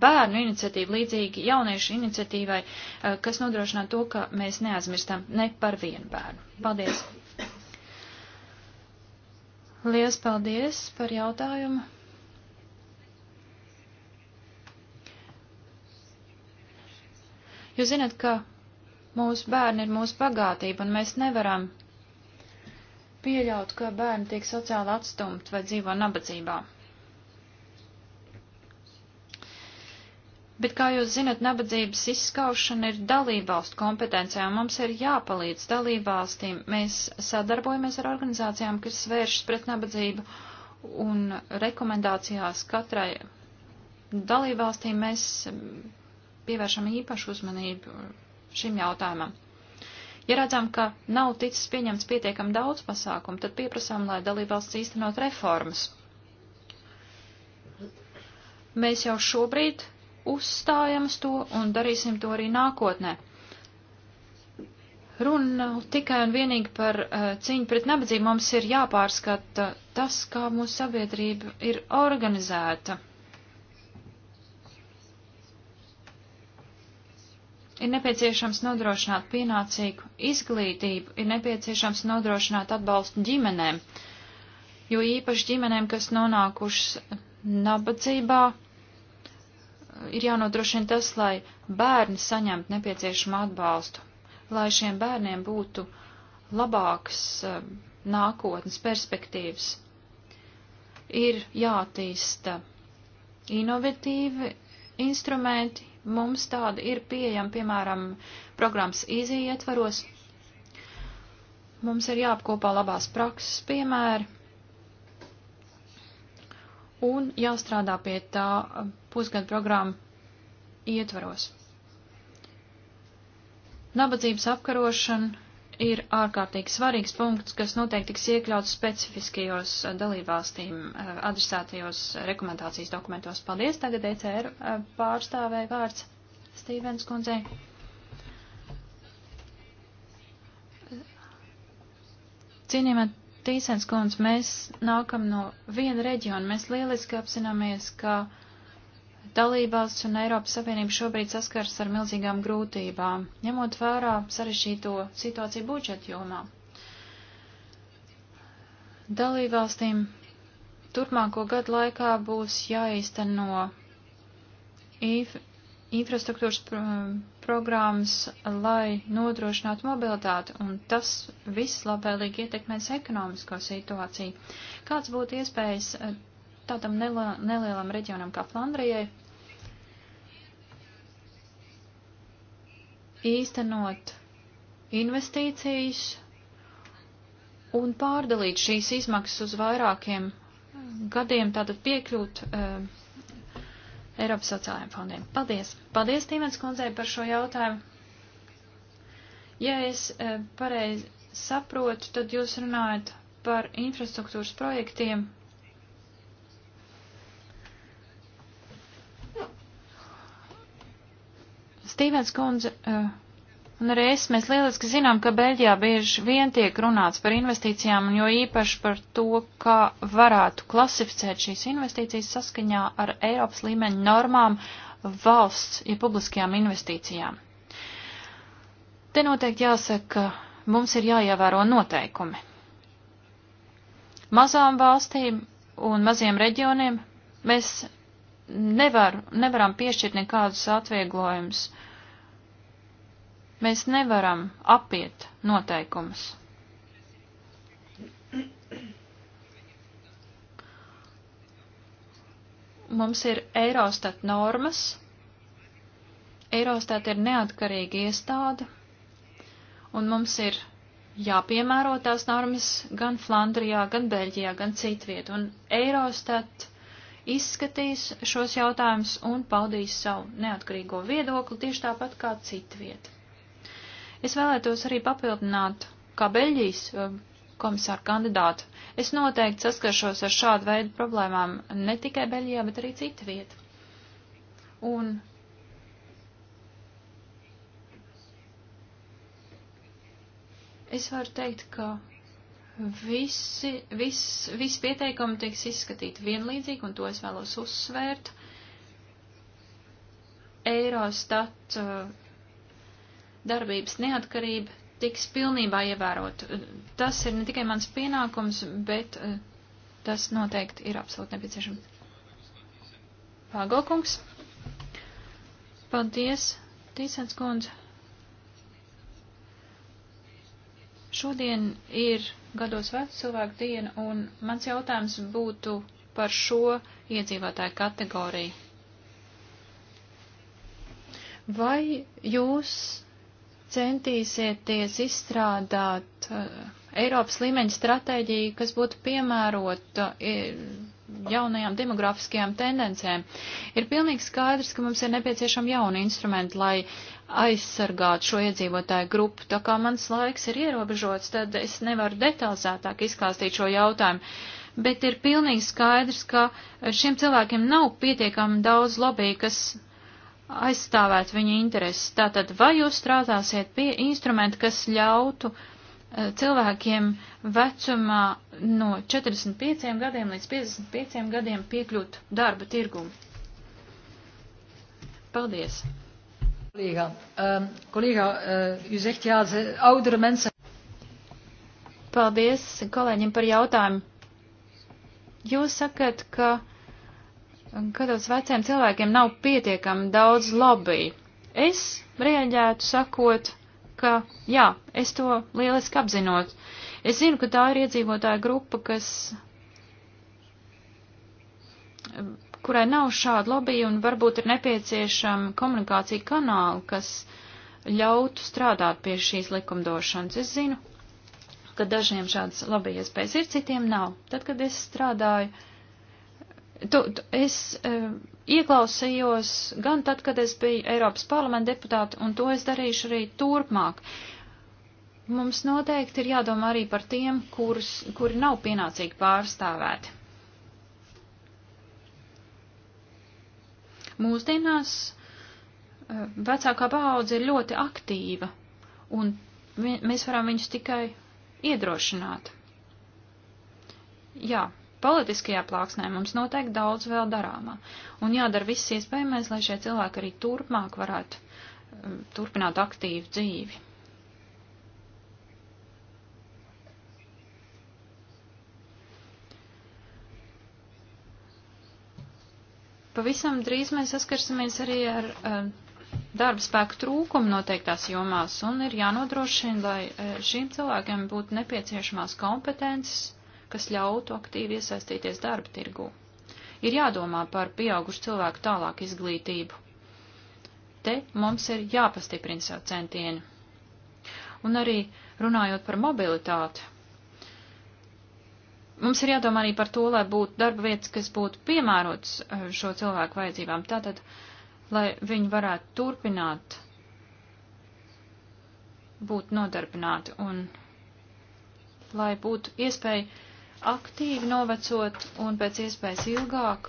bērnu iniciatīvu līdzīgi jauniešu iniciatīvai, uh, kas nodrošinā to, ka mēs neaizmirstam ne par vienu bērnu. Paldies! Lielas paldies par jautājumu! Jūs zināt, ka mūsu bērni ir mūsu bagātība, un mēs nevaram pieļaut, ka bērni tiek sociāli atstumti vai dzīvo nabadzībā. Bet, kā jūs zinat, nabadzības izskaušana ir dalībvalstu kompetencijā, un mums ir jāpalīdz dalībvalstīm. Mēs sadarbojamies ar organizācijām, kas vēršas pret nabadzību, un rekomendācijās katrai dalībvalstī mēs pievēršam īpašu uzmanību šim jautājumam. Ja redzam, ka nav ticis pieņemts pietiekam daudz pasākumu, tad pieprasām, lai dalībvalsts īstenot reformas. Mēs jau šobrīd uzstājam uz to un darīsim to arī nākotnē. Runa tikai un vienīgi par uh, cīņu pret nabadzību mums ir jāpārskata tas, kā mūsu sabiedrība ir organizēta. Ir nepieciešams nodrošināt pienācīgu izglītību, ir nepieciešams nodrošināt atbalstu ģimenēm, jo īpaši ģimenēm, kas nonākušas nabadzībā, ir jānodrošina tas, lai bērni saņemtu nepieciešamo atbalstu, lai šiem bērniem būtu labākas eh, nākotnes perspektīvas. Ir jātīsta inovatīvi instrumenti, mums tādi ir pieejami, piemēram, programmas ietvaros. Mums ir jāapkopā labās prakses piemēri, un jāstrādā pie tā pusgada programma ietvaros. Nabadzības apkarošana ir ārkārtīgi svarīgs punkts, kas noteikti tiks iekļauts specifiskajos eh, dalībvalstīm eh, adresētajos rekomendācijas dokumentos. Paldies, tagad ECR eh, pārstāvē vārds Stīvens kundzei. Cienījamie Tīsens kundz, mēs nākam no viena reģiona. Mēs lieliski apzināmies, ka dalībās un Eiropas Savienība šobrīd saskars ar milzīgām grūtībām, ņemot vērā sarešķīto situāciju budžeta jomā. Dalībvalstīm turpmāko gadu laikā būs jāīsteno infrastruktūras pro programmas, lai nodrošinātu mobilitāti, un tas viss labvēlīgi ietekmēs ekonomisko situāciju. Kāds būtu iespējas eh, tādam nelielam reģionam kā Flandrijai īstenot investīcijas un pārdalīt šīs izmaksas uz vairākiem gadiem, tātad piekļūt uh, Eiropas sociālajiem fondiem. Paldies! Paldies, Tīmens kundzei, par šo jautājumu. Ja es e, pareizi saprotu, tad jūs runājat par infrastruktūras projektiem. Stīvens kundze. Uh, Un arī es, mēs lieliski zinām, ka Beļģijā bieži vien tiek runāts par investīcijām, un jo īpaši par to, kā varētu klasificēt šīs investīcijas saskaņā ar Eiropas līmeņa normām valsts, ja publiskajām investīcijām. Te noteikti jāsaka, ka mums ir jāievēro noteikumi. Mazām valstīm un maziem reģioniem mēs nevar, nevaram piešķirt nekādus atvieglojumus Mēs nevaram apiet noteikumus. Mums ir Eirostat normas. Eirostat ir neatkarīga iestāde, un mums ir jāpiemēro tās normas gan Flandrijā, gan Beļģijā, gan citviet. Un Eirostat izskatīs šos jautājumus un paudīs savu neatkarīgo viedokli tieši tāpat kā citviet. Es vēlētos arī papildināt, kā Beļģijas eh, komisāra kandidātu. Es noteikti saskaršos ar šādu veidu problēmām ne tikai Beļģijā, bet arī cita vieta. Un es varu teikt, ka visi, vis, visi pieteikumi tiks izskatīti vienlīdzīgi, un to es vēlos uzsvērt. Eurostat uh, eh, darbības neatkarība tiks pilnībā ievērot. Tas ir ne tikai mans pienākums, bet eh, tas noteikti ir absolūti nepieciešams. Pāgalkungs. Paldies, Tīsāns kundze. Šodien ir gados vecu cilvēku diena, un mans jautājums būtu par šo iedzīvotāju kategoriju. Vai jūs centīsieties izstrādāt uh, Eiropas līmeņa stratēģiju, kas būtu piemērota uh, jaunajām demografiskajām tendencēm. Ir pilnīgi skaidrs, ka mums ir nepieciešama jauna instrumenta, lai aizsargātu šo iedzīvotāju grupu. Tā kā mans laiks ir ierobežots, tad es nevaru detalizētāk izklāstīt šo jautājumu. Bet ir pilnīgi skaidrs, ka šiem cilvēkiem nav pietiekami daudz lobby, kas aizstāvēt viņa intereses. Tātad, vai jūs strādāsiet pie instrumenta, kas ļautu eh, cilvēkiem vecumā no 45 gadiem līdz 55 gadiem piekļūt darba tirgumu? Paldies! Collega, um, collega uh, u zegt ja, ze, oudere mensen. Paldies kolēģim par jautājumu. Jūs sakat, ka kādos veciem cilvēkiem nav pietiekami daudz lobby. Es rieģētu sakot, ka jā, es to lieliski apzinot. Es zinu, ka tā ir iedzīvotāja grupa, kas kurai nav šāda lobby un varbūt ir nepieciešama komunikācija kanāla, kas ļautu strādāt pie šīs likumdošanas. Es zinu, ka dažiem šādas lobby iespējas ir, citiem nav. Tad, kad es strādāju uh, Tu, tu, es uh, ieklausījos gan tad, kad es biju Eiropas parlamenta deputāta, un to es darīšu arī turpmāk. Mums noteikti ir jādomā arī par tiem, kurus, kuri nav pienācīgi pārstāvēti. Mūsdienās uh, vecākā paudze ir ļoti aktīva, un vi, mēs varam viņus tikai iedrošināt. Jā, politiskajā plāksnē mums noteikti daudz vēl darāmā. Un jādara viss iespējamais, lai šie cilvēki arī turpmāk varētu um, turpināt aktīvu dzīvi. Pavisam drīz mēs saskarsimies arī ar um, darba spēku trūkumu noteiktās jomās un ir jānodrošina, lai uh, šīm cilvēkiem būtu nepieciešamās kompetences kas ļautu aktīvi iesaistīties darba tirgū. Ir jādomā par pieaugušu cilvēku tālāku izglītību. Te mums ir jāpastiprina savu centienu. Un arī runājot par mobilitāti, mums ir jādomā arī par to, lai būtu darba vietas, kas būtu piemērotas eh, šo cilvēku vajadzībām. Tātad, lai viņi varētu turpināt būt nodarbināti un lai būtu iespēja aktīvi novecot un pēc iespējas ilgāk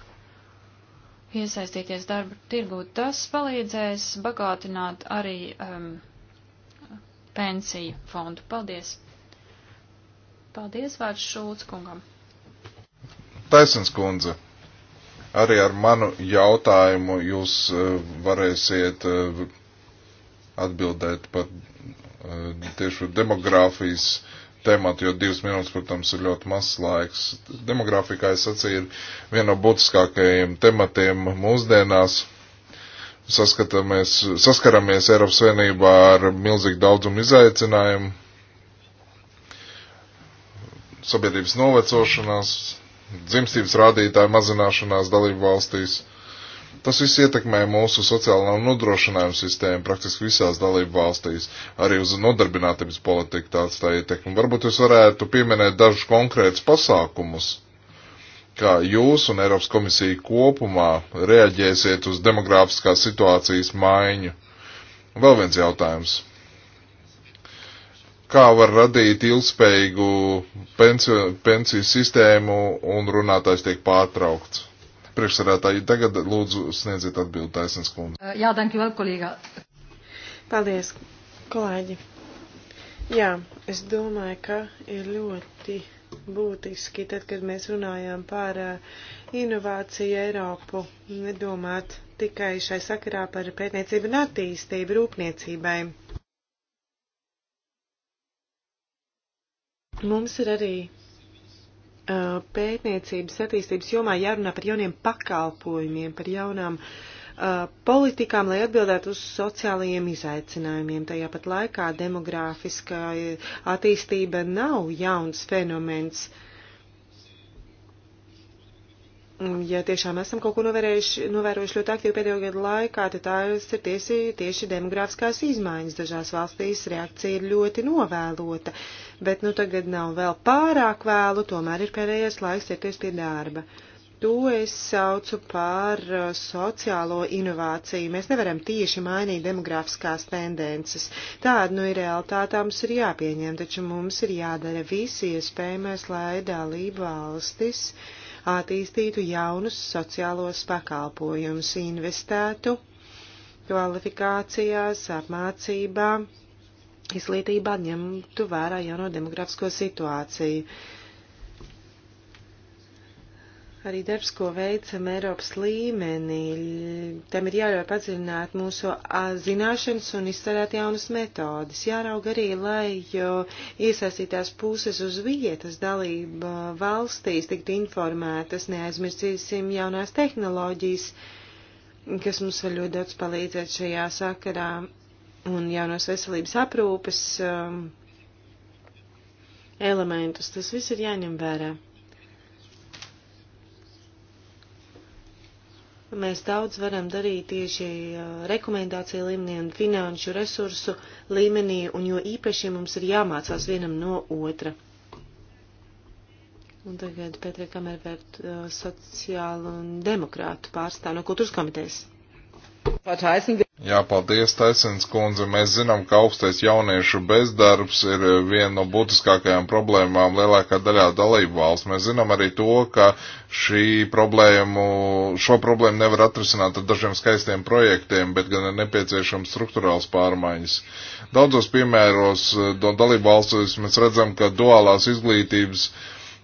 iesaistīties darba tirgū. Tas palīdzēs bagātināt arī um, pensiju fondu. Paldies! Paldies, vārds Šulc kungam! Taisens kundze, arī ar manu jautājumu jūs uh, varēsiet uh, atbildēt par uh, tieši demogrāfijas uh, tematu, jo divas minūtes, protams, ir ļoti mazs laiks. Demogrāfikā, es sacīju, ir viena no būtiskākajiem tematiem mūsdienās. Saskaramies Eiropas Savienībā ar milzīgu daudzumu izaicinājumu, sabiedrības novecošanās, dzimstības rādītāju mazināšanās dalību valstīs. Uh, Tas viss ietekmē mūsu sociālo nodrošinājumu sistēmu praktiski visās dalību valstīs, arī uz nodarbinātības politiku tāds tā ietekme. Varbūt jūs varētu pieminēt dažus konkrētus pasākumus, kā jūs un Eiropas komisija kopumā reaģēsiet uz demogrāfiskās situācijas maiņu. Vēl viens jautājums. Kā var radīt ilgspējīgu pensiju, pensiju sistēmu un runātājs tiek pārtraukts? priekšsarātāji. Tagad lūdzu sniedziet atbildi taisnes kundze. Uh, jā, danki vēl, kolīgā. Paldies, kolēģi. Jā, es domāju, ka ir ļoti būtiski, tad, kad mēs runājām par uh, inovāciju Eiropu, nedomāt tikai šai sakarā par pētniecību un attīstību rūpniecībai. Mums ir arī Uh, pētniecības attīstības jomā jārunā par jauniem pakalpojumiem, par jaunām uh, politikām, lai atbildētu uz sociālajiem izaicinājumiem. Tajā pat laikā demogrāfiskā attīstība nav jauns fenomens. Uh, ja tiešām esam kaut ko novērojuši, novērojuši ļoti aktīvi pēdējo gadu laikā, tad tās ir tiesi, tieši demogrāfiskās izmaiņas. Dažās valstīs reakcija ir ļoti novēlota, bet nu tagad nav vēl pārāk vēlu, tomēr ir pēdējais laiks ķerties pie darba. To es saucu par uh, sociālo inovāciju. Mēs nevaram tieši mainīt demografiskās tendences. Tāda nu ir realitāte, mums ir jāpieņem, taču mums ir jādara visi iespējamais, lai dalība valstis. Uh, attīstītu jaunus sociālos pakalpojumus, investētu kvalifikācijās, apmācībā, izglītībā, ņemtu vērā jauno demografisko situāciju. Uh, Arī darbs, ko veicam Eiropas līmenī, tam ir jāļauj padziļināt mūsu zināšanas un izstrādāt jaunas metodas. Jāraug arī, lai iesaistītās puses uz vietas dalība valstīs tiktu informētas, neaizmirsīsim jaunās tehnoloģijas, kas mums var ļoti daudz palīdzēt šajā sakarā, un jaunos veselības aprūpes um, elementus. Tas viss ir jāņem vērā. Mēs daudz varam darīt tieši rekomendāciju līmenī un finanšu resursu līmenī, un jo īpaši mums ir jāmācās vienam no otra. Un tagad Petra Kamervērt sociālu un demokrātu pārstāv no kultūras komitejas. Jā, paldies, Taisens kundze. Mēs zinām, ka augstais jauniešu bezdarbs ir eh, viena no būtiskākajām problēmām lielākā daļā dalību valsts. Mēs zinām arī to, ka šī problēmu, šo problēmu nevar atrisināt ar dažiem skaistiem projektiem, bet gan ir nepieciešams struktūrāls pārmaiņas. Daudzos piemēros no eh, dalību valstis mēs redzam, ka duālās izglītības uh,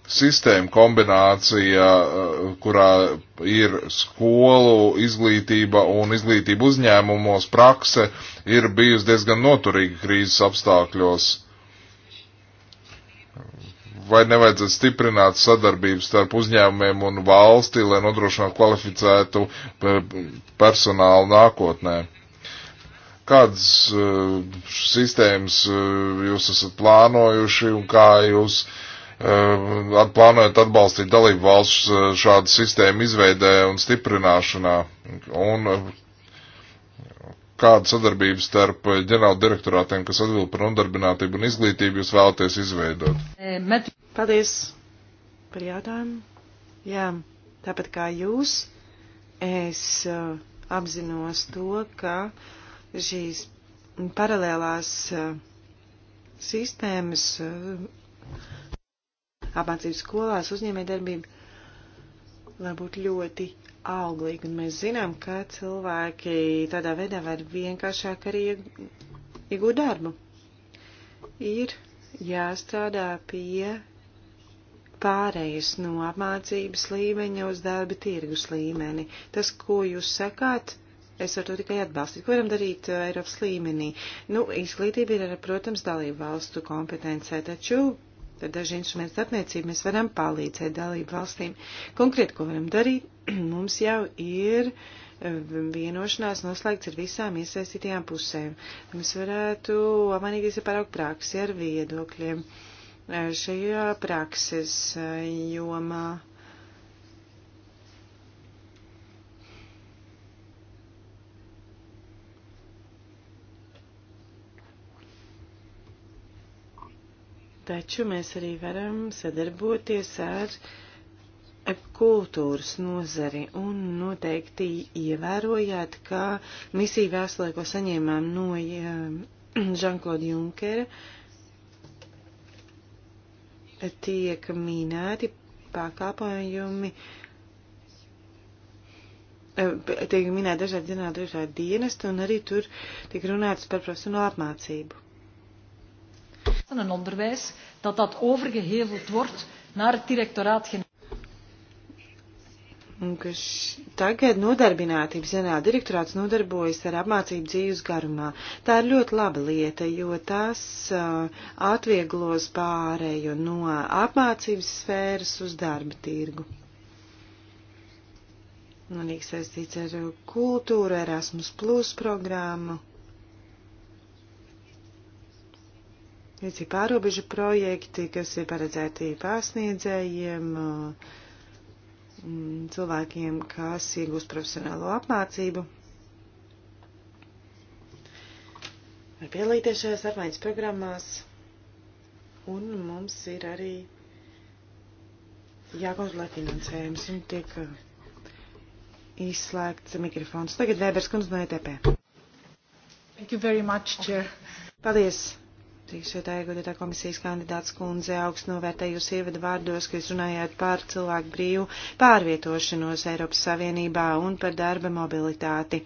sistēma kombinācija, eh, kurā ir skolu izglītība un izglītība uzņēmumos prakse, ir bijusi diezgan noturīga krīzes apstākļos. Vai nevajadzētu stiprināt sadarbību starp uzņēmumiem un valsti, lai nodrošinātu kvalificētu eh, personālu nākotnē? Kādas uh, sistēmas uh, jūs esat plānojuši un kā jūs uh, plānojat atbalstīt dalību valsts šādu sistēmu izveidē un stiprināšanā? Un kādu sadarbību starp ģenerāla direktorātiem, kas atbild par nodarbinātību un izglītību, jūs vēlaties izveidot? Paldies par jautājumu. Jā, tāpat kā jūs, es uh, apzinos to, ka šīs paralēlās uh, sistēmas uh, apmācības skolās, uzņēmējdarbība, lai būtu ļoti auglīgi. Un mēs zinām, ka cilvēki tādā veidā var vienkāršāk arī iegūt darbu. Ir jāstrādā pie pārējas no apmācības līmeņa uz darba tirgus līmeni. Tas, ko jūs sakāt, Es varu to tikai atbalstīt. Ko varam darīt uh, Eiropas līmenī? Nu, izglītība ir, protams, dalību valstu kompetencē, taču Tad daži instrumenti starpniecība mēs varam palīdzēt dalību valstīm. Konkrēti, ko varam darīt, *clears throat* mums jau ir eh, vienošanās noslēgts ar visām iesaistītajām pusēm. Mēs varētu amanīties ar paraugu praksi, ar viedokļiem eh, šajā prakses eh, jomā. Uh, Taču mēs arī varam sadarboties ar kultūras nozari un noteikti ievērojāt, ka misija vēstulē, ko saņēmām no Žanklauda *clears throat* Junkera, tiek minēti pakāpojumi, tiek minēti dažādi zinātnieki dienesti un arī tur tiek runāts par profesionālu apmācību en onderwijs, dat dat overgeheveld wordt naar het directoraat generaal. Un ka š... tagad nodarbinātības zenā direktorāts nodarbojas ar apmācību dzīves garumā. Tā ir ļoti laba lieta, jo tas uh, atvieglos pārēju no apmācības sfēras uz darba tirgu. Manīgi saistīts ar kultūru, Erasmus Plus programmu. Līdzīgi pārobežu projekti, kas ir paredzēti pārsniedzējiem, mm, cilvēkiem, kas iegūst profesionālo apmācību. Var pielīties šajās apmaiņas programmās, un mums ir arī jākontrolē finansējums, un tiek uh, izslēgts mikrofons. Tagad Vēbers kundze no ETP. Thank you very much, Chair. Paldies. Priekšsēdētāja godētā komisijas kandidāts kundze augstu novērtējusi ievada vārdos, ka jūs runājāt par cilvēku brīvu pārvietošanos Eiropas Savienībā un par darba mobilitāti.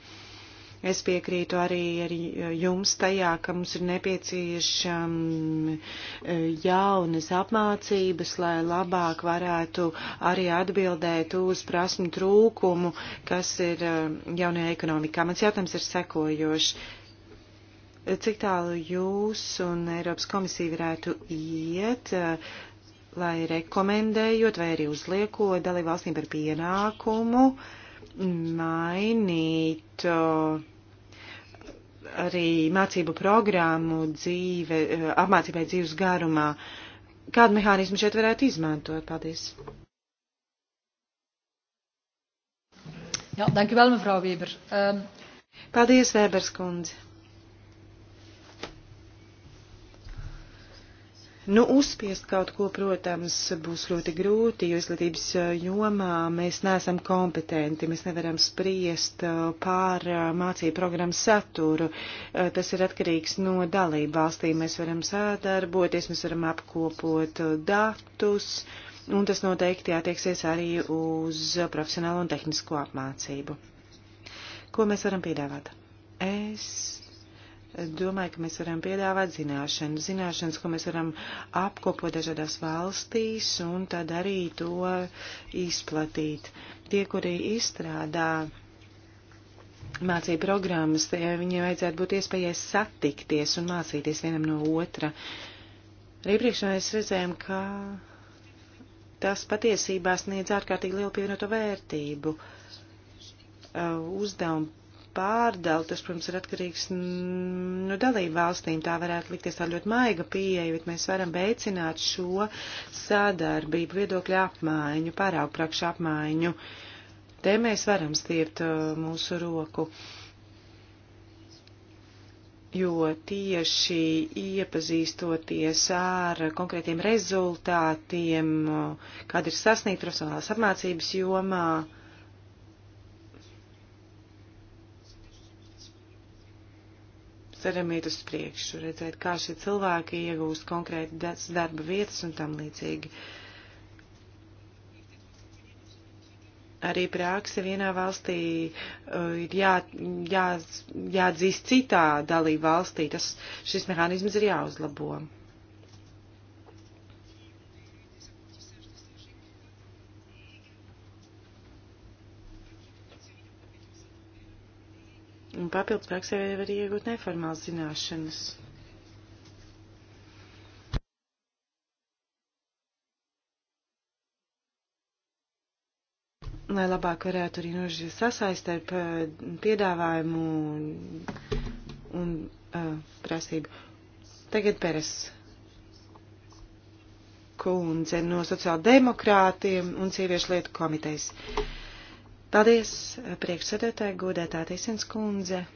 Es piekrītu arī ar jums tajā, ka mums ir nepieciešama e, jaunas apmācības, lai labāk varētu arī atbildēt uz prasmu trūkumu, kas ir e, jaunajā ekonomikā. Mans jautājums ir sekojošs cik tālu jūs un Eiropas komisija varētu iet, lai rekomendējot vai arī uzliekot dalībvalstīm par pienākumu mainīt arī mācību programmu dzīve, apmācībai dzīves garumā. Kādu mehānismu šeit varētu izmantot? Paldies! Ja, dankjewel mevrouw Weber. Um... Paldies, Vēbers kundze. Nu, uzspiest kaut ko, protams, būs ļoti grūti, jo izglītības jomā mēs neesam kompetenti, mēs nevaram spriest pār mācību programmu saturu. Tas ir atkarīgs no dalību valstīm. Mēs varam sadarboties, mēs varam apkopot datus, un tas noteikti attieksies arī uz profesionālo un tehnisko apmācību. Ko mēs varam piedāvāt? Es domāju, ka mēs varam piedāvāt zināšanas, zināšanas, ko mēs varam apkopot dažādās valstīs un tad arī to izplatīt. Tie, kuri izstrādā mācību programmas, viņiem vajadzētu būt iespējai satikties un mācīties vienam no otra. Arī priekšā mēs redzējām, ka tas patiesībā sniedz ārkārtīgi lielu pievienoto vērtību. Uh, uzdevumu pārdala, tas, protams, ir atkarīgs no dalību valstīm. Tā varētu likties tā ļoti maiga pieeja, bet mēs varam veicināt šo sadarbību, viedokļu apmaiņu, pāraugprakšu apmaiņu. Te mēs varam stiept uh, mūsu roku, jo tieši iepazīstoties ar konkrētiem rezultātiem, uh, kāda ir sasniegta profesionālās apmācības jomā, ceram iet uz priekšu, redzēt, kā šie cilvēki iegūst konkrētas darba vietas un tam līdzīgi. Arī prākse vienā valstī uh, ir jā, jā, jāatzīst citā dalība valstī. Tas, šis mehānisms ir jāuzlabo. Un papildus praksē var iegūt neformāls zināšanas. lai labāk varētu arī nožģīt sasaistē ar eh, piedāvājumu un, un uh, prasību. Tagad Peres kundze no sociāldemokrātiem un sieviešu lietu komitejas. Uh, Paldies, priekšsēdētāji, godētā Tīsens kundze.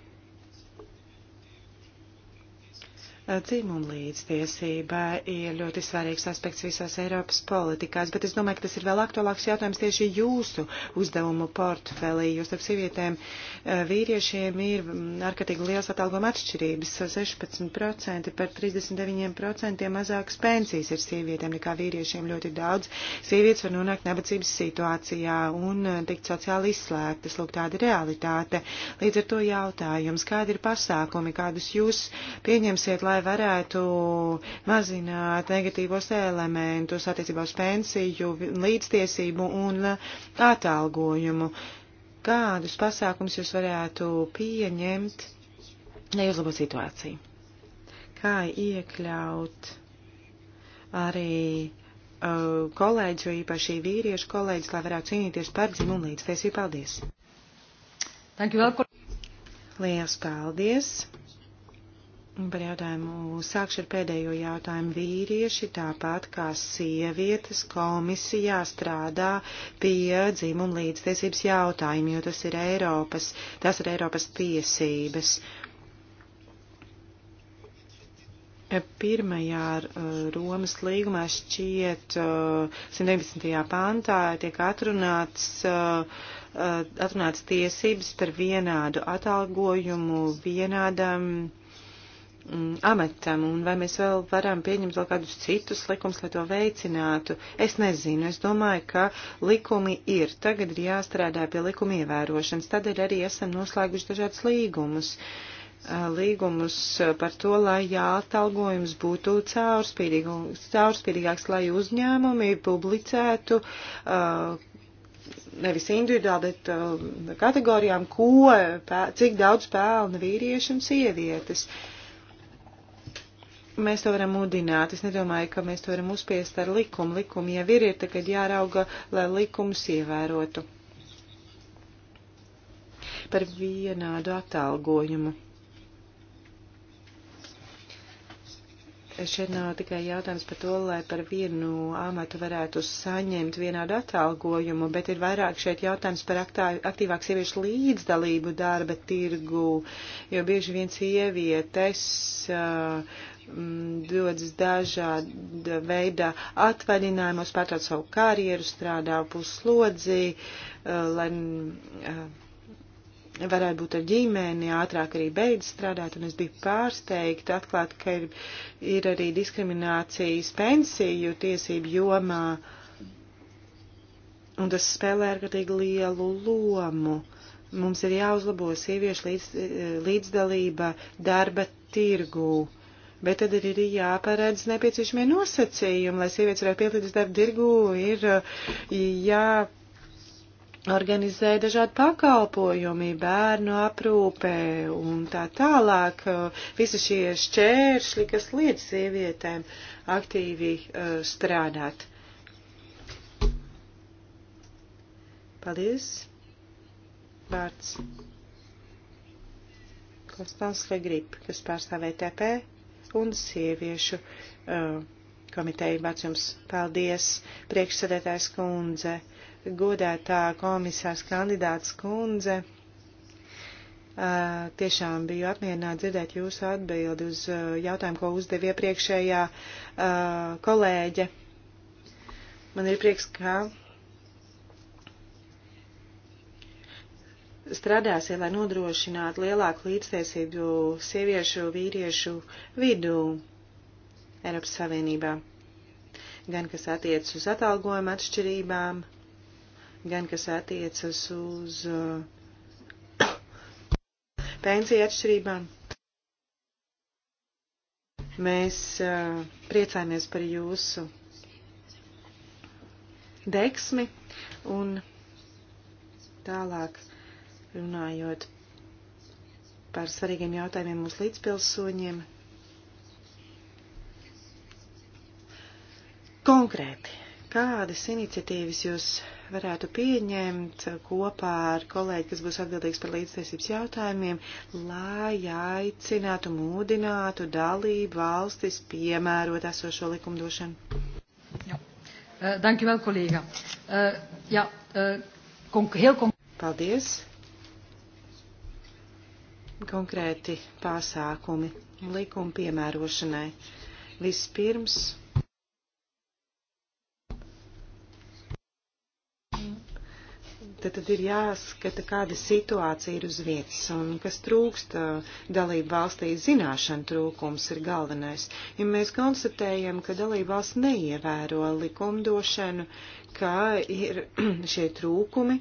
Eh, Dzimuma līdztiesība ir ļoti svarīgs aspekts visās Eiropas politikās, bet es domāju, ka tas ir vēl aktuālāks jautājums tieši jūsu uzdevumu portfelī. Jūs ar sievietēm eh, vīriešiem ir mm, ārkārtīgi liels atalgojuma atšķirības - 16% par 39% mazākas pensijas ir sievietēm nekā vīriešiem ļoti daudz. Sievietes var nonākt nabadzības situācijā un eh, tikt sociāli izslēgtas. Lūk, tāda ir realitāte. Līdz ar to jautājums, kādi ir pasākumi, kādus jūs pieņemsiet, lai lai varētu mazināt negatīvos elementus attiecībā uz pensiju, līdztiesību un atalgojumu. Kādus pasākums jūs varētu pieņemt, lai uzlabotu situāciju? Kā iekļaut arī uh, kolēģis, jo īpaši vīriešu kolēģis, lai varētu cīnīties par dzimumu līdztiesību? Paldies! Thank you all. Liels paldies! Par jautājumu sākšu ar pēdējo jautājumu. Vīrieši, tāpat kā sievietes, komisijā strādā pie dzimuma līdztiesības jautājumu, jo tas ir Eiropas, tas ir Eiropas tiesības. Pirmajā uh, Romas līgumā šķiet 119. Uh, pantā tiek atrunāts, uh, atrunāts tiesības par vienādu atalgojumu vienādam Mm, amatam, un vai mēs vēl varam pieņemt vēl kādus citus likumus, lai to veicinātu. Es nezinu, es domāju, ka likumi ir, tagad ir jāstrādā pie likuma ievērošanas, tādēļ arī esam noslēguši dažādas līgumus. Līgumus par to, lai jāatalgojums būtu caurspīdīgāks, lai uzņēmumi publicētu uh, nevis individuāli, bet uh, kategorijām, ko, pē, cik daudz pelna vīrieši un sievietes. Uh, mēs to varam mudināt. Es nedomāju, ka mēs to varam uzspiest ar likumu. Likumi jau ir, ir tagad jārauga, lai likumus ievērotu. Par vienādu atalgojumu. Šeit nav tikai jautājums par to, lai par vienu amatu varētu saņemt vienādu atalgojumu, bet ir vairāk šeit jautājums par aktīvāku sieviešu līdzdalību darba tirgu, jo bieži vien sievietes uh, Mm, dodas dažāda veida atvaļinājumos, pārtrauc savu karjeru, strādā puslodzī, eh, lai eh, varētu būt ar ģimeni, ātrāk arī beidz strādāt, un es biju pārsteigta atklāt, ka ir, ir arī diskriminācijas pensiju tiesību jomā, un tas spēlē ārkārtīgi lielu lomu. Mums ir jāuzlabo sieviešu līdz, eh, līdzdalība darba tirgū. Uh, bet tad ir arī jāparedz nepieciešamie nosacījumi, lai sievietes varētu pielīdzes darba dirgu, ir uh, jā. Organizēja dažādi pakalpojumi, bērnu aprūpē un tā tālāk. Uh, visi šie šķēršļi, kas liedz sievietēm aktīvi uh, strādāt. Paldies! Vārds. Konstants Legrip, kas pārstāvē TP, un sieviešu uh, komiteju. Vārds jums paldies, priekšsēdētājs kundze, godētā komisārs kandidāts kundze. Uh, tiešām biju apmierināta dzirdēt jūsu atbildi uz uh, jautājumu, ko uzdev iepriekšējā uh, kolēģe. Man ir prieks, ka strādāsiet, lai nodrošinātu lielāku līdztiesību sieviešu, vīriešu vidū Eiropas Savienībā. Gan kas attiec uz atalgojuma atšķirībām, gan kas attiecas uz uh, *coughs* pensiju atšķirībām. Mēs uh, priecājamies par jūsu deksmi un tālāk runājot par svarīgiem jautājumiem mūsu līdzpilsoņiem. Konkrēti, kādas iniciatīvas jūs varētu pieņemt kopā ar kolēģi, kas būs atbildīgs par līdztiesības jautājumiem, lai aicinātu, mūdinātu dalību valstis piemērot esošo likumdošanu? Jā, eh, dankjewel, kolēģa. Eh, Jā, eh, heel konkrēti. Paldies konkrēti pasākumi likuma piemērošanai. Vispirms tad, tad ir jāskata, kāda situācija ir uz vietas un kas trūkst dalību valstī. Zināšana trūkums ir galvenais. Ja mēs konstatējam, ka dalību valsts neievēro likumdošanu, ka ir *clears throat* šie trūkumi,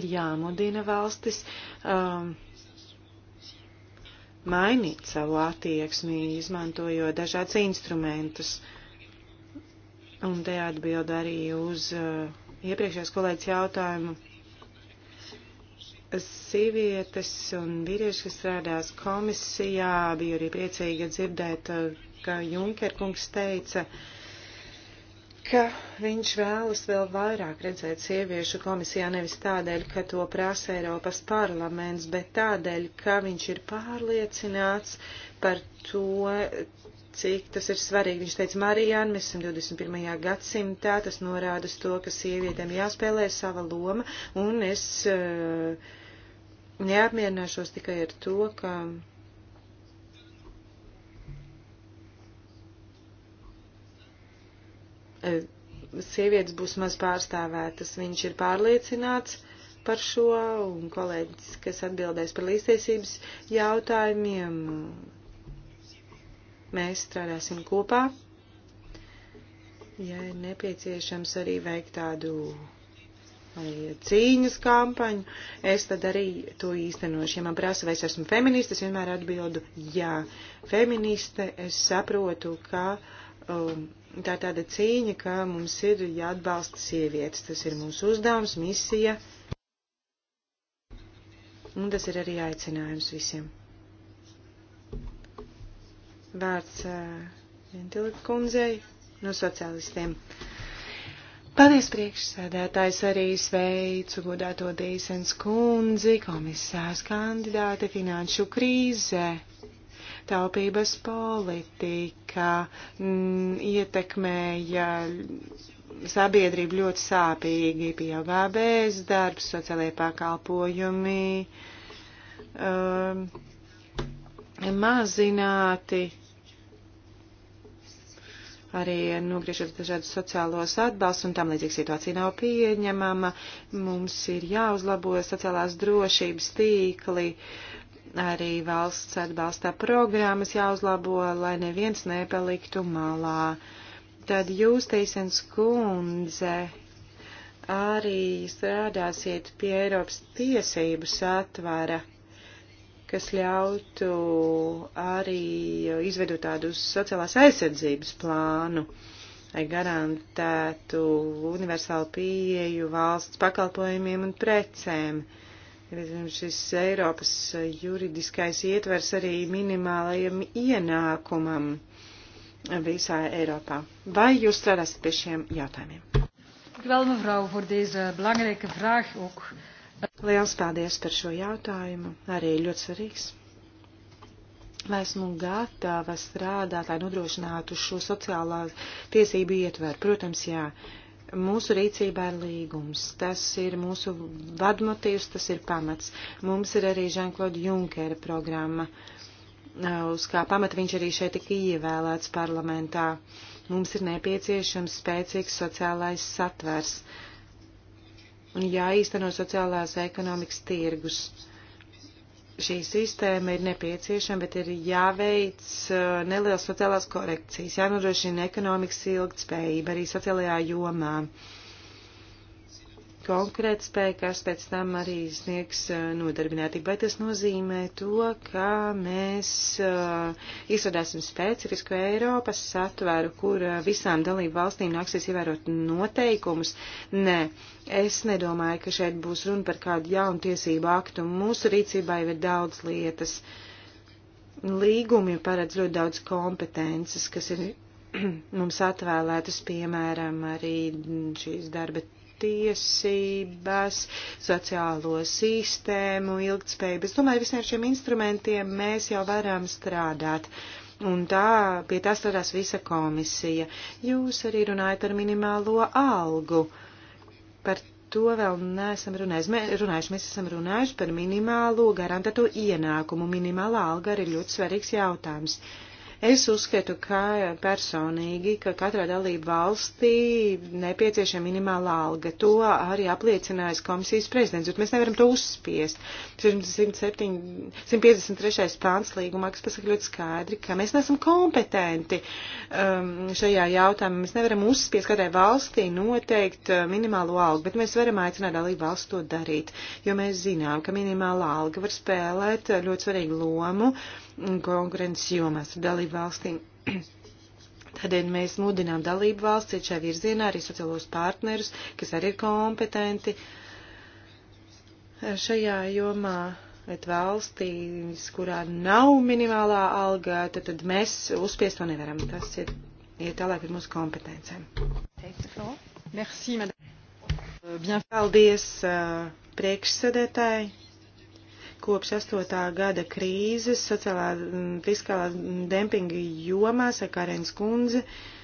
ir jāmudina valstis. Um, mainīt savu attieksmi, izmantojot dažādas instrumentus. Un te atbild arī uz uh, iepriekšējās kolēģis jautājumu. Sievietes un vīrieši, kas strādās komisijā, bija arī priecīga dzirdēt, uh, ka Junker kungs teica, uh, ka viņš vēlas vēl vairāk redzēt sieviešu komisijā nevis tādēļ, ka to prasa Eiropas parlaments, bet tādēļ, ka viņš ir pārliecināts par to, cik tas ir svarīgi. Viņš teica, Marijāna, mēs esam 21. gadsimtā, tas norāda to, ka sievietēm jāspēlē sava loma, un es uh, neapmierināšos tikai ar to, ka Eh, sievietes būs maz pārstāvētas. Viņš ir pārliecināts par šo, un kolēģis, kas atbildēs par līdztiesības jautājumiem, mēs strādāsim kopā. Ja ir nepieciešams arī veikt tādu vai cīņas kampaņu, es tad arī to īstenošu. Ja man prasa, vai es esmu feministe, es vienmēr atbildu, jā, feministe, es saprotu, ka uh, Um, tā ir tāda cīņa, ka mums ir jāatbalsta sievietes. Tas ir mūsu uzdevums, misija. Un tas ir arī aicinājums visiem. Vārds uh, Ventilika kundzei no sociālistiem. Paldies priekšsēdētājs arī sveicu godāto Dīsens kundzi, komisārs kandidāte finanšu krīzē. Taupības politika mm, ietekmēja sabiedrību ļoti sāpīgi, pieaugā bezdarbs, sociālajie pakalpojumi um, mazināti, arī nogriežot dažādus sociālos atbalstus un tam līdzīga situācija nav pieņemama. Mums ir jāuzlabo sociālās drošības tīkli, Arī valsts atbalsta programmas jāuzlabo, lai neviens nepaliktu malā. Tad jūs, Teisens kundze, arī strādāsiet pie Eiropas tiesību satvara, kas ļautu arī izvedot tādu sociālās aizsardzības plānu, lai garantētu universālu pieeju valsts pakalpojumiem un precēm. Uh, šis Eiropas juridiskais ietvers arī minimālajam ienākumam visā Eiropā. Vai jūs strādāsiet pie šiem jautājumiem? Wel, mevrouw, voor deze belangrijke vraag ook. Liels paldies par šo jautājumu. Arī ļoti svarīgs. Vai esmu gatava strādāt, lai nodrošinātu šo sociālā tiesību ietveru? Protams, jā. Uh, Mūsu rīcībā ir līgums, tas ir mūsu vadmotīvs, tas ir pamats. Mums ir arī Žanklod Junkera programma, uz kā pamata viņš arī šeit tika ievēlēts parlamentā. Mums ir nepieciešams spēcīgs sociālais satvers un jāīsteno sociālās ekonomikas tirgus šī sistēma ir nepieciešama, bet ir jāveic uh, nelielas sociālās korekcijas, jānodrošina ekonomikas ilgtspējība arī sociālajā jomā. Uh, konkrēta spēja, kas pēc tam arī sniegs uh, nodarbinātību. Vai tas nozīmē to, ka mēs uh, izstrādāsim specifisku Eiropas satveru, kur uh, visām dalību valstīm nāksies ievērot noteikumus? Nē, es nedomāju, ka šeit būs runa par kādu jaunu tiesību aktu. Mūsu rīcībā jau ir daudz lietas. Līgumi paredz ļoti daudz kompetences, kas ir *clears throat* mums atvēlētas, piemēram, arī šīs darba tiesības, sociālo sistēmu, ilgtspēju. Es domāju, visiem šiem instrumentiem mēs jau varam strādāt. Un tā, pie tā strādās visa komisija. Jūs arī runājat ar minimālo algu. Par to vēl neesam runājuši. Mē, runājuši. Mēs esam runājuši par minimālo garantēto ienākumu. Minimālā alga arī ļoti svarīgs jautājums. Uh, Es uzskatu, ka personīgi, ka katrā dalība valstī nepieciešama minimāla alga. To arī apliecinājas komisijas prezidents, bet mēs nevaram to uzspiest. 107, 153. pāns līgumā, kas pasaka ļoti skaidri, ka mēs nesam kompetenti um, šajā jautājumā. Mēs nevaram uzspiest katrai valstī noteikt uh, minimālo algu, bet mēs varam aicināt dalību valsts to darīt, jo mēs zinām, ka minimāla alga var spēlēt uh, ļoti svarīgu lomu. Uh, konkurences jomās ar dalību valstīm. *clears throat* Tādēļ mēs mudinām dalību valsts iet šajā virzienā arī sociālos partnerus, kas arī ir kompetenti šajā jomā. Bet valstīs, kurā nav minimālā alga, tad, tad mēs uzspiest to nevaram. Tas ir, ir tālāk ar mūsu kompetencēm. Merci, Bien. Paldies, uh, priekšsēdētāji. Kopš 8. gada krīzes sociālā fiskālā dempinga jomā, saka Arēns Kunze, uh,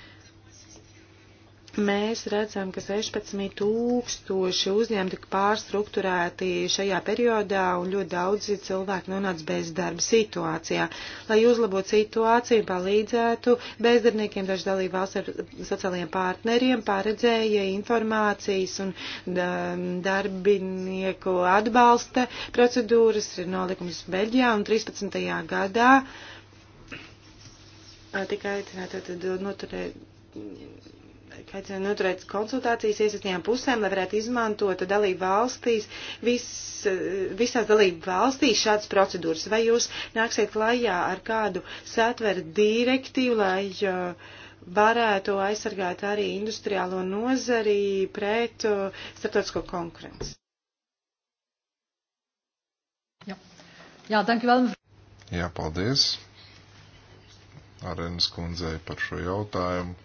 mēs redzam, ka 16 tūkstoši uzņēmumi tika pārstruktūrēti šajā periodā un ļoti daudzi cilvēki nonāca bezdarba situācijā. Lai uzlabotu situāciju, palīdzētu bezdarbniekiem, daži dalība valsts ar sociālajiem partneriem paredzēja informācijas un darbinieku atbalsta procedūras, ir nolikums Beļģijā un 13. gadā. Tikai aicināt, tad noturēt aicinām noturēt konsultācijas iesaistījām pusēm, lai varētu izmantot dalību valstīs, vis, visās dalību valstīs šādas procedūras. Vai jūs nāksiet klajā ar kādu satveru direktīvu, lai uh, varētu aizsargāt arī industriālo nozari pret uh, starptautisko konkurenci? Jā, Jā danki vēl. Jā, paldies. Arenas kundzei par šo jautājumu.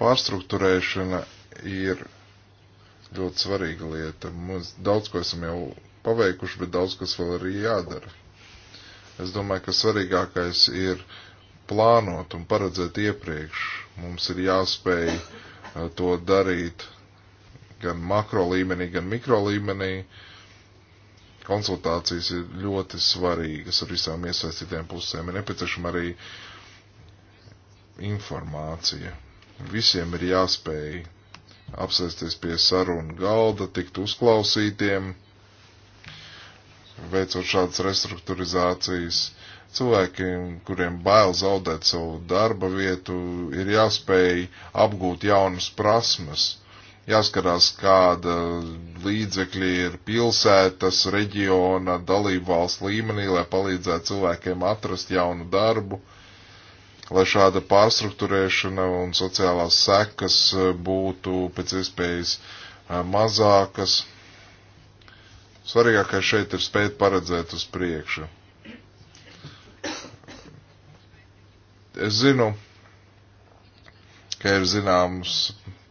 Pārstruktūrēšana ir ļoti svarīga lieta. Mums daudz ko esam jau paveikuši, bet daudz kas vēl arī jādara. Es domāju, ka svarīgākais ir plānot un paredzēt iepriekš. Mums ir jāspēj uh, to darīt gan makro līmenī, gan mikro līmenī. Konsultācijas ir ļoti svarīgas ar visām iesaistītiem pusēm. Ir nepieciešama arī informācija. Visiem ir jāspēj apsēsties pie sarunu galda, tikt uzklausītiem, veicot šādas restruktūrizācijas. Cilvēkiem, kuriem bail zaudēt savu darba vietu, ir jāspēj apgūt jaunas prasmes jāskarās, kāda līdzekļi ir pilsētas, reģiona, dalību valsts līmenī, lai palīdzētu cilvēkiem atrast jaunu darbu lai šāda pārstruktūrēšana un sociālās sekas e, būtu pēc iespējas e, mazākas. Svarīgākais šeit ir spēt paredzēt uz priekšu. Es zinu, ka ir zināmas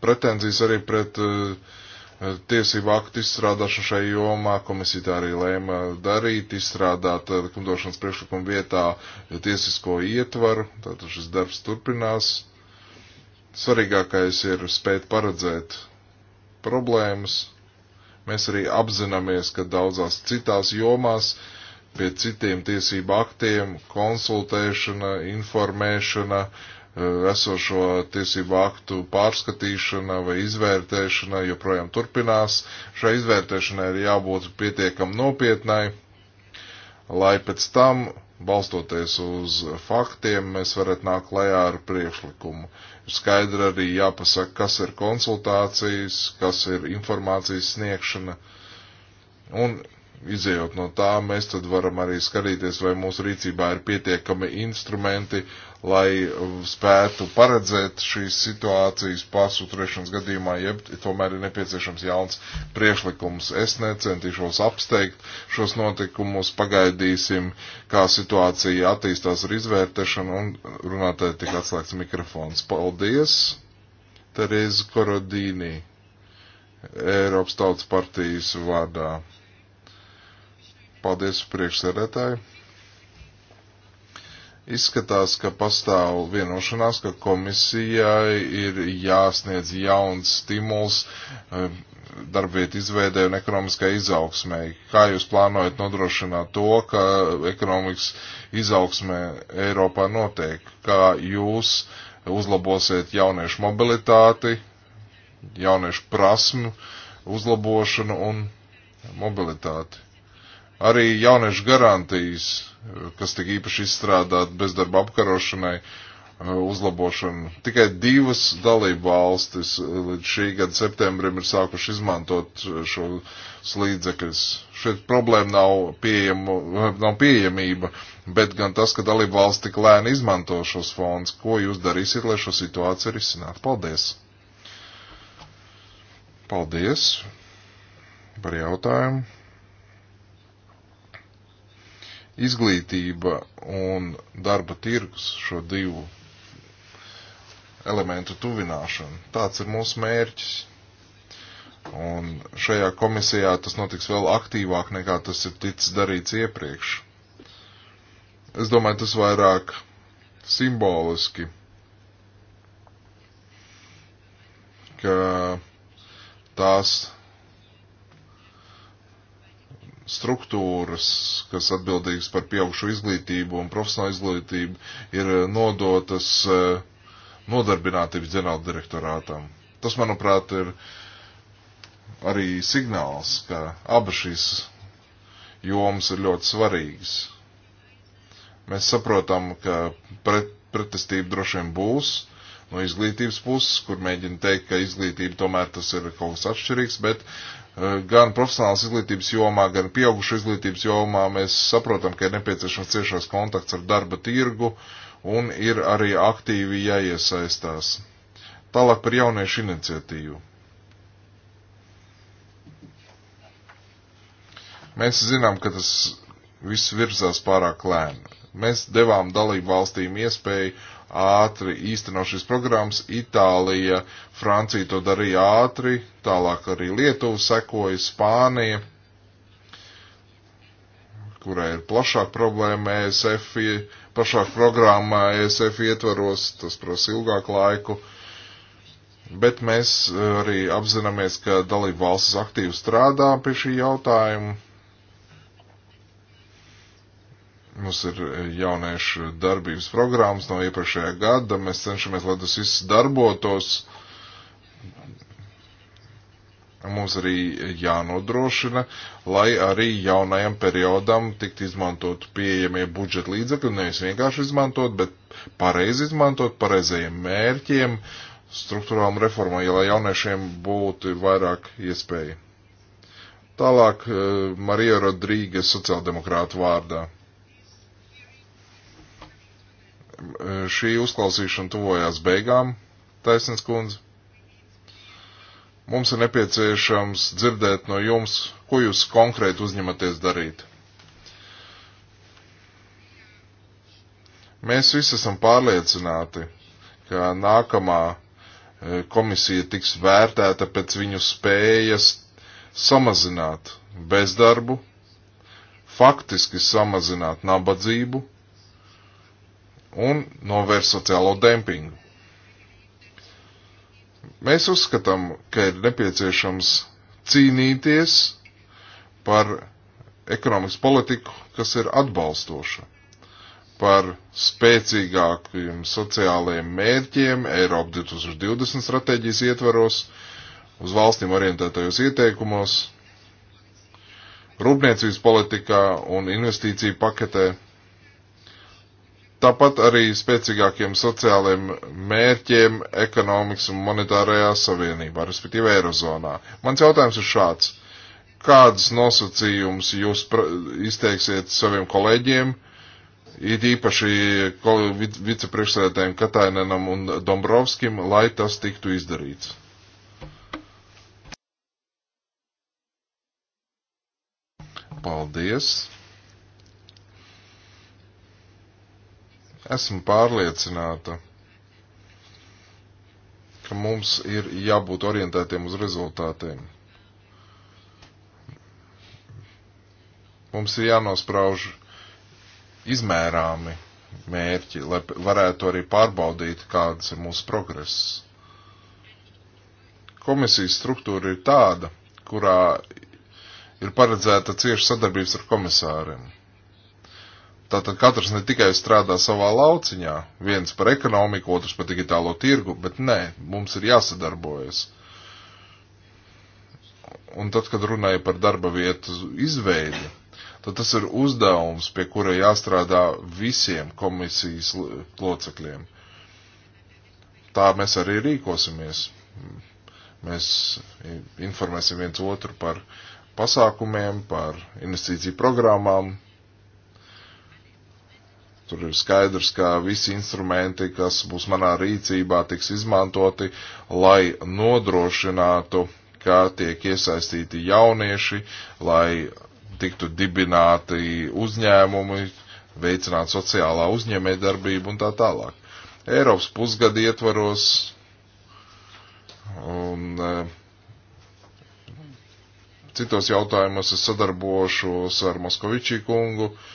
pretenzijas arī pret uh, Eh, tiesību aktu izstrādāšu šai jomā. Komisija tā arī lēma darīt, izstrādāt eh, likumdošanas priekšlikumu vietā eh, tiesisko ietvaru. Tātad šis darbs turpinās. Svarīgākais ir spēt paredzēt problēmas. Mēs arī apzināmies, ka daudzās citās jomās pie citiem tiesību aktiem konsultēšana, informēšana, uh, Eh, esošo tiesību aktu pārskatīšana vai izvērtēšana joprojām turpinās. Šai izvērtēšanai ir jābūt pietiekam nopietnai, lai pēc tam, balstoties uz faktiem, mēs varētu nākt klajā ar priekšlikumu. Ir skaidri arī jāpasaka, kas ir konsultācijas, kas ir informācijas sniegšana. Un izējot no tā, mēs tad varam arī skatīties, vai mūsu rīcībā ir pietiekami instrumenti, lai spētu paredzēt šīs situācijas pārsūturēšanas gadījumā, jeb tomēr ir nepieciešams jauns priešlikums. Es necentīšos apsteigt šos notikumus, pagaidīsim, kā situācija attīstās ar izvērtešanu un runātāji tik atslēgts mikrofons. Paldies, Tereza Korodīnī, Eiropas Tautas partijas vārdā. Paldies priekšsēdētāji. Izskatās, ka pastāv vienošanās, ka komisijai ir jāsniedz jauns stimuls eh, darbvietu izveidē un ekonomiskai izaugsmai. Kā jūs plānojat nodrošināt to, ka ekonomikas izaugsme Eiropā notiek? Kā jūs uzlabosiet jauniešu mobilitāti, jauniešu prasmu uzlabošanu un mobilitāti? Arī jauniešu garantijas kas tika īpaši izstrādāt bezdarba apkarošanai, uh, uzlabošanu. Tikai divas dalība valstis uh, līdz šī gada septembrim ir sākuši izmantot uh, šo slīdzekļus. Šeit problēma nav, pieejamu, nav pieejamība, bet gan tas, ka dalība valsts tik lēni izmanto šos fondus. Ko jūs darīsiet, lai šo situāciju risinātu? Paldies! Paldies par jautājumu! izglītība un darba tirgus šo divu elementu tuvināšanu. Tāds ir mūsu mērķis. Un šajā komisijā tas notiks vēl aktīvāk nekā tas ir ticis darīts iepriekš. Es domāju, tas vairāk simboliski, ka tās struktūras, kas atbildīgas par pieaugušu izglītību un profesionālu izglītību, ir eh, nodotas eh, nodarbinātības ģenerāla direktorātam. Tas, manuprāt, ir arī signāls, ka abas šīs jomas ir ļoti svarīgas. Mēs saprotam, ka pret, pretestība droši vien būs, uh, no izglītības puses, kur mēģina teikt, ka izglītība tomēr tas ir kaut kas atšķirīgs, bet eh, gan profesionālas izglītības jomā, gan pieaugušu izglītības jomā mēs saprotam, ka ir nepieciešams ciešās kontakts ar darba tirgu un ir arī aktīvi jāiesaistās. Tālāk par jauniešu iniciatīvu. Mēs zinām, ka tas viss virzās pārāk lēni. Mēs devām dalību valstīm iespēju uh, ātri īstenot šīs programmas. Itālija, Francija to darīja ātri, tālāk arī Lietuva sekoja, Spānija, kurai ir plašāka problēma ESF, plašāka programma ESF ietvaros, tas prasa ilgāku laiku. Bet mēs eh, arī apzināmies, ka dalību valstis aktīvi strādā pie šī jautājuma Mums ir e, jauniešu darbības programmas no iepriekšējā gada. Mēs cenšamies, lai tas viss darbotos. Mums arī jānodrošina, lai arī jaunajam periodam tikt izmantot pieejamie budžeta līdzekļi, nevis vienkārši izmantot, bet pareizi izmantot, pareizajiem mērķiem, struktūrām reformai, lai jauniešiem būtu vairāk iespēja. Tālāk e, Marija Rodrīgas sociāldemokrāta vārdā šī uzklausīšana tuvojās beigām, taisnīgs kundze. Mums ir nepieciešams dzirdēt no jums, ko jūs konkrēti uzņematies darīt. Mēs visi esam pārliecināti, ka nākamā e, komisija tiks vērtēta pēc viņu spējas samazināt bezdarbu, faktiski samazināt nabadzību un novērst sociālo dempingu. Mēs uzskatām, ka ir nepieciešams cīnīties par ekonomikas politiku, kas ir atbalstoša, par spēcīgākiem sociālajiem mērķiem Eiropa 2020 stratēģijas ietvaros, uz valstīm orientētajos ieteikumos, rūpniecības politikā un investīciju paketē Tāpat arī spēcīgākiem sociāliem mērķiem ekonomikas un monetārajā savienībā, respektīvi Eirozonā. Mans jautājums ir šāds. Kādas nosacījumus jūs izteiksiet saviem kolēģiem, it īpaši kol vicepriekšsēdētājiem Katainenam un Dombrovskim, lai tas tiktu izdarīts? Paldies! Esmu pārliecināta, ka mums ir jābūt orientētiem uz rezultātiem. Mums ir jānosprauž izmērāmi mērķi, lai varētu arī pārbaudīt, kāds ir mūsu progress. Komisijas struktūra ir tāda, kurā ir paredzēta cieša sadarbības ar komisāriem. Tātad katrs ne tikai strādā savā lauciņā, viens par ekonomiku, otrs par digitālo tirgu, bet nē, mums ir jāsadarbojas. Un tad, kad runāja par darba vietu izveidi, tad tas ir uzdevums, pie kura jāstrādā visiem komisijas locekļiem. Tā mēs arī rīkosimies. Mēs informēsim viens otru par pasākumiem, par investīciju programmām, Tur ir skaidrs, ka visi instrumenti, kas būs manā rīcībā, tiks izmantoti, lai nodrošinātu, kā tiek iesaistīti jaunieši, lai tiktu dibināti uzņēmumi, veicināt sociālā uzņēmējdarbību un tā tālāk. Eiropas pusgada ietvaros un eh, citos jautājumos es sadarbošos ar Moskovičī kungu. Uh,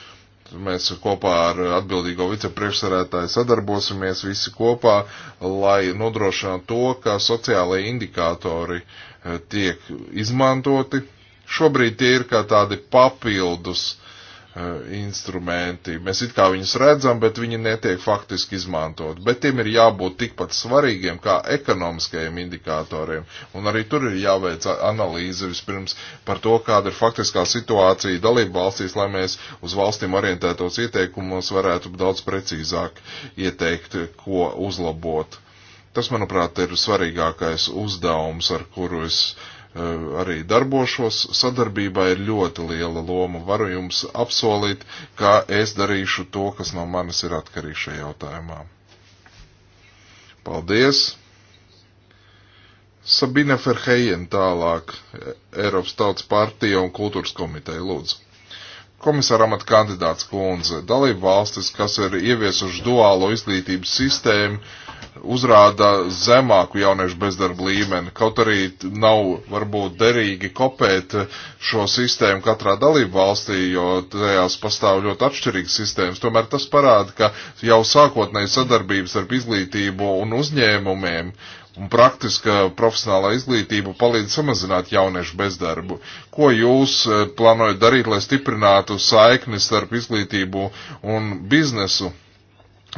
mēs kopā ar atbildīgo vicepriekšsarētāju sadarbosimies visi kopā, lai nodrošinātu to, ka sociālai indikātori eh, tiek izmantoti. Šobrīd tie ir kā tādi papildus Eh, instrumenti. Mēs it kā viņus redzam, bet viņi netiek faktiski izmantot. Bet tiem ir jābūt tikpat svarīgiem kā ekonomiskajiem indikatoriem. Un arī tur ir jāveic analīze vispirms par to, kāda ir faktiskā situācija dalību valstīs, lai mēs uz valstīm orientētos ieteikumos varētu daudz precīzāk ieteikt, ko uzlabot. Tas, manuprāt, ir svarīgākais uzdevums, ar kuru es uh, Eh, arī darbošos. Sadarbībā ir ļoti liela loma. Varu jums apsolīt, ka es darīšu to, kas no manis ir atkarīgs šajā jautājumā. Paldies! Sabina Ferhejen tālāk, eh, Eiropas Tautas partija un kultūras komiteja, lūdzu. Komisāra amata kandidāts kundze, dalību valstis, kas ir ieviesuši duālo izglītības sistēmu, uzrāda zemāku jauniešu bezdarba līmeni, kaut arī nav varbūt derīgi kopēt šo sistēmu katrā dalību valstī, jo tajās pastāv ļoti atšķirīgas sistēmas. Tomēr tas parāda, ka jau sākotnēji sadarbības ar izglītību un uzņēmumiem un praktiska profesionālā izglītība palīdz samazināt jauniešu bezdarbu. Ko jūs eh, plānojat darīt, lai stiprinātu saiknis starp izglītību un biznesu?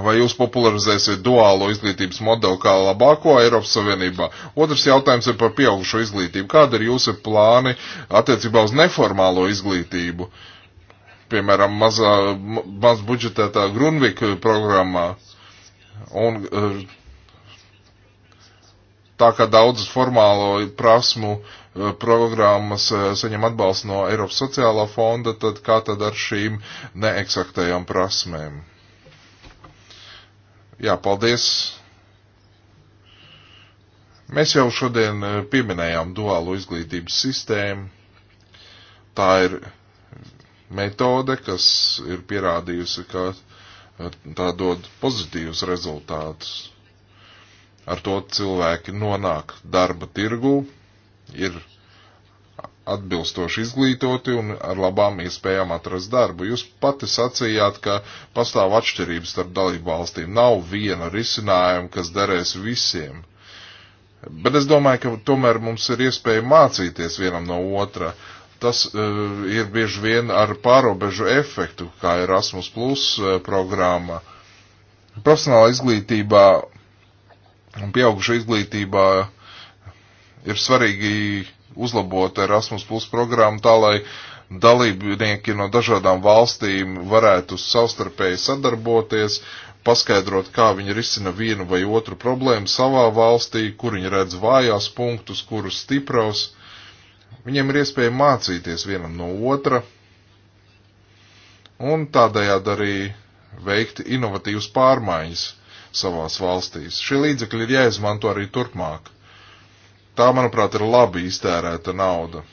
Vai jūs popularizēsiet duālo izglītības modeli kā labāko Eiropas Savienībā? Otrs jautājums ir par pieaugušo izglītību. Kāda ir jūsu plāni attiecībā uz neformālo izglītību? Piemēram, mazā, maz budžetētā Grunvika programmā. Un eh, tā kā daudzas formālo prasmu eh, programmas eh, saņem atbalstu no Eiropas sociālā fonda, tad kā tad ar šīm neeksaktajām prasmēm? Jā, paldies. Mēs jau šodien eh, pieminējām duālu izglītības sistēmu. Tā ir metode, kas ir pierādījusi, ka eh, tā dod pozitīvus rezultātus. Ar to cilvēki nonāk darba tirgu, ir atbilstoši izglītoti un ar labām iespējām atrast darbu. Jūs pati sacījāt, ka pastāv atšķirības starp dalību valstīm. Nav viena risinājuma, kas derēs visiem. Bet es domāju, ka tomēr mums ir iespēja mācīties vienam no otra. Tas uh, ir bieži vien ar pārobežu efektu, kā Erasmus Plus eh, programma. Profesionāla izglītībā un pieauguša izglītībā ir svarīgi uzlabot Erasmus Plus programmu tā, lai dalībnieki no dažādām valstīm varētu savstarpēji sadarboties, paskaidrot, kā viņi risina vienu vai otru problēmu savā valstī, kur viņi redz vājās punktus, kurus stipros. Viņiem ir iespēja mācīties vienam no otra un tādējādi arī veikt inovatīvas pārmaiņas savās valstīs. Šie līdzekļi ir jāizmanto arī turpmāk Tā, manuprāt, ir labi iztērēta nauda.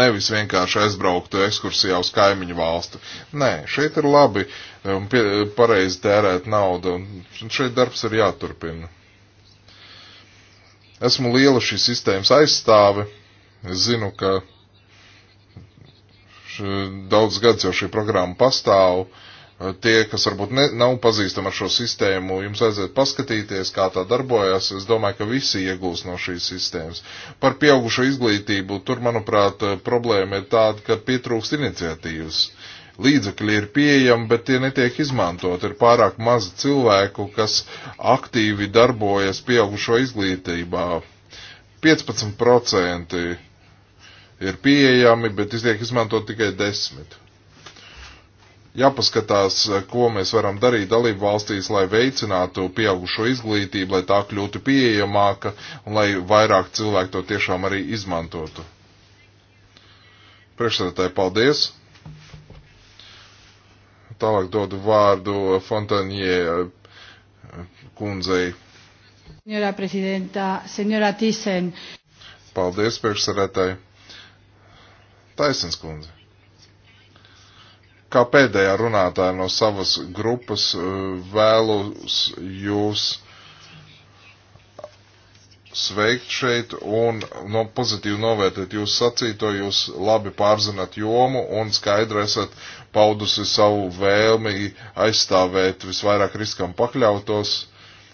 Nevis vienkārši aizbrauktu ekskursijā uz kaimiņu valsti. Nē, šeit ir labi un um, pareizi tērēt naudu, un šeit darbs ir jāturpina. Esmu liela šīs sistēmas aizstāve. Es zinu, ka daudz gads jau šī programma pastāv. Uh, Tie, kas varbūt ne, nav pazīstami ar šo sistēmu, jums aiziet paskatīties, kā tā darbojas. Es domāju, ka visi iegūs no šīs sistēmas. Par pieaugušo izglītību tur, manuprāt, problēma ir tāda, ka pietrūkst iniciatīvas. Līdzekļi ir pieejami, bet tie netiek izmantot. Ir pārāk maz cilvēku, kas aktīvi darbojas pieaugušo izglītībā. 15% ir pieejami, bet tiek izmantot tikai 10 jāpaskatās, eh, ko mēs varam darīt dalību valstīs, lai veicinātu pieaugušo izglītību, lai tā kļūtu pieejamāka un lai vairāk cilvēku to tiešām arī izmantotu. Priekšsēdētāji, paldies! Tālāk dodu vārdu Fontanie eh, kundzei. Senora prezidenta, senora Tisen. Paldies, priekšsēdētāji. Taisens kundze kā pēdējā runātāja no savas grupas eh, vēlos jūs sveikt šeit un no pozitīvi novērtēt jūs sacīto, jūs labi pārzināt jomu un skaidri esat paudusi savu vēlmi aizstāvēt visvairāk riskam pakļautos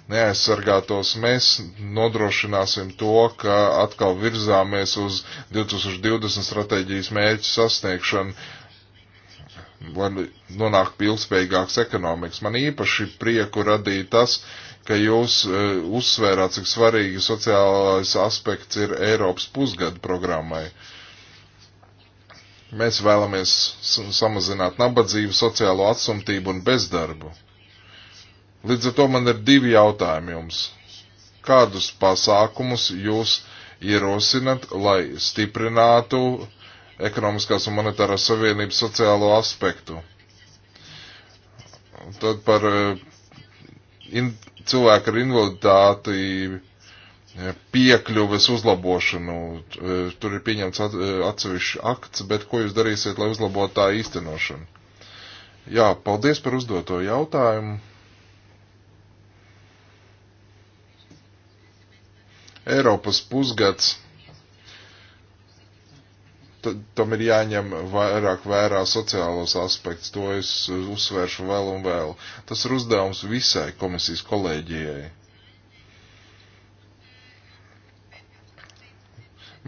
neaizsargātos, mēs nodrošināsim to, ka atkal virzāmies uz 2020 stratēģijas mērķu sasniegšanu nonāk pilnspējīgāks ekonomikas. Man īpaši prieku radīja tas, ka jūs e, uzsvērāt, cik svarīgi sociālais aspekts ir Eiropas pusgada programmai. Mēs vēlamies samazināt nabadzību, sociālo atsumtību un bezdarbu. Līdz ar to man ir divi jautājumi jums. Kādus pasākumus jūs ierosinat, lai stiprinātu ekonomiskās un monetārās savienības sociālo aspektu. Tad par eh, in, cilvēku ar invaliditāti eh, piekļuves uzlabošanu. Eh, tur ir pieņemts atsevišķs akts, bet ko jūs darīsiet, lai uzlabotu tā īstenošanu? Jā, paldies par uzdoto jautājumu. Eiropas pusgads tam ir jāņem vairāk vērā sociālos aspektus. To es uzsvēršu vēl un vēl. Tas ir uzdevums visai komisijas kolēģijai.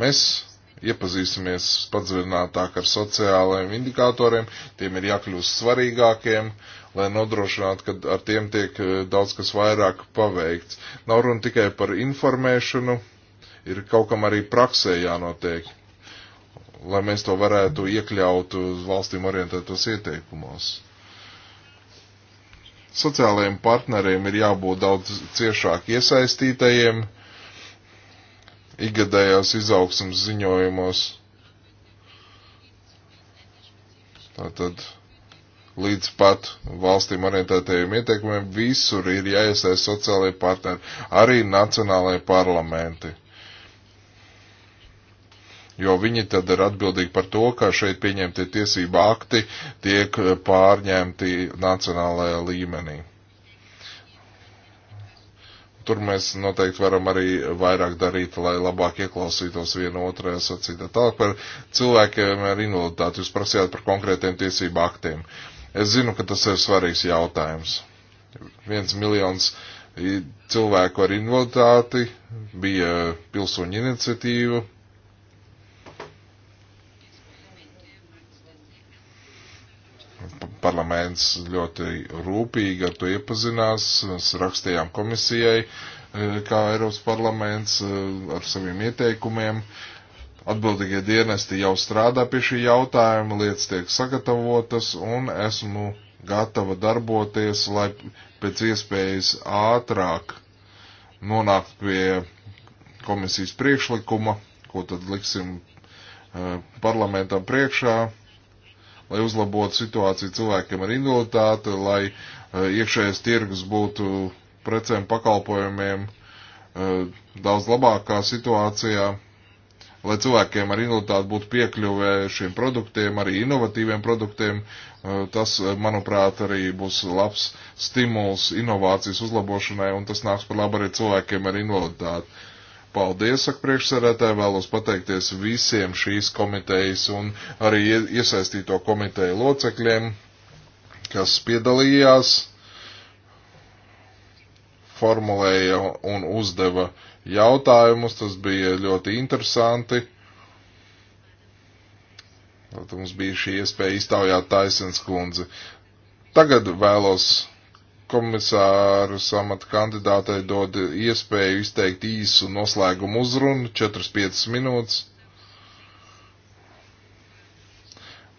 Mēs iepazīsimies padziļinātāk ar sociālajiem indikatoriem, tiem ir jākļūst svarīgākiem, lai nodrošinātu, ka ar tiem tiek eh, daudz kas vairāk paveikts. Nav runa tikai par informēšanu, ir kaut kam arī praksē jānotiek lai mēs to varētu iekļaut uz valstīm orientētos ieteikumos. Sociālajiem partneriem ir jābūt daudz ciešāk iesaistītajiem igadējās izaugsmas ziņojumos. Tātad līdz pat valstīm orientētajiem ieteikumiem visur ir jāiesaist sociālajie partneri, arī nacionālajie parlamenti jo viņi tad ir atbildīgi par to, ka šeit pieņemtie tiesība akti tiek pārņemti nacionālajā līmenī. Tur mēs noteikti varam arī vairāk darīt, lai labāk ieklausītos vienu otrajā sacītā. Tālāk par cilvēkiem ar invaliditāti. Jūs prasījāt par konkrētiem tiesību aktiem. Es zinu, ka tas ir svarīgs jautājums. Viens miljons cilvēku ar invaliditāti bija pilsoņu iniciatīva, parlaments ļoti rūpīgi ar to iepazinās. Mēs rakstījām komisijai, e, kā Eiropas parlaments, e, ar saviem ieteikumiem. Atbildīgie dienesti jau strādā pie šī jautājuma, lietas tiek sagatavotas un esmu gatava darboties, lai pēc iespējas ātrāk nonākt pie komisijas priekšlikuma, ko tad liksim e, parlamentam priekšā lai uzlabotu situāciju cilvēkiem ar invaliditāti, lai eh, iekšējais tirgus būtu precēm pakalpojumiem eh, daudz labākā situācijā, lai cilvēkiem ar invaliditāti būtu piekļuvē šiem produktiem, arī inovatīviem produktiem. Eh, tas, manuprāt, arī būs labs stimuls inovācijas uzlabošanai, un tas nāks par labu arī cilvēkiem ar invaliditāti. Paldies, saka priekšsarētāji, vēlos pateikties visiem šīs komitejas un arī iesaistīto komiteju locekļiem, kas piedalījās, formulēja un uzdeva jautājumus. Tas bija ļoti interesanti. Tad mums bija šī iespēja iztaujāt taisnskundzi. Tagad vēlos komisāru samata kandidātai dod iespēju izteikt īsu noslēgumu uzrunu, 4-5 minūtes.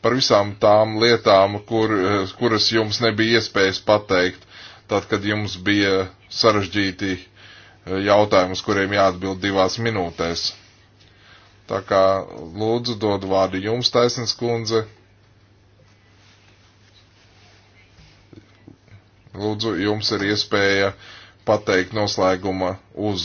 Par visām tām lietām, kur, kuras jums nebija iespējas pateikt, tad, kad jums bija sarežģīti jautājumi, uz kuriem jāatbild divās minūtēs. Tā kā lūdzu dod vārdu jums, taisnes kundze. Lūdzu, jums ir iespēja pateikt noslēguma uz